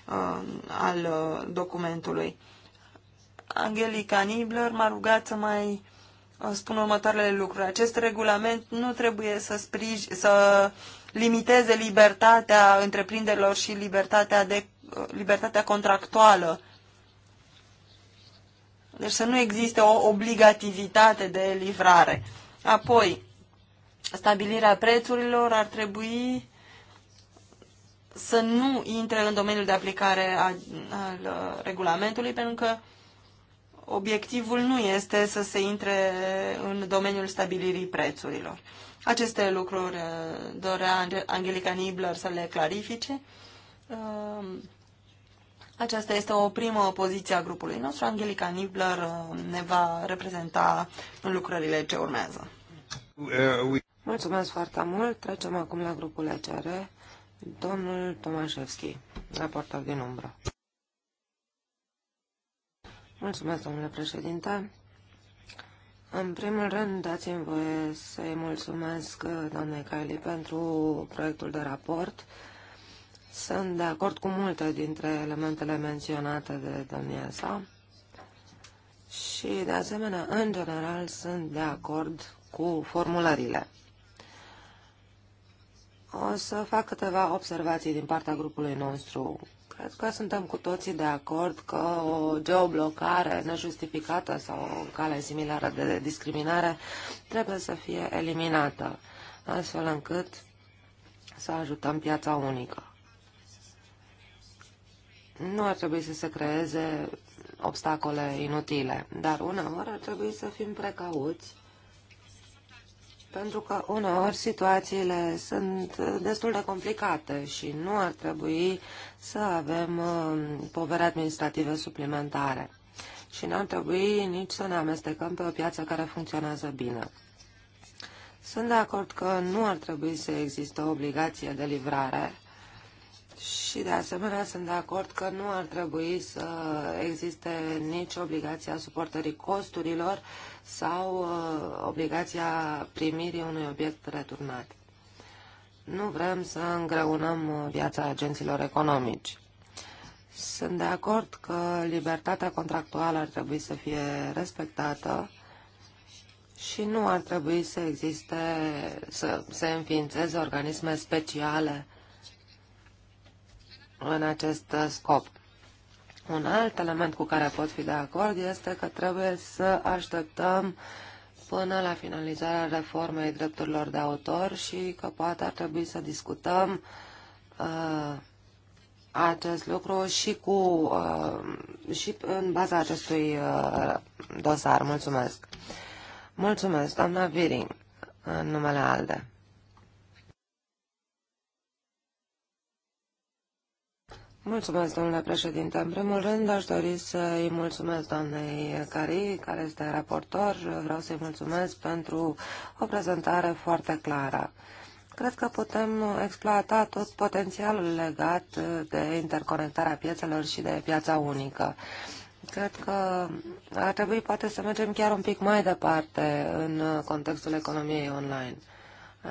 uh, al documentului. Angelica Nibler m-a rugat să mai spun următoarele lucruri. Acest regulament nu trebuie să, sprij, să limiteze libertatea întreprinderilor și libertatea, de, libertatea contractuală. Deci să nu existe o obligativitate de livrare. Apoi, stabilirea prețurilor ar trebui să nu intre în domeniul de aplicare al uh, regulamentului, pentru că obiectivul nu este să se intre în domeniul stabilirii prețurilor. Aceste lucruri uh, dorea Angelica Nibler să le clarifice. Um, aceasta este o primă poziție a grupului nostru. Angelica Nibler uh, ne va reprezenta în lucrările ce urmează. Uh, Mulțumesc foarte mult. Trecem acum la grupul ECR. Domnul Tomașevski, raportor din umbră. Mulțumesc, domnule președinte. În primul rând, dați-mi voie să-i mulțumesc doamne Kylie pentru proiectul de raport. Sunt de acord cu multe dintre elementele menționate de domnia sa și, de asemenea, în general, sunt de acord cu formulările. O să fac câteva observații din partea grupului nostru Cred că suntem cu toții de acord că o geoblocare nejustificată sau o cale similară de discriminare trebuie să fie eliminată, astfel încât să ajutăm piața unică. Nu ar trebui să se creeze obstacole inutile, dar uneori ar trebui să fim precauți pentru că uneori situațiile sunt destul de complicate și nu ar trebui să avem um, povere administrative suplimentare. Și n-ar trebui nici să ne amestecăm pe o piață care funcționează bine. Sunt de acord că nu ar trebui să existe o obligație de livrare, și de asemenea sunt de acord că nu ar trebui să existe nici obligația suportării costurilor sau uh, obligația primirii unui obiect returnat. Nu vrem să îngreunăm viața agenților economici. Sunt de acord că libertatea contractuală ar trebui să fie respectată și nu ar trebui să existe, să se înființeze organisme speciale în acest scop. Un alt element cu care pot fi de acord este că trebuie să așteptăm până la finalizarea reformei drepturilor de autor și că poate ar trebui să discutăm uh, acest lucru și, cu, uh, și în baza acestui uh, dosar. Mulțumesc! Mulțumesc, doamna Viring, în numele ALDE. Mulțumesc, domnule președinte. În primul rând, aș dori să-i mulțumesc doamnei Cari, care este raportor. Vreau să-i mulțumesc pentru o prezentare foarte clară. Cred că putem exploata tot potențialul legat de interconectarea piețelor și de piața unică. Cred că ar trebui poate să mergem chiar un pic mai departe în contextul economiei online.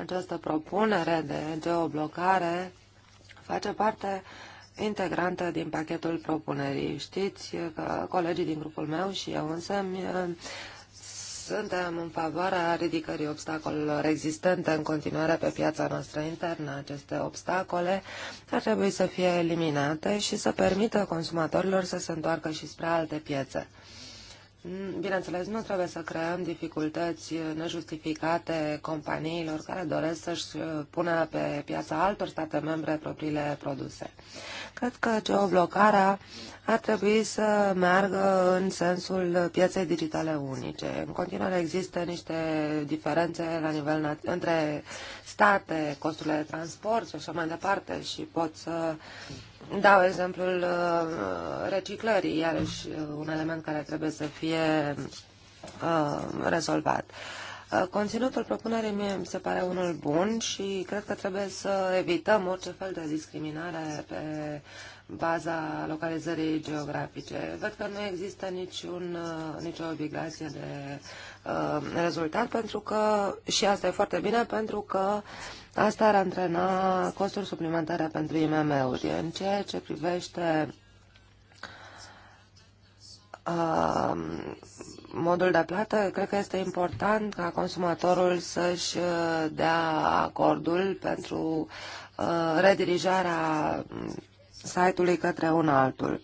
Această propunere de geoblocare face parte uh, integrantă din pachetul propunerii. Știți că colegii din grupul meu și eu însă uh, suntem în favoarea ridicării obstacolelor existente în continuare pe piața noastră internă. Aceste obstacole ar trebui să fie eliminate și să permită consumatorilor să se întoarcă și spre alte piețe. Bineînțeles, nu trebuie să creăm dificultăți nejustificate companiilor care doresc să-și uh, pună pe piața altor state membre propriile produse. Cred că geoblocarea ar trebui să meargă în sensul pieței digitale unice. În continuare există niște diferențe la nivel între state, costurile de transport și așa mai departe și pot să uh, Dau exemplul uh, reciclării, iarăși uh, un element care trebuie să fie uh, rezolvat. Conținutul propunerii mie mi se pare unul bun și cred că trebuie să evităm orice fel de discriminare pe baza localizării geografice. Văd că nu există niciun, nicio obligație de uh, rezultat pentru că, și asta e foarte bine, pentru că uh, Asta ar antrena costuri suplimentare pentru IMM-uri. În ceea ce privește uh, modul de plată, cred că este important ca consumatorul să-și uh, dea acordul pentru uh, redirijarea site-ului către un altul.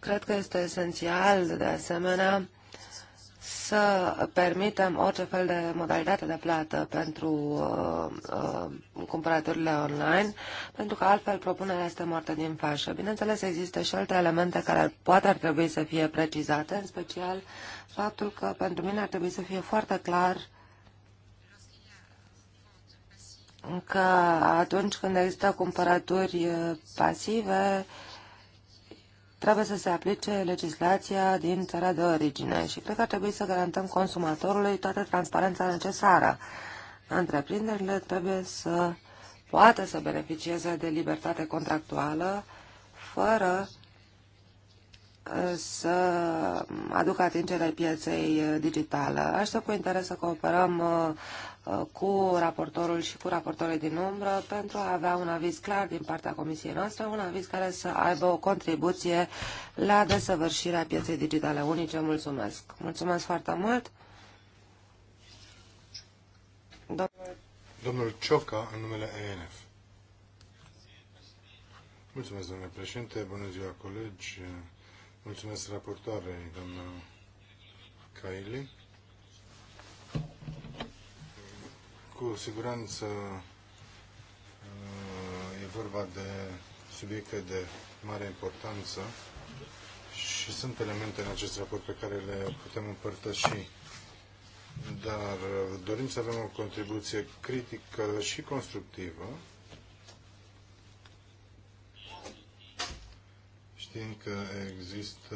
Cred că este esențial, de asemenea, să permitem orice fel de modalitate de plată pentru uh, uh, cumpărăturile online, pentru că altfel propunerea este moartă din fașă. Bineînțeles, există și alte elemente care poate ar trebui să fie precizate, în special faptul că pentru mine ar trebui să fie foarte clar că atunci când există cumpărături uh, pasive, trebuie să se aplice legislația din țara de origine și cred că ar trebui să garantăm consumatorului toată transparența necesară. Întreprinderile trebuie să poată să beneficieze de libertate contractuală fără uh, să aducă atingere pieței uh, digitale. Aștept cu interes să cooperăm uh, Uh, cu raportorul și cu raportorii din umbră pentru a avea un aviz clar din partea comisiei noastre, un aviz care să aibă o contribuție la desăvârșirea pieței digitale unice. Mulțumesc! Mulțumesc foarte mult! Domnul, Cioca, în numele ENF. Mulțumesc, domnule președinte, bună ziua, colegi. Mulțumesc raportoarei, doamna Caili cu siguranță uh, e vorba de subiecte de mare importanță și sunt elemente în acest raport pe care le putem împărtăși, dar uh, dorim să avem o contribuție critică și constructivă, știind că există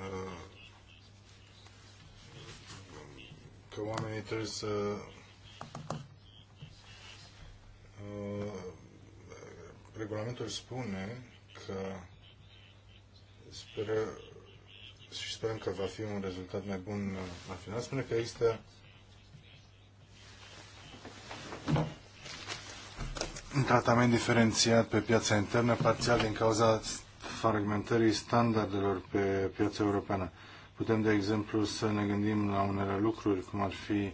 uh, că oamenii trebuie să uh, regulamentul spune că speră, și sperăm că va fi un rezultat mai bun la final, spune că există un tratament diferențiat pe piața internă, parțial din cauza fragmentării standardelor pe piața europeană. Putem, de exemplu, să ne gândim la unele lucruri, cum ar fi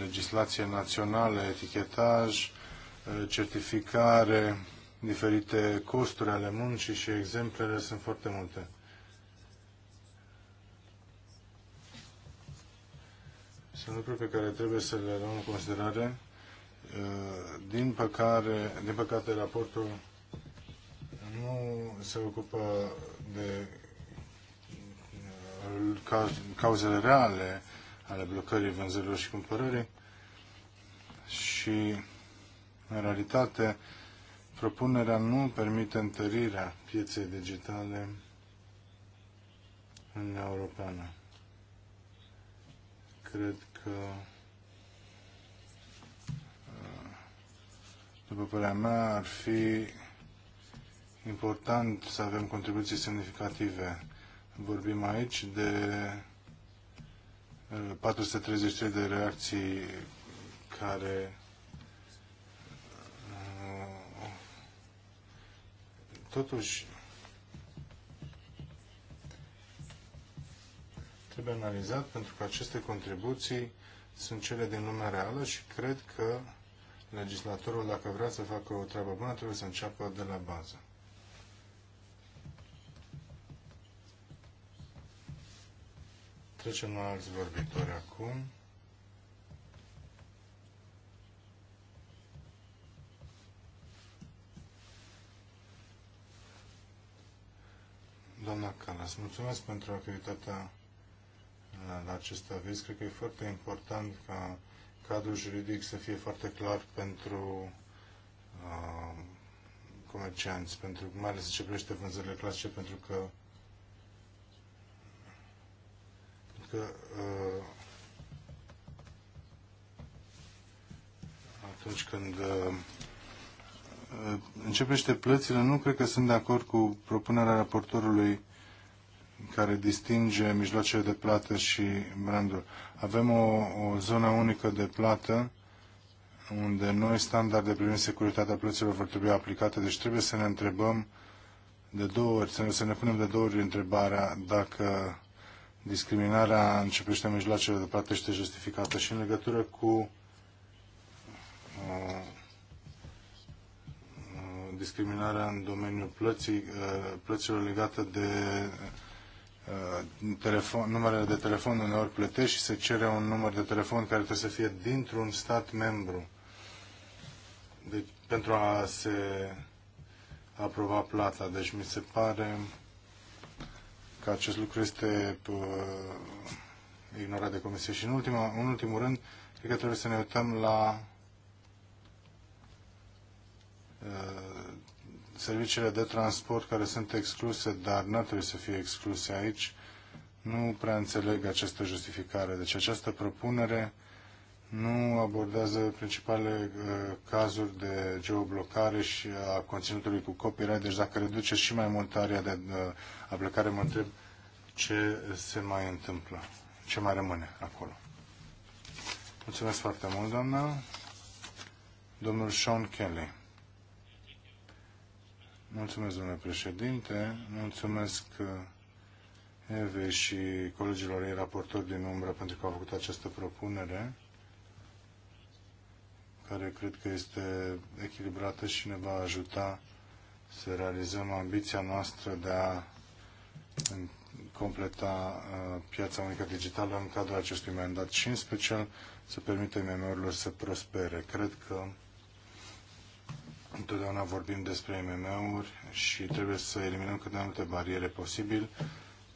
legislație națională, etichetaj, certificare, diferite costuri ale muncii și exemplele sunt foarte multe. Sunt lucruri pe care trebuie să le luăm în considerare. Din, păcare, din păcate, raportul nu se ocupă de cauzele reale ale blocării vânzărilor și cumpărării și, în realitate, propunerea nu permite întărirea pieței digitale în Europeană. Cred că, uh, după părerea mea, ar fi important să avem contribuții semnificative Vorbim aici de 433 uh, de reacții care uh, totuși trebuie analizat pentru că aceste contribuții sunt cele din lumea reală și cred că legislatorul, dacă vrea să facă o treabă bună, trebuie să înceapă de la bază. Trecem la alți vorbitori acum. Doamna Calas, mulțumesc pentru activitatea uh, la acest aviz. Cred că e foarte important ca cadrul juridic să fie foarte clar pentru uh, comercianți, pentru, mai ales ce privește vânzările clasice, pentru că că uh, atunci când uh, începește plățile, nu cred că sunt de acord cu propunerea raportorului care distinge mijloacele de plată și brandul. Avem o, o zonă unică de plată unde noi standarde privind securitatea plăților vor trebui aplicate, deci trebuie să ne întrebăm de două ori, să ne punem de două ori întrebarea dacă discriminarea începește mijloacele de plată este justificată și în legătură cu uh, discriminarea în domeniul plății, uh, plăților legate de uh, telefon, numerele de telefon uneori plătești și se cere un număr de telefon care trebuie să fie dintr-un stat membru. Deci, pentru a se aprova plata. Deci mi se pare că acest lucru este uh, ignorat de Comisie. Și în, ultima, în ultimul rând, cred că trebuie să ne uităm la uh, serviciile de transport care sunt excluse, dar nu trebuie să fie excluse aici. Nu prea înțeleg această justificare. Deci această propunere nu abordează principalele uh, cazuri de geoblocare și a conținutului cu copyright, deci dacă reduce și mai mult area de uh, aplicare, mă întreb ce se mai întâmplă, ce mai rămâne acolo. Mulțumesc foarte mult, doamna. Domnul Sean Kelly. Mulțumesc, domnule președinte. Mulțumesc uh, Eve și colegilor ei raportori din umbră pentru că au făcut această propunere care cred că este echilibrată și ne va ajuta să realizăm ambiția noastră de a completa piața unică digitală în cadrul acestui mandat și, în special, să permite mmo urilor să prospere. Cred că întotdeauna vorbim despre mmo uri și trebuie să eliminăm cât de multe bariere posibil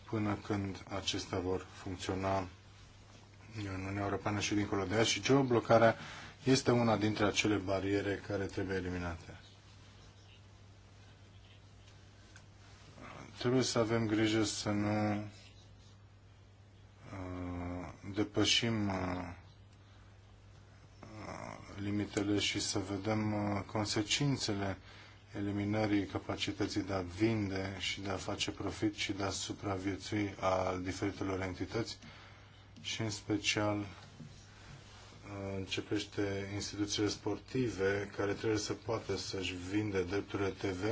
până când acestea vor funcționa în Uniunea Europeană și dincolo de ea și geoblocarea este una dintre acele bariere care trebuie eliminate. Trebuie să avem grijă să nu uh, depășim uh, uh, limitele și să vedem consecințele eliminării capacității de a vinde și de a face profit și de a supraviețui a diferitelor entități și în special începește instituțiile sportive care trebuie să poată să-și vinde drepturile TV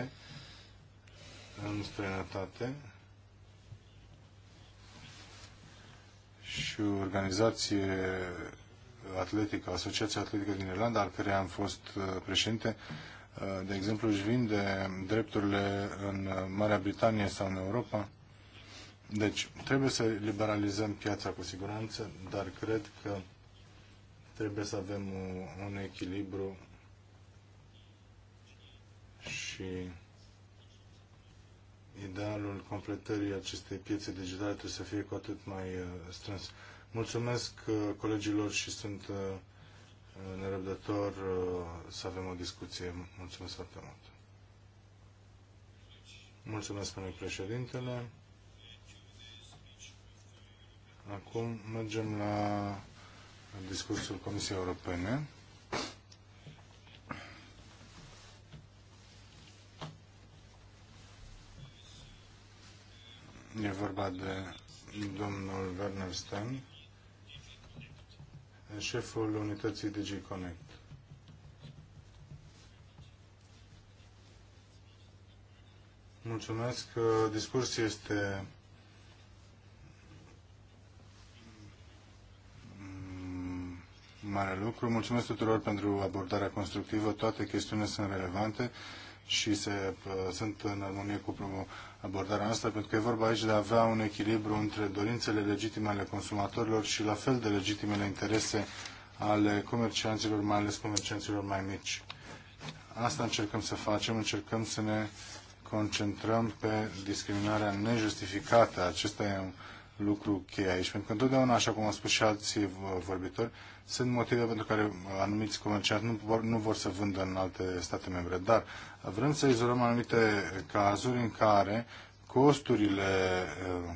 în străinătate și o organizație atletică, Asociația Atletică din Irlanda, al cărei am fost uh, președinte, uh, de exemplu, își vinde drepturile în Marea Britanie sau în Europa. Deci, trebuie să liberalizăm piața cu siguranță, dar cred că Trebuie să avem un echilibru și idealul completării acestei piețe digitale trebuie să fie cu atât mai uh, strâns. Mulțumesc uh, colegilor și sunt uh, nerăbdător să avem o discuție. Mulțumesc foarte mult. Mulțumesc, domnule președintele. Acum mergem la discursul Comisiei Europene. E vorba de domnul Werner Stern, șeful unității DG Connect. Mulțumesc. Discursul este mare lucru. Mulțumesc tuturor pentru abordarea constructivă. Toate chestiunile sunt relevante și se, uh, sunt în armonie cu abordarea noastră, pentru că e vorba aici de a avea un echilibru între dorințele legitime ale consumatorilor și la fel de legitimele interese ale comercianților, mai ales comercianților mai mici. Asta încercăm să facem, încercăm să ne concentrăm pe discriminarea nejustificată. Acesta e lucru cheie aici, pentru că întotdeauna, așa cum au spus și alții vorbitori, sunt motive pentru care anumiți comercianți nu vor, nu vor să vândă în alte state membre, dar vrem să izolăm anumite cazuri în care costurile eh,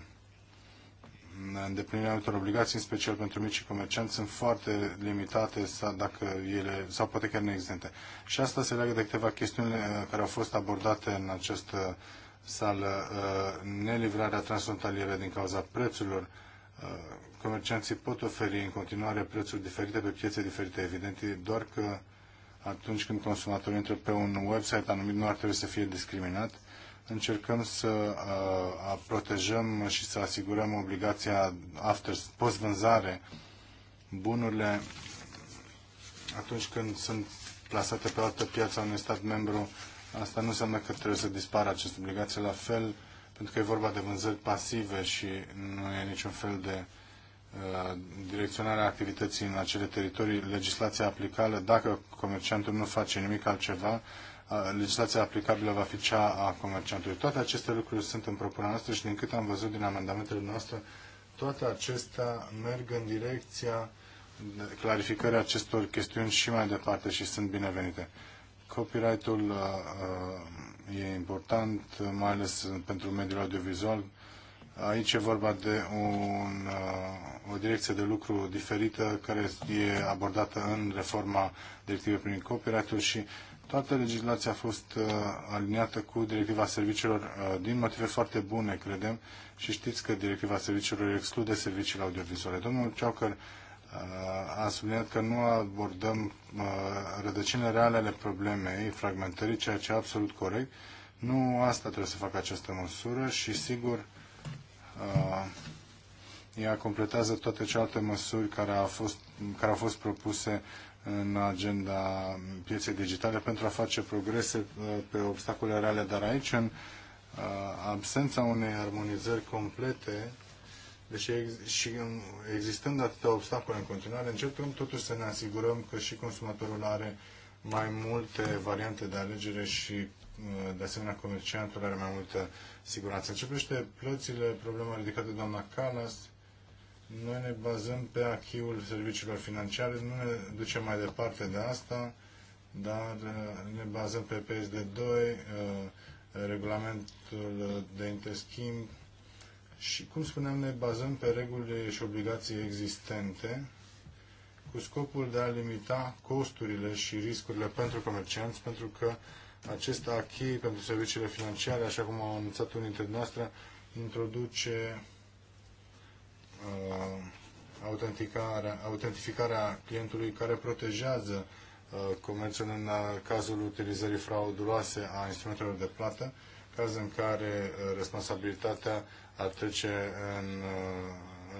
îndeplinirea anumitor obligații, în special pentru micii comercianți, sunt foarte limitate sau, dacă ele, sau poate chiar neexistente. Și asta se leagă de câteva chestiuni eh, care au fost abordate în această sală uh, nelivrarea transfrontalieră din cauza prețurilor. Uh, comercianții pot oferi în continuare prețuri diferite pe piețe diferite, evident, doar că atunci când consumatorul intră pe un website anumit nu ar trebui să fie discriminat. Încercăm să a, uh, protejăm și să asigurăm obligația after, post-vânzare bunurile atunci când sunt plasate pe o altă piață a unui stat membru Asta nu înseamnă că trebuie să dispară aceste obligații, la fel, pentru că e vorba de vânzări pasive și nu e niciun fel de uh, direcționarea activității în acele teritorii, legislația aplicabilă, dacă comerciantul nu face nimic altceva, uh, legislația aplicabilă va fi cea a comerciantului. Toate aceste lucruri sunt în propunerea noastră și din câte am văzut din amendamentele noastre, toate acestea merg în direcția clarificării acestor chestiuni și mai departe și sunt binevenite. Copyright-ul uh, uh, e important, mai ales pentru mediul audiovizual. Aici e vorba de un, uh, o direcție de lucru diferită care e abordată în reforma directivei privind copyright-ul și toată legislația a fost aliniată cu directiva serviciilor din motive foarte bune, credem, și știți că directiva serviciilor exclude serviciile audiovizuale. Domnul Ciocăr, a subliniat că nu abordăm uh, rădăcinile reale ale problemei fragmentării, ceea ce e absolut corect. Nu asta trebuie să facă această măsură și, sigur, uh, ea completează toate celelalte măsuri care, au fost, care au fost propuse în agenda pieței digitale pentru a face progrese uh, pe obstacole reale, dar aici, în absența unei armonizări complete, deci și existând atâtea obstacole în continuare, încercăm totuși să ne asigurăm că și consumatorul are mai multe variante de alegere și uh, de asemenea comerciantul are mai multă siguranță. Începește plățile, problema ridicată de doamna Canas, Noi ne bazăm pe achiul serviciilor financiare, nu ne ducem mai departe de asta, dar uh, ne bazăm pe PSD2, uh, regulamentul de interschimb și, cum spuneam, ne bazăm pe regulile și obligații existente cu scopul de a limita costurile și riscurile pentru comercianți, pentru că acest achei pentru serviciile financiare, așa cum au anunțat unii dintre noastre, introduce uh, autenticarea, autentificarea clientului care protejează uh, comerțul în uh, cazul utilizării frauduloase a instrumentelor de plată, caz în care uh, responsabilitatea ar trece în, uh,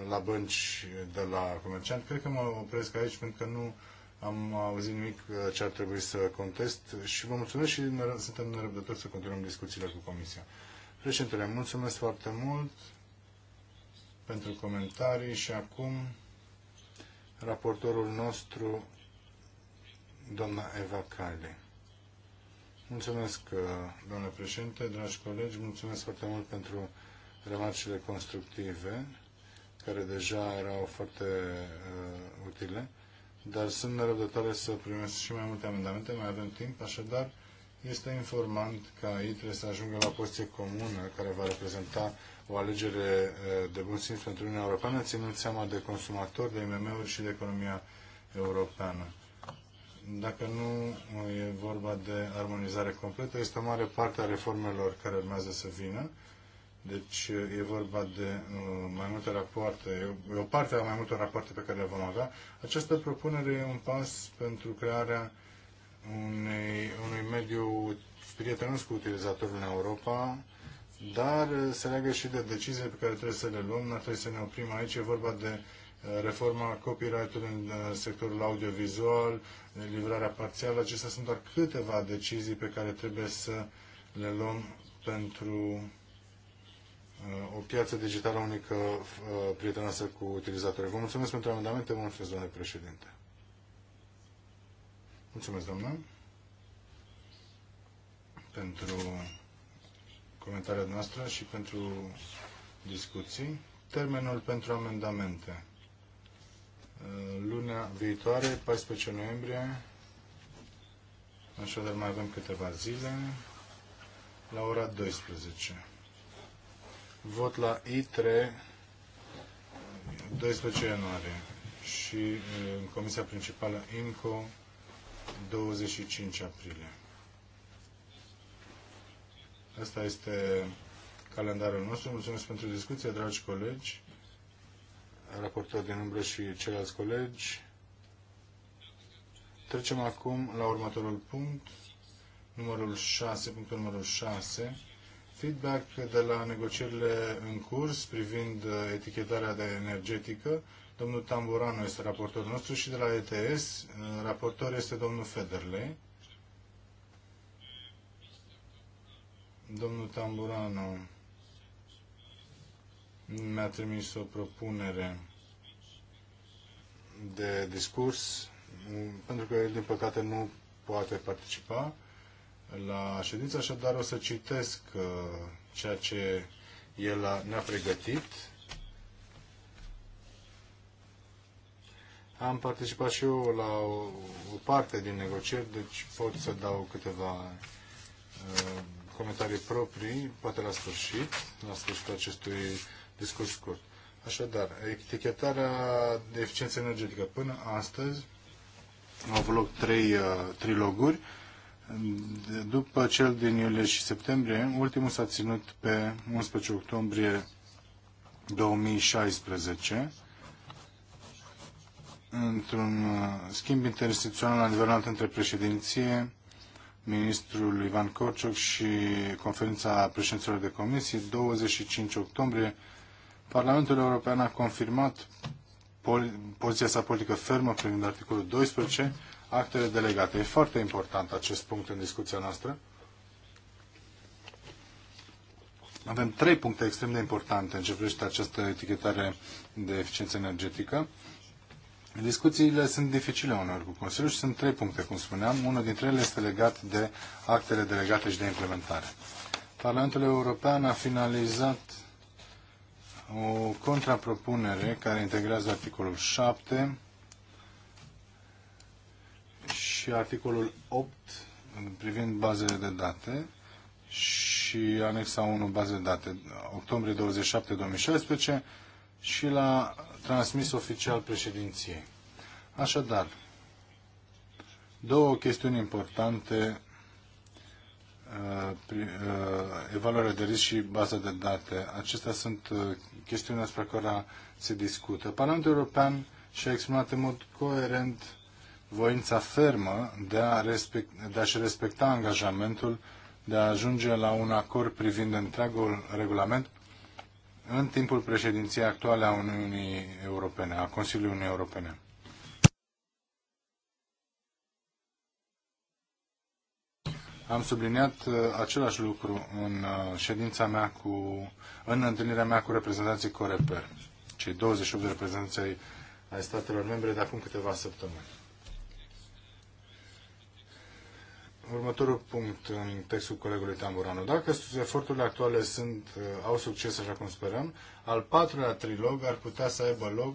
la bănci de la comerciant. Cred că mă opresc aici pentru că nu am auzit nimic uh, ce ar trebui să contest și vă mulțumesc și ne, suntem nerăbdători să continuăm discuțiile cu Comisia. Președintele, mulțumesc foarte mult pentru comentarii și acum raportorul nostru, doamna Eva Cale. Mulțumesc, uh, doamne președinte, dragi colegi, mulțumesc foarte mult pentru remarcile constructive, care deja erau foarte uh, utile, dar sunt nerăbdătoare să primesc și mai multe amendamente, mai avem timp, așadar este informant ca trebuie să ajungă la poziție comună care va reprezenta o alegere uh, de bun simț pentru Uniunea Europeană, ținând seama de consumatori, de IMM-uri și de economia europeană. Dacă nu uh, e vorba de armonizare completă, este o mare parte a reformelor care urmează să vină deci e vorba de uh, mai multe rapoarte, e o parte a mai multor rapoarte pe care le vom avea. Această propunere e un pas pentru crearea unei, unui mediu prietenos cu utilizatorul în Europa, dar se leagă și de deciziile pe care trebuie să le luăm. nu trebuie să ne oprim aici. E vorba de uh, reforma copyright-ului în uh, sectorul audiovizual, livrarea parțială. Acestea sunt doar câteva decizii pe care trebuie să le luăm pentru o piață digitală unică uh, prietenoasă cu utilizatorii. Vă mulțumesc pentru amendamente, vă mulțumesc, domnule președinte. Mulțumesc, doamnă, pentru comentarea noastră și pentru discuții. Termenul pentru amendamente. Uh, Luna viitoare, 14 noiembrie, așadar mai avem câteva zile, la ora 12 vot la I3, 12 ianuarie și în Comisia Principală IMCO 25 aprilie. Asta este calendarul nostru. Mulțumesc pentru discuție, dragi colegi, raportor din umbră și ceilalți colegi. Trecem acum la următorul punct, numărul 6, punctul numărul 6, feedback de la negocierile în curs privind uh, etichetarea de energetică. Domnul Tamburano este raportorul nostru și de la ETS uh, raportor este domnul Federle. Domnul Tamburano mi-a trimis o propunere de discurs, mm, pentru că el, din păcate, nu poate participa la ședință, așadar o să citesc uh, ceea ce el ne-a pregătit. Am participat și eu la o, o parte din negocieri, deci pot să dau câteva uh, comentarii proprii, poate la sfârșit, la sfârșitul acestui discurs scurt. Așadar, etichetarea de eficiență energetică. Până astăzi au avut loc trei uh, triloguri. Uh, după cel din iulie și septembrie, ultimul s-a ținut pe 11 octombrie 2016 într-un uh, schimb interinstituțional la nivel înalt între președinție, ministrul Ivan Corcioc și conferința președinților de comisie, 25 octombrie, Parlamentul European a confirmat poziția sa politică fermă privind articolul 12, actele delegate. E foarte important acest punct în discuția noastră. Avem trei puncte extrem de importante în ce privește această etichetare de eficiență energetică. Discuțiile sunt dificile uneori cu Consiliul și sunt trei puncte, cum spuneam. Unul dintre ele este legat de actele delegate și de implementare. Parlamentul European a finalizat o contrapropunere care integrează articolul 7 și articolul 8 privind bazele de date și anexa 1 baze de date, octombrie 27 2016 și l-a transmis oficial președinției. Așadar, două chestiuni importante uh, uh, evaluarea de risc și baza de date. Acestea sunt uh, chestiuni asupra care se discută. Parlamentul European și-a exprimat în mod coerent voința fermă de, a respect, de a-și respecta angajamentul de a ajunge la un acord privind întregul regulament în timpul președinției actuale a Uniunii Europene, a Consiliului Uniunii Europene. Am subliniat uh, același lucru în uh, ședința mea cu, în întâlnirea mea cu reprezentanții Coreper, cei 28 de reprezentanții ai statelor membre de acum câteva săptămâni. următorul punct în textul colegului Tamburanu. Dacă eforturile actuale sunt, uh, au succes, așa cum sperăm, al patrulea trilog ar putea să aibă loc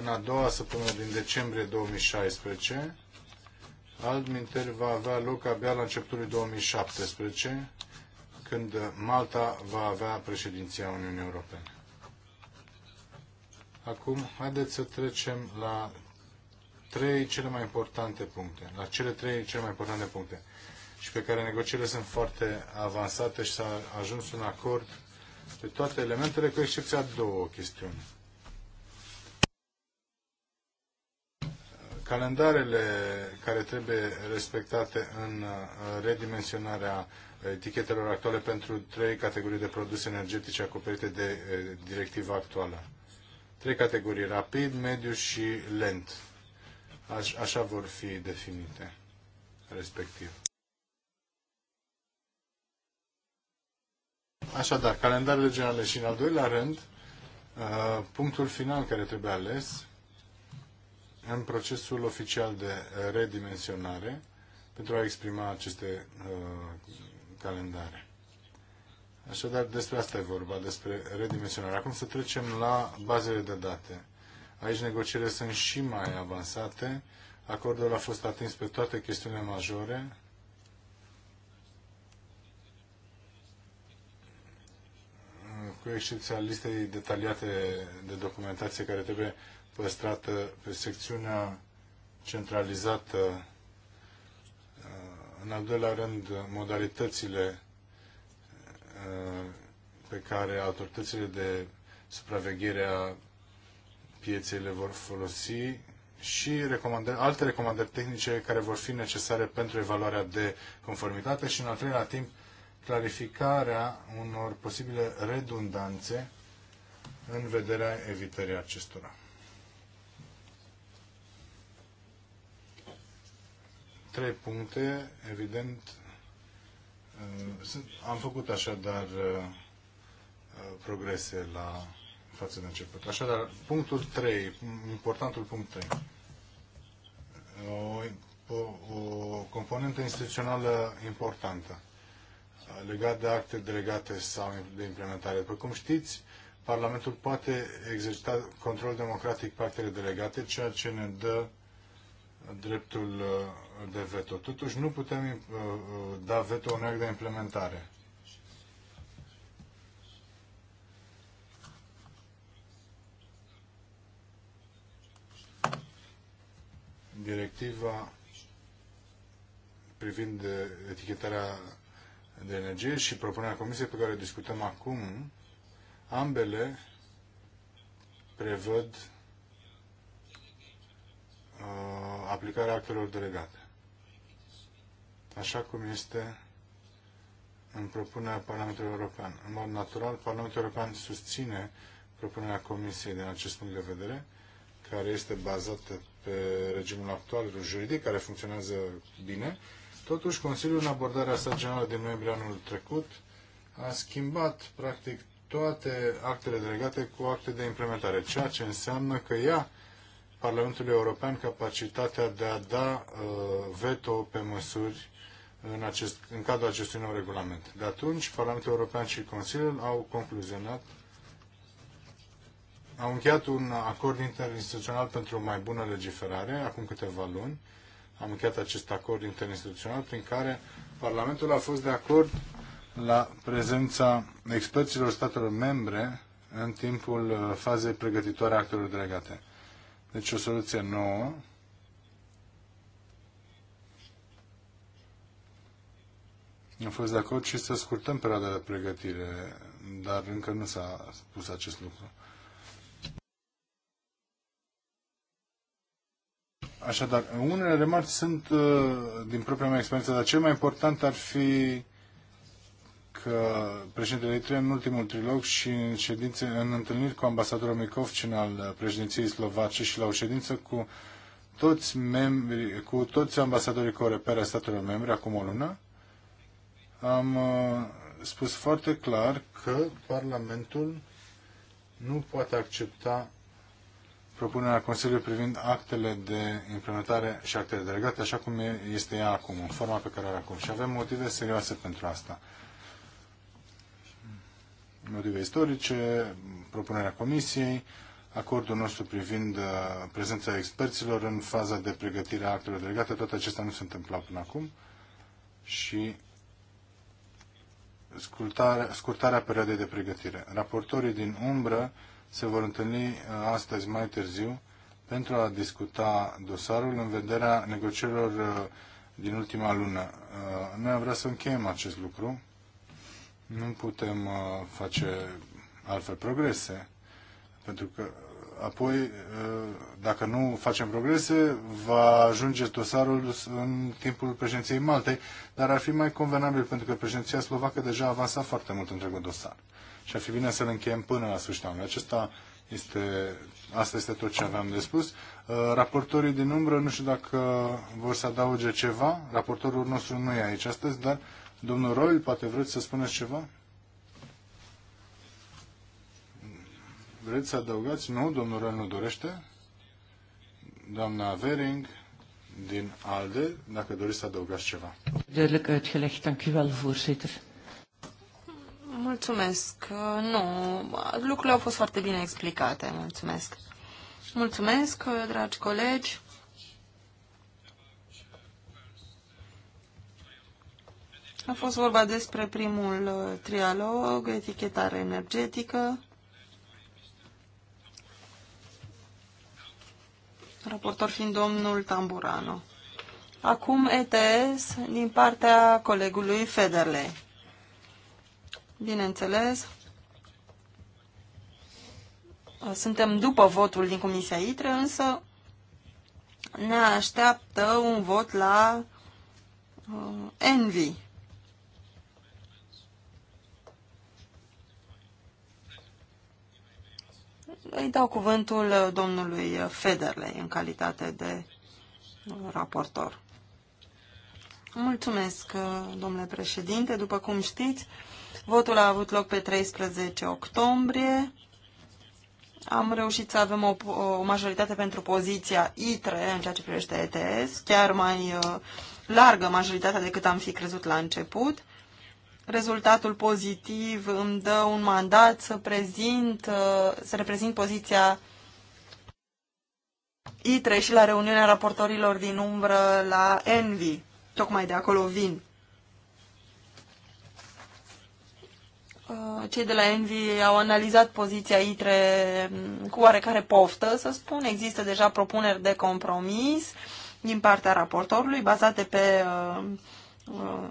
în a doua săptămână din decembrie 2016. Altminteri va avea loc abia la începutul 2017, când Malta va avea președinția Uniunii Europene. Acum, haideți să trecem la trei cele mai importante puncte, la cele trei cele mai importante puncte și pe care negocierile sunt foarte avansate și s-a ajuns un acord pe toate elementele, cu excepția două chestiuni. Calendarele care trebuie respectate în uh, redimensionarea etichetelor actuale pentru trei categorii de produse energetice acoperite de uh, directiva actuală. Trei categorii, rapid, mediu și lent așa vor fi definite respectiv. Așadar, calendarele generale și în al doilea rând, uh, punctul final care trebuie ales în procesul oficial de redimensionare pentru a exprima aceste uh, calendare. Așadar, despre asta e vorba, despre redimensionare. Acum să trecem la bazele de date. Aici negocierile sunt și mai avansate. Acordul a fost atins pe toate chestiunile majore. cu excepția listei detaliate de documentație care trebuie păstrată pe secțiunea centralizată. În al doilea rând, modalitățile uh, pe care autoritățile de supraveghere a pieței le vor folosi și recomandări, alte recomandări tehnice care vor fi necesare pentru evaluarea de conformitate și, în al treilea timp, clarificarea unor posibile redundanțe în vederea evitării acestora. Trei puncte, evident, uh, am făcut așadar uh, uh, progrese la față de început. Așadar, punctul 3, importantul punct 3. O, o, o componentă instituțională importantă legat de acte delegate sau de implementare. După cum știți, Parlamentul poate exercita control democratic pe actele delegate, ceea ce ne dă dreptul uh, de veto. Totuși, nu putem uh, uh, da veto unui act de implementare. directiva privind etichetarea de energie și propunerea comisiei pe care o discutăm acum, ambele prevăd uh, aplicarea actelor delegate. Așa cum este în propunerea Parlamentului European. În mod natural, Parlamentul European susține propunerea Comisiei din acest punct de vedere, care este bazată pe regimul actual juridic, care funcționează bine. Totuși, Consiliul, în abordarea sa generală din noiembrie anul trecut, a schimbat, practic, toate actele delegate cu acte de implementare, ceea ce înseamnă că ea, Parlamentul European capacitatea de a da uh, veto pe măsuri în, acest, în cadrul acestui nou regulament. De atunci, Parlamentul European și Consiliul au concluzionat au încheiat un acord interinstituțional pentru o mai bună legiferare acum câteva luni. Am încheiat acest acord interinstituțional prin care Parlamentul a fost de acord la prezența experților statelor membre în timpul uh, fazei pregătitoare a actelor delegate. Deci o soluție nouă Am fost de acord și să scurtăm perioada de pregătire, dar încă nu s-a spus acest lucru. Așadar, unele remarci sunt uh, din propria mea experiență, dar cel mai important ar fi că președintele Itrie în ultimul trilog și în, ședințe, în întâlniri cu ambasadorul Mikovcin al președinției slovace și la o ședință cu toți, membri, cu toți ambasadorii Coreper a statelor membre, acum o lună, am uh, spus foarte clar că Parlamentul nu poate accepta propunerea Consiliului privind actele de implementare și actele delegate, așa cum este ea acum, în forma pe care are acum. Și avem motive serioase pentru asta. Motive istorice, propunerea Comisiei, acordul nostru privind uh, prezența experților în faza de pregătire a actelor delegate, toate acestea nu se întâmplau până acum și scurtarea, scurtarea perioadei de pregătire. Raportorii din umbră se vor întâlni uh, astăzi mai târziu pentru a discuta dosarul în vederea negocierilor uh, din ultima lună. Uh, noi am vrea să încheiem acest lucru. Nu putem face altfel progrese, pentru că apoi, dacă nu facem progrese, va ajunge dosarul în timpul președinției Maltei, dar ar fi mai convenabil pentru că președinția slovacă deja avansa foarte mult întregul dosar și ar fi bine să-l încheiem până la sfârșitul anului. Acesta este, asta este tot ce aveam de spus. Uh, raportorii din umbră, nu știu dacă vor să adauge ceva. Raportorul nostru nu e aici astăzi, dar domnul Roil, poate vreți să spuneți ceva? Vreți să adăugați? Nu, domnul Roil nu dorește. Doamna Vering din ALDE, dacă doriți să adăugați ceva. Duidelijk uitgelegd, eh, dank u wel, voorzitter. Mulțumesc. Nu, lucrurile au fost foarte bine explicate. Mulțumesc. Mulțumesc, dragi colegi. A fost vorba despre primul uh, trialog, etichetare energetică. Raportor fiind domnul Tamburano. Acum ETS din partea colegului Federle. Bineînțeles, suntem după votul din Comisia ITRE, însă ne așteaptă un vot la uh, ENVI. Îi dau cuvântul domnului Federle în calitate de raportor. Mulțumesc, domnule președinte. După cum știți, Votul a avut loc pe 13 octombrie. Am reușit să avem o, o majoritate pentru poziția ITRE în ceea ce privește ETS, chiar mai uh, largă majoritatea decât am fi crezut la început. Rezultatul pozitiv îmi dă un mandat să prezint, uh, să reprezint poziția ITRE și la reuniunea raportorilor din umbră la ENVI. Tocmai de acolo vin. Uh, cei de la Envy au analizat poziția ITRE mm, cu oarecare poftă, să spun. Există deja propuneri de compromis din partea raportorului, bazate pe uh, uh,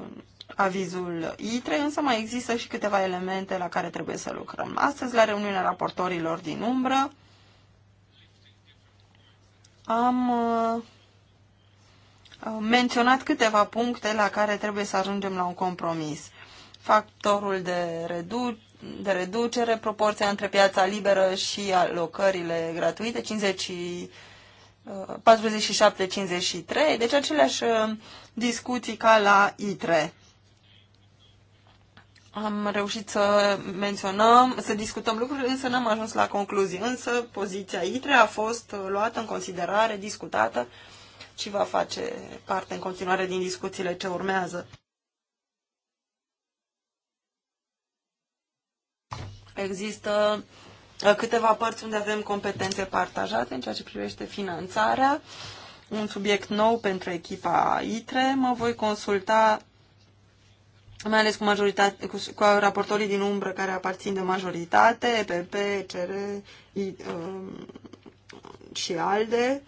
avizul ITRE, însă mai există și câteva elemente la care trebuie să lucrăm. Astăzi, la reuniunea raportorilor din umbră, am uh, uh menționat câteva puncte la care trebuie să ajungem la un compromis factorul de, redu- de reducere, proporția între piața liberă și alocările gratuite, 50 47-53, uh, deci aceleași uh, discuții ca la ITRE. Am reușit să menționăm, să discutăm lucruri, însă n-am ajuns la concluzii. Însă poziția ITRE a fost uh, luată în considerare, discutată și va face parte în continuare din discuțiile ce urmează. Există uh, câteva părți unde avem competențe partajate în ceea ce privește finanțarea, un subiect nou pentru echipa ITRE. Mă voi consulta mai ales cu, majoritate, cu, cu raportorii din umbră care aparțin de majoritate, EPP, CR I, um, și ALDE.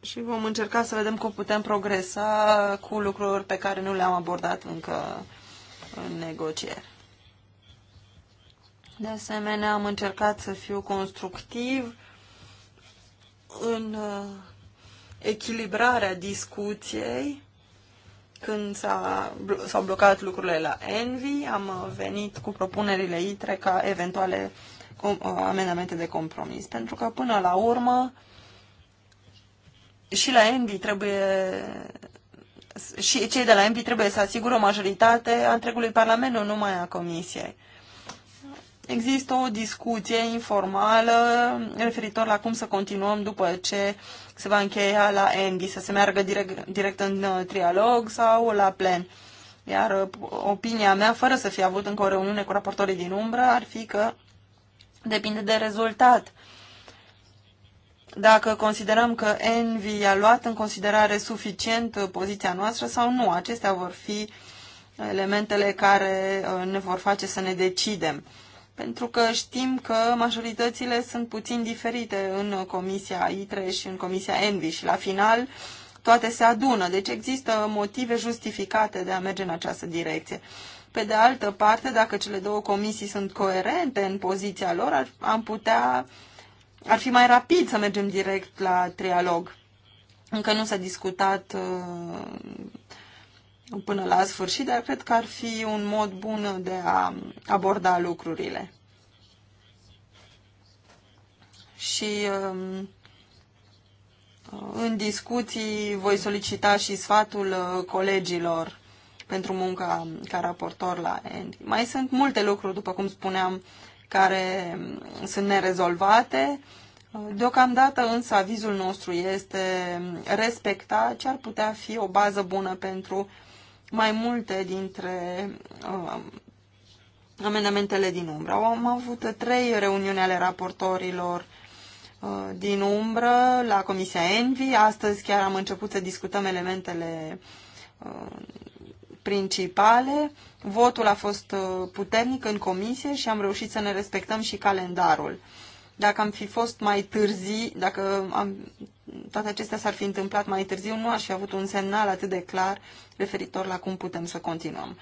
Și vom încerca să vedem cum putem progresa cu lucruri pe care nu le-am abordat încă în negocieri. De asemenea, am încercat să fiu constructiv în uh, echilibrarea discuției când s-au blocat lucrurile la Envy, am uh, venit cu propunerile ITRE ca eventuale uh, amendamente de compromis. Pentru că până la urmă și la Envy trebuie și cei de la MP trebuie să asigură o majoritate a întregului Parlament, nu numai a Comisiei. Există o discuție informală referitor la cum să continuăm după ce se va încheia la Andy, să se meargă direct, direct în uh, trialog sau la plen. Iar uh, opinia mea, fără să fi avut încă o reuniune cu raportorii din umbră, ar fi că depinde de rezultat dacă considerăm că Envy a luat în considerare suficient uh, poziția noastră sau nu. Acestea vor fi elementele care uh, ne vor face să ne decidem. Pentru că știm că majoritățile sunt puțin diferite în Comisia ITRE și în Comisia Envy și la final toate se adună. Deci există motive justificate de a merge în această direcție. Pe de altă parte, dacă cele două comisii sunt coerente în poziția lor, am putea uh, ar fi mai rapid să mergem direct la trialog. Încă nu s-a discutat uh, până la sfârșit, dar cred că ar fi un mod bun de a aborda lucrurile. Și um, uh, în discuții voi solicita și sfatul uh, colegilor pentru munca ca raportor la Andy. Mai sunt multe lucruri, după cum spuneam, care mm, sunt nerezolvate. Deocamdată însă avizul nostru este respecta ce ar putea fi o bază bună pentru mai multe dintre uh, amendamentele din umbră. Am avut trei reuniuni ale raportorilor uh, din umbră la Comisia Envi. Astăzi chiar am început să discutăm elementele uh, principale. Votul a fost uh, puternic în comisie și am reușit să ne respectăm și calendarul. Dacă am fi fost mai târzi, dacă am, toate acestea s-ar fi întâmplat mai târziu, nu aș fi avut un semnal atât de clar referitor la cum putem să continuăm.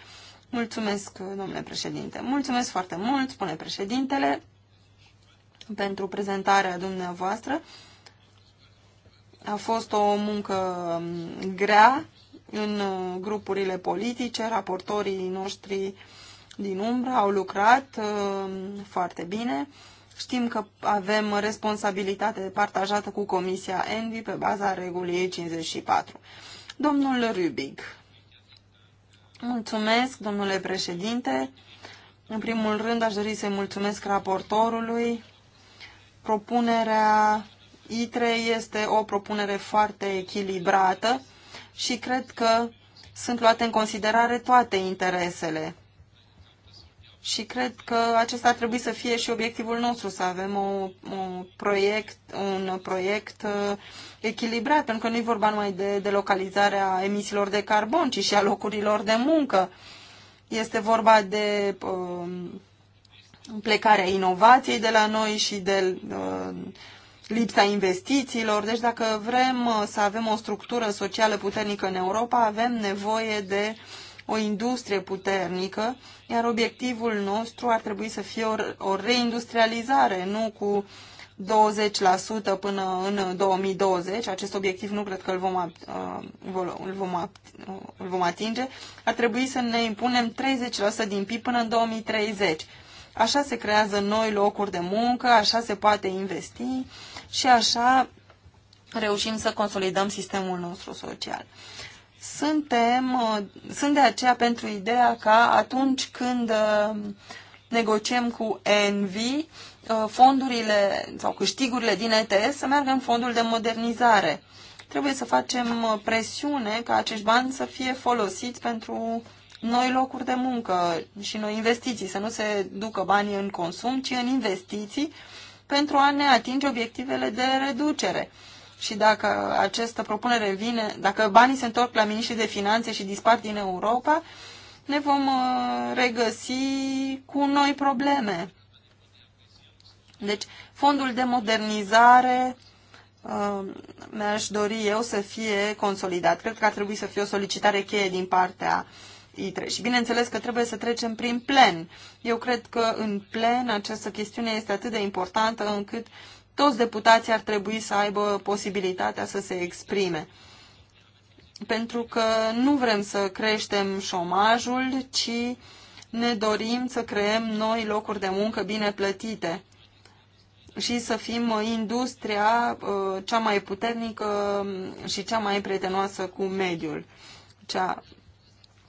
Mulțumesc, domnule președinte. Mulțumesc foarte mult, spune președintele, pentru prezentarea dumneavoastră. A fost o muncă um, grea în uh, grupurile politice, raportorii noștri din umbră au lucrat uh, foarte bine. Știm că avem responsabilitate partajată cu Comisia Envi pe baza regulii 54. Domnul Rubic. Mulțumesc, domnule președinte. În primul rând, aș dori să-i mulțumesc raportorului. Propunerea ITRE este o propunere foarte echilibrată și cred că sunt luate în considerare toate interesele. Și cred că acesta ar trebui să fie și obiectivul nostru, să avem o, o proiect, un proiect uh, echilibrat, pentru că nu e vorba numai de, de localizarea emisiilor de carbon, ci și a locurilor de muncă. Este vorba de uh, plecarea inovației de la noi și de uh, lipsa investițiilor. Deci dacă vrem uh, să avem o structură socială puternică în Europa, avem nevoie de o industrie puternică, iar obiectivul nostru ar trebui să fie o reindustrializare, nu cu 20% până în 2020. Acest obiectiv nu cred că îl vom, uh, îl vom, uh, îl vom atinge. Ar trebui să ne impunem 30% din PIB până în 2030. Așa se creează noi locuri de muncă, așa se poate investi și așa reușim să consolidăm sistemul nostru social. Suntem, uh, sunt de aceea pentru ideea ca atunci când uh, negociem cu ENVI, uh, fondurile sau câștigurile din ETS să meargă în fondul de modernizare. Trebuie să facem presiune ca acești bani să fie folosiți pentru noi locuri de muncă și noi investiții, să nu se ducă banii în consum, ci în investiții pentru a ne atinge obiectivele de reducere. Și dacă această propunere vine, dacă banii se întorc la miniștrii de finanțe și dispar din Europa, ne vom uh, regăsi cu noi probleme. Deci, fondul de modernizare uh, mi-aș dori eu să fie consolidat. Cred că ar trebui să fie o solicitare cheie din partea ITRE. Și bineînțeles că trebuie să trecem prin plen. Eu cred că în plen această chestiune este atât de importantă încât toți deputații ar trebui să aibă posibilitatea să se exprime. Pentru că nu vrem să creștem șomajul, ci ne dorim să creăm noi locuri de muncă bine plătite și să fim industria uh, cea mai puternică și cea mai prietenoasă cu mediul, cea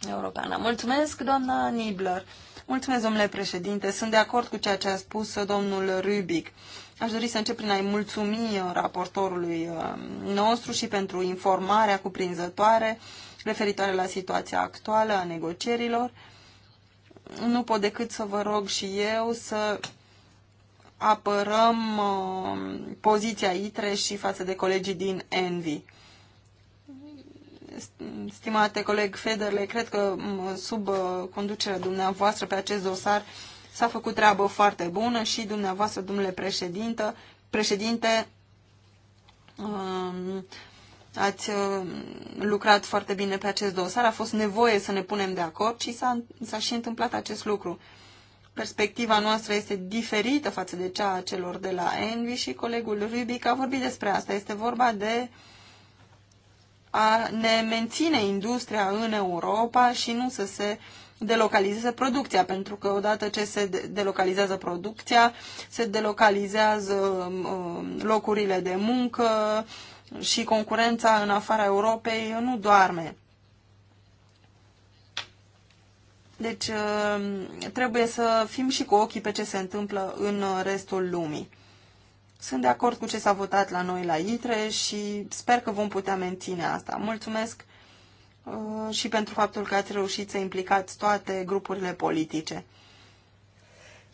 Europeană. Mulțumesc, doamna Nibler. Mulțumesc, domnule președinte. Sunt de acord cu ceea ce a spus domnul Rubic. Aș dori să încep prin a-i mulțumi uh, raportorului uh, nostru și pentru informarea cuprinzătoare referitoare la situația actuală a negocierilor. Nu pot decât să vă rog și eu să apărăm uh, poziția ITRE și față de colegii din ENVI stimate coleg Federle, cred că sub uh, conducerea dumneavoastră pe acest dosar s-a făcut treabă foarte bună și dumneavoastră, domnule președinte, președinte um, ați uh, lucrat foarte bine pe acest dosar, a fost nevoie să ne punem de acord și s-a, și întâmplat acest lucru. Perspectiva noastră este diferită față de cea a celor de la Envi și colegul Rubic a vorbit despre asta. Este vorba de uh, a ne menține industria în Europa și nu să se delocalizeze producția, pentru că odată ce se delocalizează producția, se delocalizează um, locurile de muncă și concurența în afara Europei nu doarme. Deci um, trebuie să fim și cu ochii pe ce se întâmplă în restul lumii. Sunt de acord cu ce s-a votat la noi la ITRE și sper că vom putea menține asta. Mulțumesc uh, și pentru faptul că ați reușit să implicați toate grupurile politice.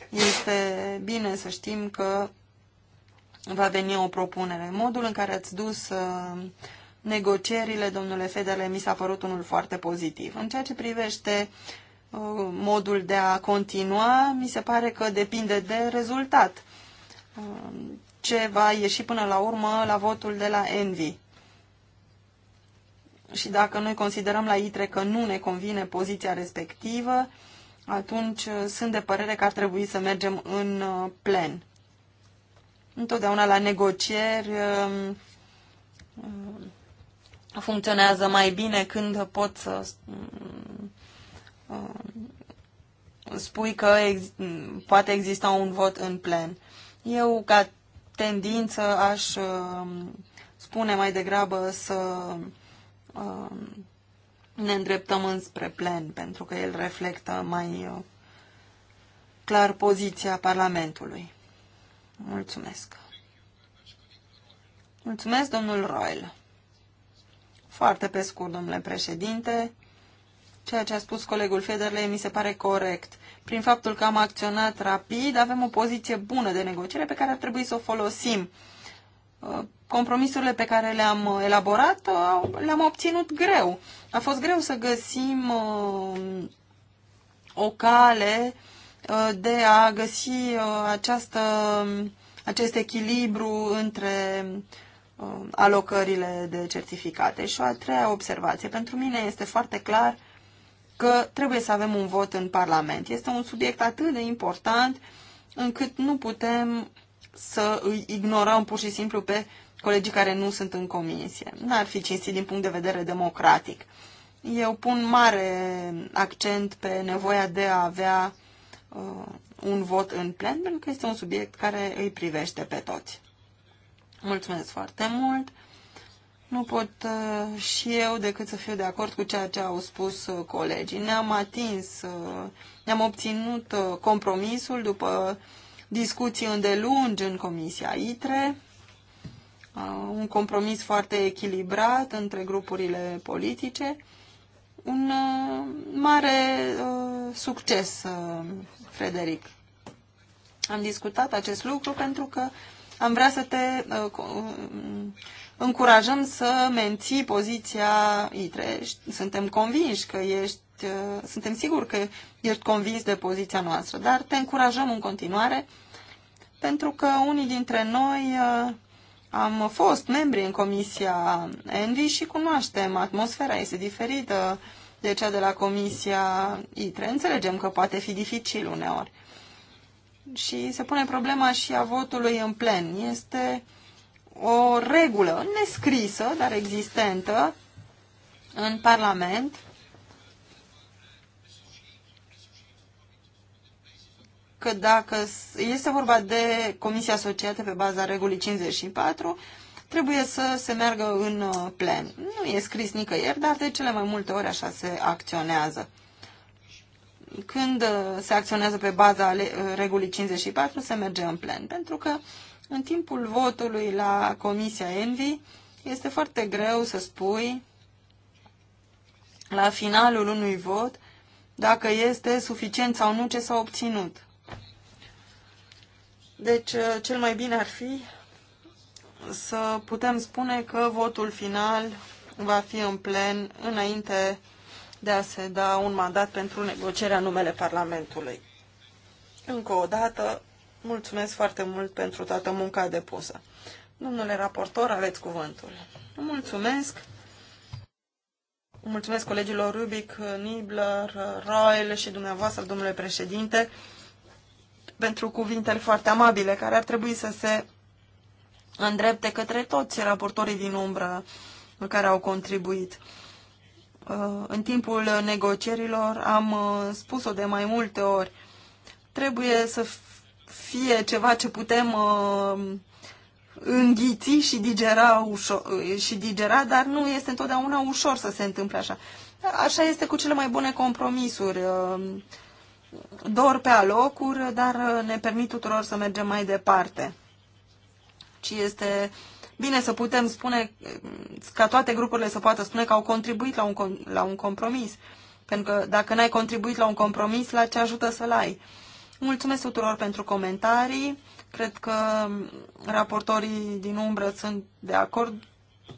Este bine să știm că va veni o propunere. Modul în care ați dus uh, negocierile, domnule Fedele, mi s-a părut unul foarte pozitiv. În ceea ce privește uh, modul de a continua, mi se pare că depinde de rezultat ce va ieși până la urmă la votul de la Envy. Și dacă noi considerăm la ITRE că nu ne convine poziția respectivă, atunci uh, sunt de părere că ar trebui să mergem în uh, plen. Întotdeauna la negocieri um, uh, funcționează mai bine când pot să um, spui că poate exista un vot în plen. Eu, ca tendință, aș um, spune mai degrabă să um, ne îndreptăm înspre plen, pentru că el reflectă mai uh, clar poziția Parlamentului. Mulțumesc. Mulțumesc, domnul Royal. Foarte pe scurt, domnule președinte, ceea ce a spus colegul Federle mi se pare corect. Prin faptul că am acționat rapid, avem o poziție bună de negociere pe care ar trebui să o folosim. Uh, compromisurile pe care le-am elaborat uh, le-am obținut greu. A fost greu să găsim uh, o cale de a găsi această, acest echilibru între alocările de certificate. Și o a treia observație. Pentru mine este foarte clar că trebuie să avem un vot în Parlament. Este un subiect atât de important încât nu putem să îi ignorăm pur și simplu pe colegii care nu sunt în comisie. N-ar fi cinstit din punct de vedere democratic. Eu pun mare accent pe nevoia de a avea uh, un vot în plen, pentru că este un subiect care îi privește pe toți. Mulțumesc foarte mult! Nu pot uh, și eu decât să fiu de acord cu ceea ce au spus uh, colegii. Ne-am atins, uh, ne-am obținut uh, compromisul după discuții îndelungi în Comisia ITRE, uh, un compromis foarte echilibrat între grupurile politice, un uh, mare uh, succes, uh, Frederic. Am discutat acest lucru pentru că am vrea să te... Uh, uh încurajăm să menții poziția ITRE. Suntem convinși că ești, uh, suntem siguri că ești convins de poziția noastră, dar te încurajăm în continuare pentru că unii dintre noi uh, am fost membri în Comisia Envi și cunoaștem, atmosfera este diferită de cea de la Comisia ITRE. Înțelegem că poate fi dificil uneori. Și se pune problema și a votului în plen. Este uh, o regulă nescrisă, dar existentă în Parlament că dacă este vorba de Comisia asociată pe baza regulii 54, trebuie să se meargă în uh, plen. Nu e scris nicăieri, dar de cele mai multe ori așa se acționează. Când uh, se acționează pe baza uh, regulii 54, se merge în plen, pentru că în timpul votului la Comisia Envi este foarte greu să spui la finalul unui vot dacă este suficient sau nu ce s-a obținut. Deci, uh, cel mai bine ar fi să putem spune că votul final va fi în plen înainte de a se da un mandat pentru negocierea numele Parlamentului. Încă o dată, Mulțumesc foarte mult pentru toată munca depusă. Domnule raportor, aveți cuvântul. Mulțumesc. Mulțumesc colegilor Rubic, Nibler, Royal și dumneavoastră, domnule președinte, pentru cuvintele foarte amabile care ar trebui să se îndrepte către toți raportorii din umbră care au contribuit. Uh, în timpul negocierilor am uh, spus-o de mai multe ori. Trebuie să fie ceva ce putem uh, înghiți și digera, ușor, și digera, dar nu este întotdeauna ușor să se întâmple așa. Așa este cu cele mai bune compromisuri. Uh, dor pe alocuri, dar uh, ne permit tuturor să mergem mai departe. Și este bine să putem spune, uh, ca toate grupurile să poată spune că au contribuit la un, la un compromis. Pentru că dacă n-ai contribuit la un compromis, la ce ajută să-l ai? Uh, Mulțumesc tuturor pentru comentarii. Cred că raportorii din umbră sunt de acord.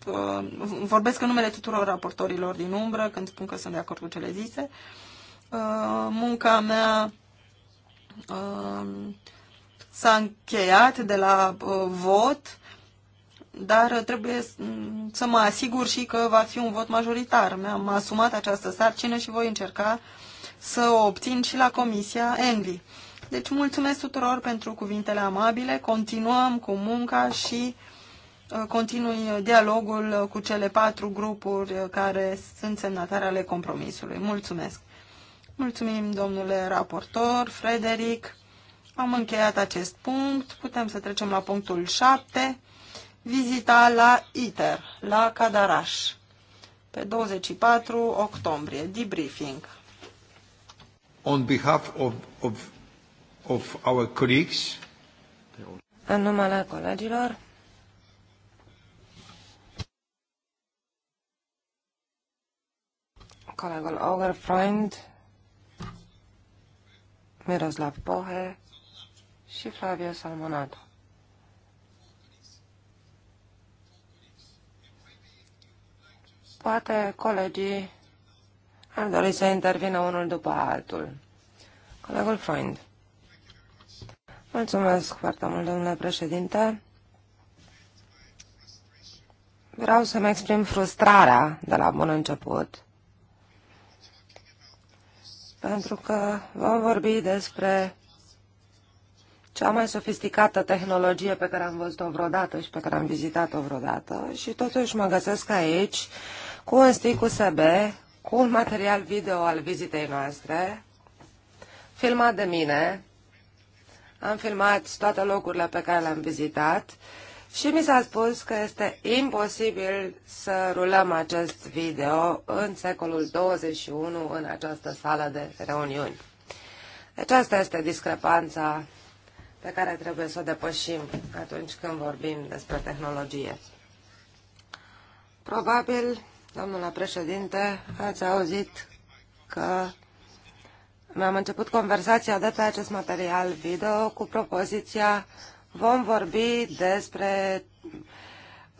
Uh, vorbesc în numele tuturor raportorilor din umbră când spun că sunt de acord cu cele zise. Uh, munca mea uh, s-a încheiat de la vot, dar trebuie să mă asigur și că va fi un vot majoritar. Mi-am asumat această sarcină și voi încerca să o obțin și la Comisia Envi. Deci mulțumesc tuturor pentru cuvintele amabile, continuăm cu munca și uh, continui dialogul cu cele patru grupuri care sunt semnatare ale compromisului. Mulțumesc! Mulțumim, domnule raportor, Frederic. Am încheiat acest punct. Putem să trecem la punctul 7. Vizita la ITER, la Cadaraș, pe 24 octombrie. Debriefing. On behalf of, of of our colleagues. În numele colegilor. Colegul Freund, Miroslav Pohe și Flavio Salmonato. Poate colegii ar dori să intervină unul după altul. Colegul Freund. Mulțumesc foarte mult, domnule președinte. Vreau să-mi exprim frustrarea de la bun început, pentru că vom vorbi despre cea mai sofisticată tehnologie pe care am văzut-o vreodată și pe care am vizitat-o vreodată și totuși mă găsesc aici cu un stick USB, cu un material video al vizitei noastre, filmat de mine, am filmat toate locurile pe care le-am vizitat și mi s-a spus că este imposibil să rulăm acest video în secolul 21 în această sală de reuniuni. Deci asta este discrepanța pe care trebuie să o depășim atunci când vorbim despre tehnologie. Probabil, domnule președinte, ați auzit că mi-am început conversația de pe acest material video cu propoziția vom vorbi despre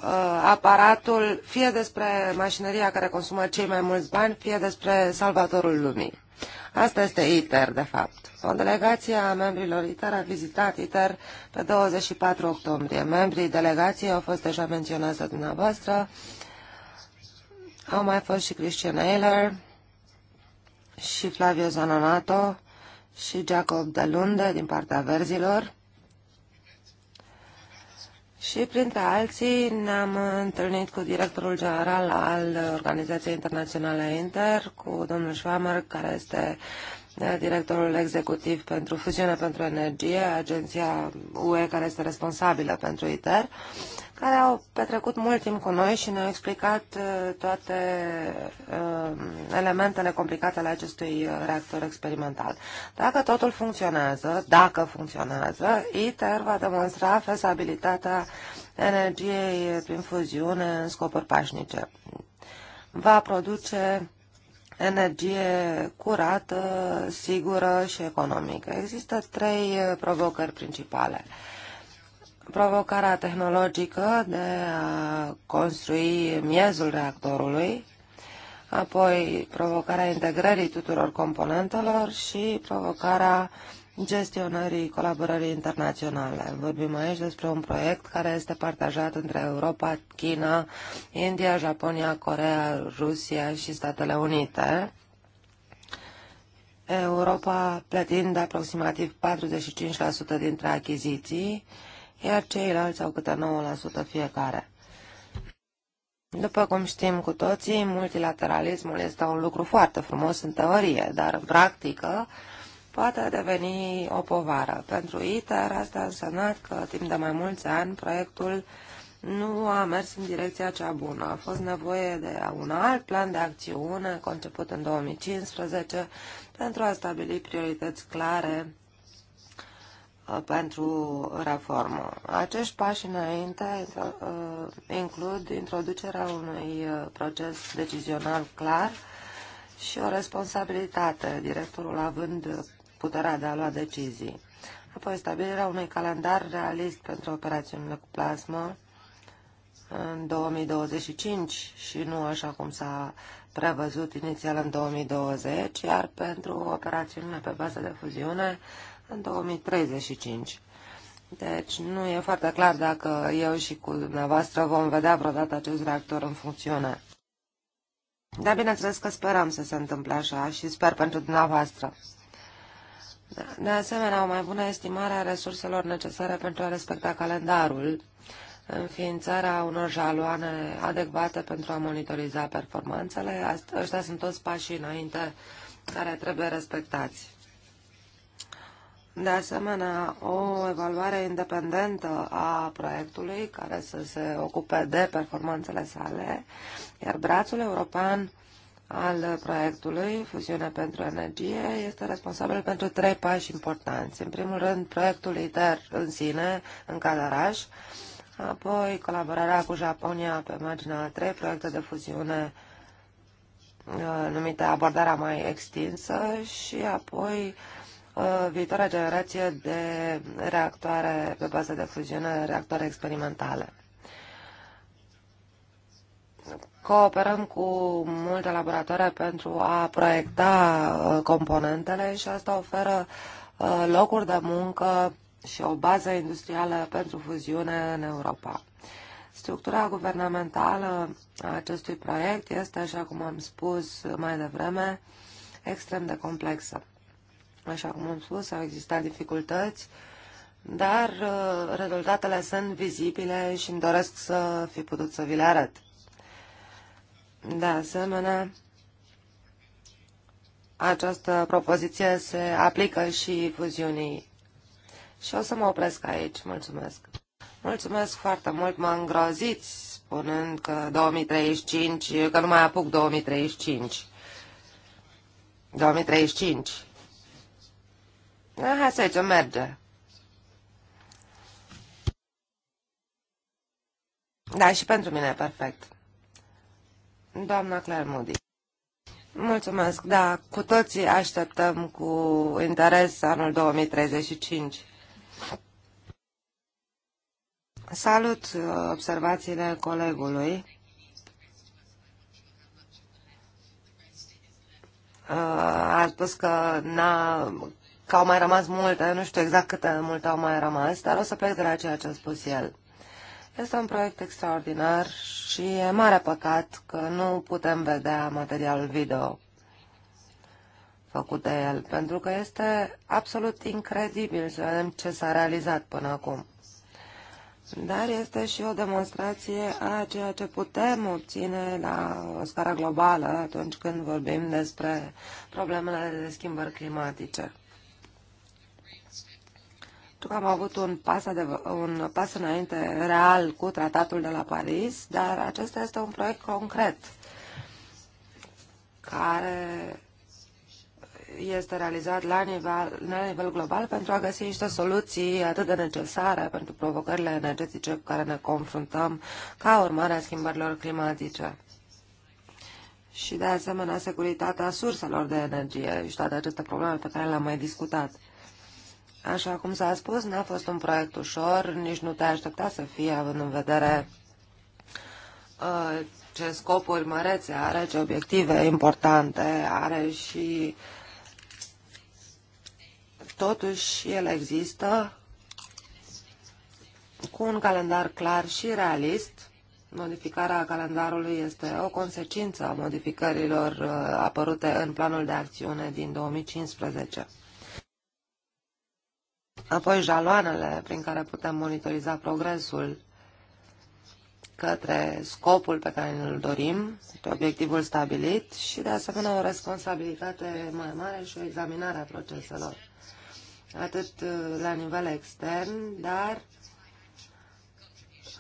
uh, aparatul, fie despre mașinăria care consumă cei mai mulți bani, fie despre salvatorul lumii. Asta este ITER, de fapt. O delegație a membrilor ITER a vizitat ITER pe 24 octombrie. Membrii delegației au fost deja menționați de dumneavoastră. Au mai fost și Christian Ehler, și Flavio Zanonato și Jacob de Lunde din partea verzilor. Și printre alții ne-am întâlnit cu directorul general al Organizației Internaționale Inter, cu domnul Schwammer, care este directorul executiv pentru fuziune pentru energie, agenția UE care este responsabilă pentru ITER, care au petrecut mult timp cu noi și ne-au explicat uh, toate uh, elementele complicate ale acestui uh, reactor experimental. Dacă totul funcționează, dacă funcționează, ITER va demonstra fezabilitatea energiei prin fuziune în scopuri pașnice. Va produce energie curată, sigură și economică. Există trei uh, provocări principale. Provocarea tehnologică de a construi miezul reactorului, apoi provocarea integrării tuturor componentelor și provocarea gestionării colaborării internaționale. Vorbim aici despre un proiect care este partajat între Europa, China, India, Japonia, Corea, Rusia și Statele Unite. Europa plătind aproximativ 45% dintre achiziții, iar ceilalți au câte 9% fiecare. După cum știm cu toții, multilateralismul este un lucru foarte frumos în teorie, dar în practică poate deveni o povară. Pentru ITER asta a însemnat că timp de mai mulți ani proiectul nu a mers în direcția cea bună. A fost nevoie de un alt plan de acțiune conceput în 2015 pentru a stabili priorități clare uh, pentru reformă. Acești pași înainte uh, includ introducerea unui uh, proces decizional clar și o responsabilitate, directorul având puterea de a lua decizii. Apoi stabilirea unui calendar realist pentru operațiunile cu plasmă în 2025 și nu așa cum s-a prevăzut inițial în 2020, iar pentru operațiunile pe bază de fuziune în 2035. Deci nu e foarte clar dacă eu și cu dumneavoastră vom vedea vreodată acest reactor în funcțiune. Dar bineînțeles că sperăm să se întâmple așa și sper pentru dumneavoastră. De asemenea, o mai bună estimare a resurselor necesare pentru a respecta calendarul, înființarea unor jaloane adecvate pentru a monitoriza performanțele. Ăștia sunt toți pașii înainte care trebuie respectați. De asemenea, o evaluare independentă a proiectului care să se ocupe de performanțele sale, iar brațul european al proiectului Fuziune pentru Energie este responsabil pentru trei pași importanți. În primul rând, proiectul ITER în sine, în Cadaraș, apoi colaborarea cu Japonia pe marginea a trei proiecte de fuziune uh, numită abordarea mai extinsă și apoi uh, viitoarea generație de reactoare pe bază de fuziune, reactoare experimentale. Cooperăm cu multe laboratoare pentru a proiecta uh, componentele și asta oferă uh, locuri de muncă și o bază industrială pentru fuziune în Europa. Structura guvernamentală a acestui proiect este, așa cum am spus mai devreme, extrem de complexă. Așa cum am spus, au existat dificultăți, dar uh, rezultatele sunt vizibile și îmi doresc să fi putut să vi le arăt. De asemenea, această propoziție se aplică și fuziunii. Și o să mă opresc aici. Mulțumesc. Mulțumesc foarte mult. Mă îngroziți spunând că 2035, că nu mai apuc 2035. 2035. Hai să zicem, merge. Da, și pentru mine e perfect. Doamna Claire Moody. Mulțumesc. Da, cu toții așteptăm cu interes anul 2035. Salut uh, observațiile colegului. Uh, a spus că, n-a, că au mai rămas multe, nu știu exact câte multe au mai rămas, dar o să plec de la ceea ce a spus el. Este un proiect extraordinar și e mare păcat că nu putem vedea materialul video făcut de el, pentru că este absolut incredibil să vedem ce s-a realizat până acum. Dar este și o demonstrație a ceea ce putem obține la o scară globală atunci când vorbim despre problemele de schimbări climatice am avut un pas, un pas înainte real cu tratatul de la Paris, dar acesta este un proiect concret care este realizat la nivel, la nivel global pentru a găsi niște soluții atât de necesare pentru provocările energetice cu care ne confruntăm ca urmare a schimbărilor climatice. Și de asemenea securitatea surselor de energie și toate aceste probleme pe care le-am mai discutat. Așa cum s-a spus, n-a fost un proiect ușor, nici nu te-ai aștepta să fie, având în vedere uh, ce scopuri mărețe are, ce obiective importante are și totuși el există cu un calendar clar și realist. Modificarea calendarului este o consecință a modificărilor uh, apărute în planul de acțiune din 2015. Apoi jaloanele prin care putem monitoriza progresul către scopul pe care îl dorim, către obiectivul stabilit și de asemenea o responsabilitate mai mare și o examinare a proceselor, atât uh, la nivel extern, dar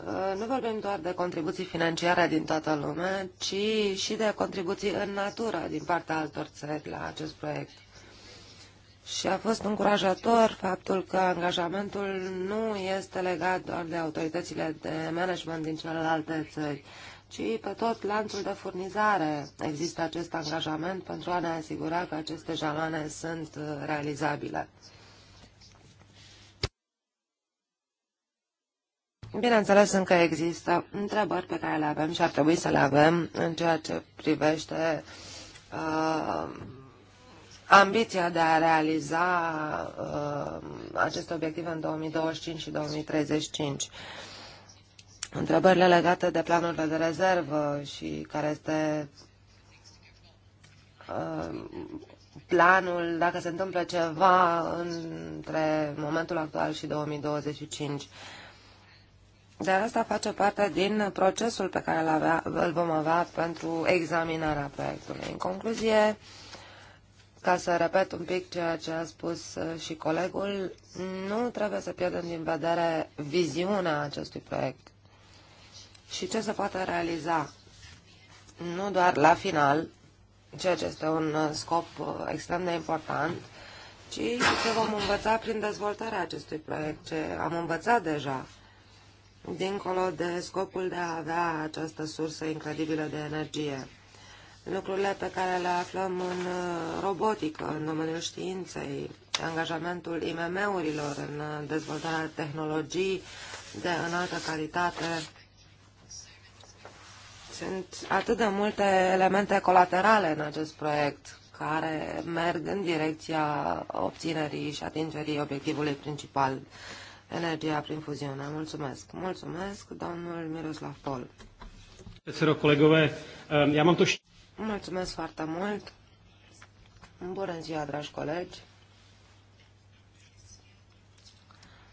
uh, nu vorbim doar de contribuții financiare din toată lumea, ci și de contribuții în natură din partea altor țări la acest proiect. Și a fost încurajator faptul că angajamentul nu este legat doar de autoritățile de management din celelalte țări, ci pe tot lanțul de furnizare există acest angajament pentru a ne asigura că aceste jaloane sunt uh, realizabile. Bineînțeles, încă există întrebări pe care le avem și ar trebui să le avem în ceea ce privește uh, ambiția de a realiza uh, acest obiectiv în 2025 și 2035. Întrebările legate de planurile de rezervă și care este uh, planul, dacă se întâmplă ceva între momentul actual și 2025. Dar asta face parte din procesul pe care îl, avea, îl vom avea pentru examinarea proiectului. În concluzie, uh, ca să repet un pic ceea ce a spus uh, și colegul, nu trebuie să pierdem din vedere viziunea acestui proiect și ce se poate realiza, nu doar la final, ceea ce este un uh, scop uh, extrem de important, ci ce vom învăța prin dezvoltarea acestui proiect, ce am învățat deja, dincolo de scopul de a avea această sursă incredibilă de energie lucrurile pe care le aflăm în uh, robotică, în domeniul științei, angajamentul IMM-urilor în uh, dezvoltarea tehnologii de înaltă calitate. Sunt atât de multe elemente colaterale în acest proiect care merg în direcția obținerii și atingerii obiectivului principal, energia prin fuziune. Mulțumesc. Mulțumesc, domnul Miroslav Pol. Předsedo, colegove, já mám to Mulțumesc foarte mult. Bună ziua, dragi colegi.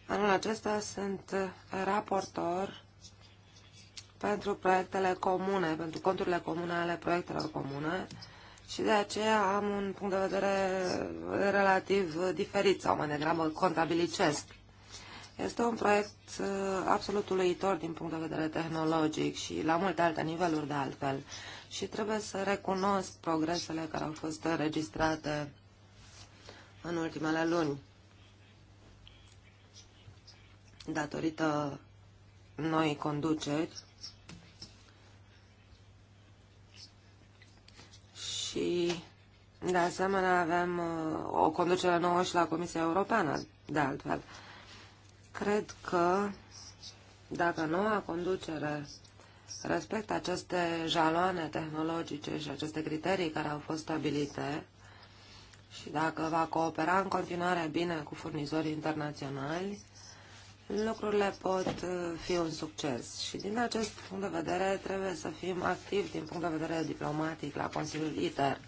Anul acesta sunt raportor pentru proiectele comune, pentru conturile comune ale proiectelor comune și de aceea am un punct de vedere relativ diferit sau mai degrabă contabilicesc. Este un proiect uh, absolut uluitor din punct de vedere tehnologic și la multe alte niveluri de altfel și trebuie să recunosc progresele care au fost înregistrate în ultimele luni datorită noi conduceri și de asemenea avem uh, o conducere nouă și la Comisia Europeană, de altfel. Cred că dacă noua conducere respectă aceste jaloane tehnologice și aceste criterii care au fost stabilite și dacă va coopera în continuare bine cu furnizorii internaționali, lucrurile pot uh, fi un succes. Și din acest punct de vedere trebuie să fim activi din punct de vedere diplomatic la Consiliul ITER.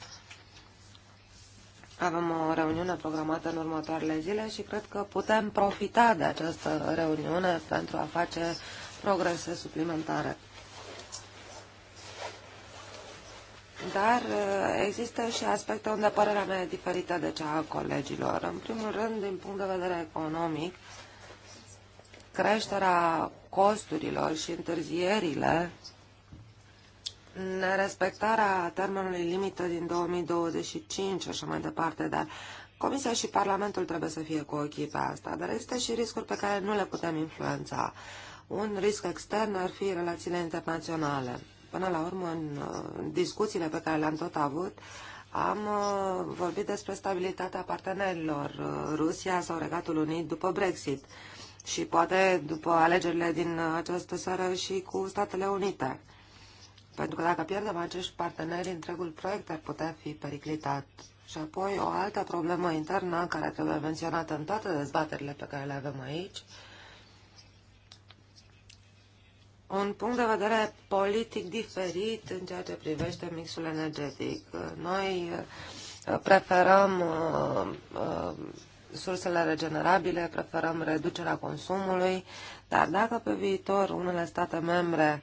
Avem o reuniune programată în următoarele zile și cred că putem profita de această reuniune pentru a face progrese suplimentare. Dar uh, există și aspecte unde părerea mea e diferită de cea a colegilor. În primul rând, din punct de vedere economic, creșterea costurilor și întârzierile, nerespectarea termenului limită din 2025 și așa mai departe, dar Comisia și Parlamentul trebuie să fie cu ochii pe asta, dar există și riscuri pe care nu le putem influența. Un risc extern ar fi relațiile internaționale. Până la urmă, în discuțiile pe care le-am tot avut, am uh, vorbit despre stabilitatea partenerilor uh, Rusia sau Regatul Unit după Brexit și poate după alegerile din această seară și cu Statele Unite. Pentru că dacă pierdem acești parteneri, întregul proiect ar putea fi periclitat. Și apoi o altă problemă internă care trebuie menționată în toate dezbaterile pe care le avem aici un punct de vedere politic diferit în ceea ce privește mixul energetic. Noi uh, preferăm uh, uh, sursele regenerabile, preferăm reducerea consumului, dar dacă pe viitor unele state membre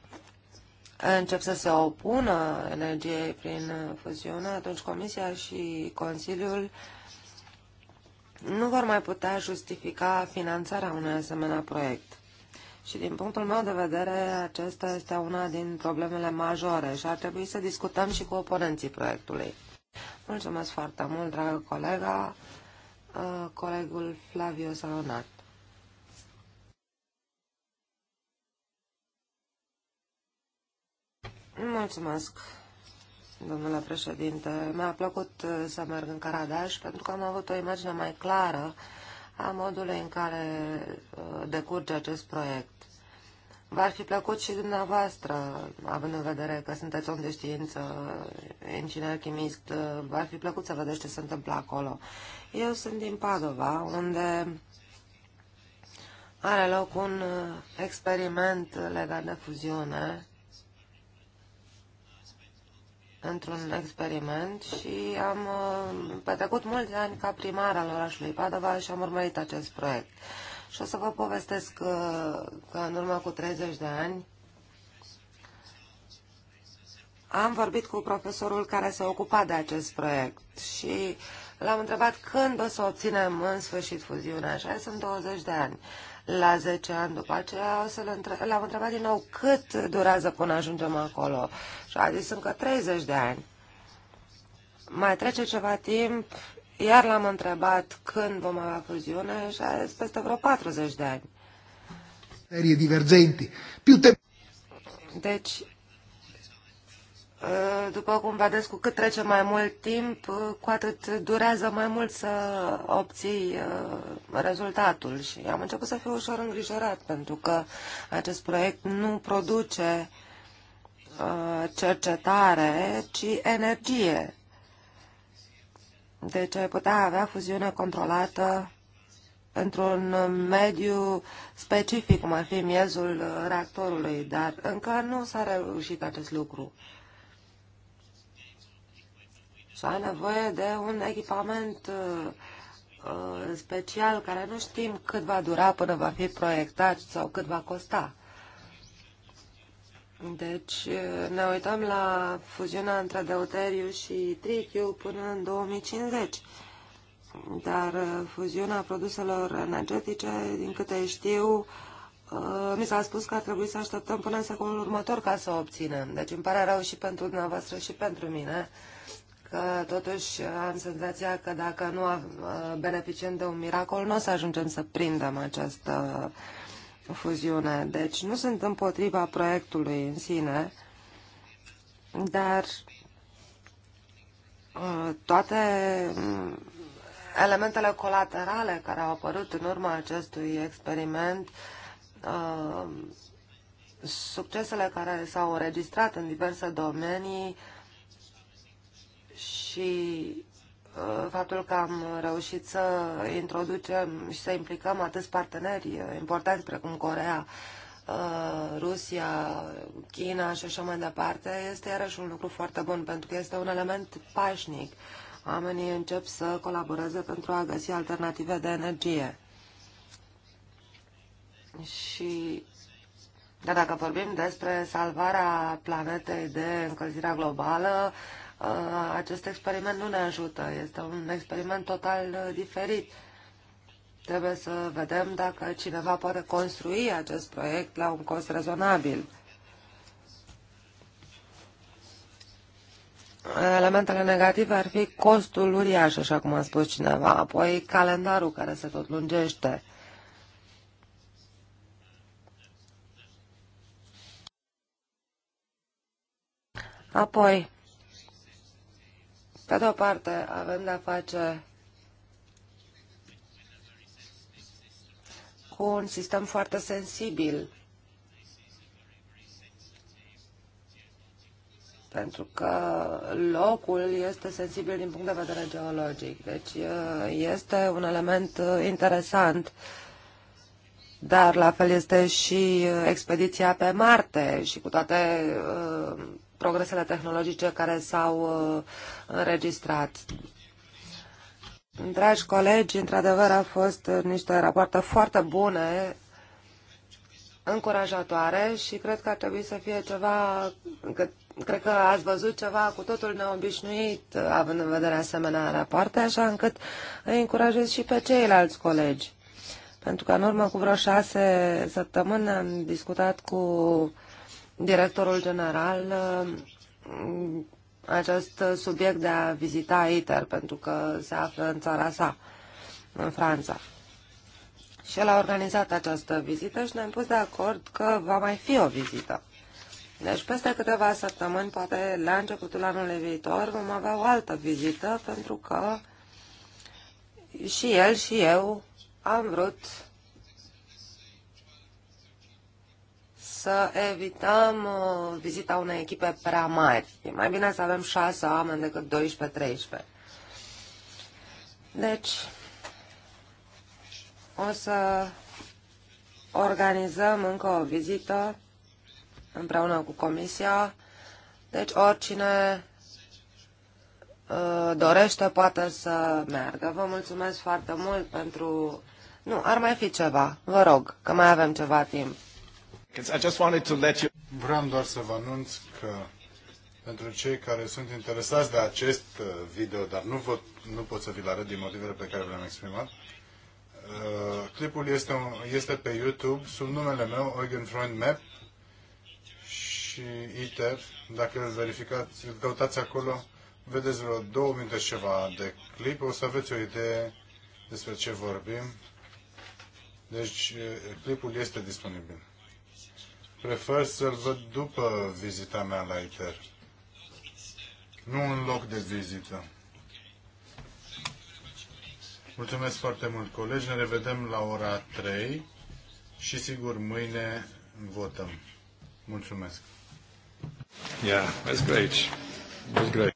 încep să se opună energiei prin fuziune, atunci Comisia și Consiliul nu vor mai putea justifica finanțarea unui asemenea proiect. Și din punctul meu de vedere, acesta este una din problemele majore și ar trebui să discutăm și cu oponenții proiectului. Mulțumesc foarte mult, dragă colega, uh, colegul Flavio Salonat. Mulțumesc, domnule președinte. Mi-a plăcut uh, să merg în Caradaș pentru că am avut o imagine mai clară a modului în care uh, decurge acest proiect. V-ar fi plăcut și dumneavoastră, având în vedere că sunteți om de știință, inginer chimist, v-ar fi plăcut să vedeți ce se întâmplă acolo. Eu sunt din Padova, unde are loc un uh, experiment legat de fuziune, într-un experiment și am uh, petrecut mulți ani ca primar al orașului Padova și am urmărit acest proiect. Și o să vă povestesc că, uh, că în urmă cu 30 de ani am vorbit cu profesorul care se ocupa de acest proiect și l-am întrebat când o să obținem în sfârșit fuziunea. Așa sunt 20 de ani. La 10 ani după aceea l-am întrebat din nou cât durează până ajungem acolo. Și a zis încă 30 de ani. Mai trece ceva timp, iar l-am întrebat când vom avea fuziune și a zis peste vreo 40 de ani. Serie divergenti. Deci, după cum vedeți, cu cât trece mai mult timp, cu atât durează mai mult să obții uh, rezultatul. Și am început să fiu ușor îngrijorat, pentru că acest proiect nu produce uh, cercetare, ci energie. Deci ai putea avea fuziune controlată într-un mediu specific, cum ar fi miezul reactorului, dar încă nu s-a reușit acest lucru. Și ai nevoie de un echipament uh, special care nu știm cât va dura până va fi proiectat sau cât va costa. Deci ne uitam la fuziunea între Deuteriu și Trichiu până în 2050. Dar fuziunea produselor energetice, din câte știu, mi s-a spus că ar trebui să așteptăm până în secolul următor ca să o obținem. Deci îmi pare rău și pentru dumneavoastră și pentru mine că totuși am senzația că dacă nu beneficiem de un miracol, nu o să ajungem să prindem această uh, fuziune. Deci nu sunt împotriva proiectului în sine, dar uh, toate mm, elementele colaterale care au apărut în urma acestui experiment, uh, succesele care s-au înregistrat în diverse domenii și faptul că am reușit să introducem și să implicăm atâți parteneri importanți precum Corea, uh, Rusia, China și așa mai departe, este iarăși un lucru foarte bun, pentru că este un element pașnic. Oamenii încep să colaboreze pentru a găsi alternative de energie. Și dar dacă vorbim despre salvarea planetei de încălzirea globală, uh, Uh, acest experiment nu ne ajută. Este un experiment total uh, diferit. Trebuie să vedem dacă cineva poate construi acest proiect la un cost rezonabil. Elementele negative ar fi costul uriaș, așa cum a spus cineva, apoi calendarul care se tot lungește. Apoi, pe de o parte, avem de-a face cu un sistem foarte sensibil pentru că locul este sensibil din punct de vedere geologic. Deci uh, este un element uh, interesant, dar la fel este și uh, expediția pe Marte și cu toate progresele tehnologice care s-au uh, înregistrat. Dragi colegi, într-adevăr au fost niște rapoarte foarte bune, încurajatoare și cred că ar trebui să fie ceva, că, cred că ați văzut ceva cu totul neobișnuit având în vedere asemenea rapoarte, așa încât îi încurajez și pe ceilalți colegi. Pentru că în urmă cu vreo șase săptămâni am discutat cu directorul general uh, acest subiect de a vizita ITER, pentru că se află în țara sa, în Franța. Și el a organizat această vizită și ne-am pus de acord că va mai fi o vizită. Deci peste câteva săptămâni, poate la începutul anului viitor, vom avea o altă vizită, pentru că și el și eu am vrut să evităm uh, vizita unei echipe prea mari. E mai bine să avem șase oameni decât 12-13. Deci, o să organizăm încă o vizită împreună cu comisia. Deci, oricine uh, dorește poate să meargă. Vă mulțumesc foarte mult pentru... Nu, ar mai fi ceva. Vă rog, că mai avem ceva timp. Vreau doar să vă anunț că pentru cei care sunt interesați de acest uh, video, dar nu, vă, nu pot să vi-l arăt din motivele pe care le-am exprimat, uh, clipul este, este pe YouTube sub numele meu, Eugen Freund Map și ITER. Dacă îl verificați, îl căutați acolo, vedeți vreo două minute și ceva de clip, o să aveți o idee despre ce vorbim. Deci uh, clipul este disponibil prefer să-l văd după vizita mea la ITER. Nu în loc de vizită. Mulțumesc foarte mult, colegi. Ne revedem la ora 3 și, sigur, mâine votăm. Mulțumesc. Yeah, that's great. That's great.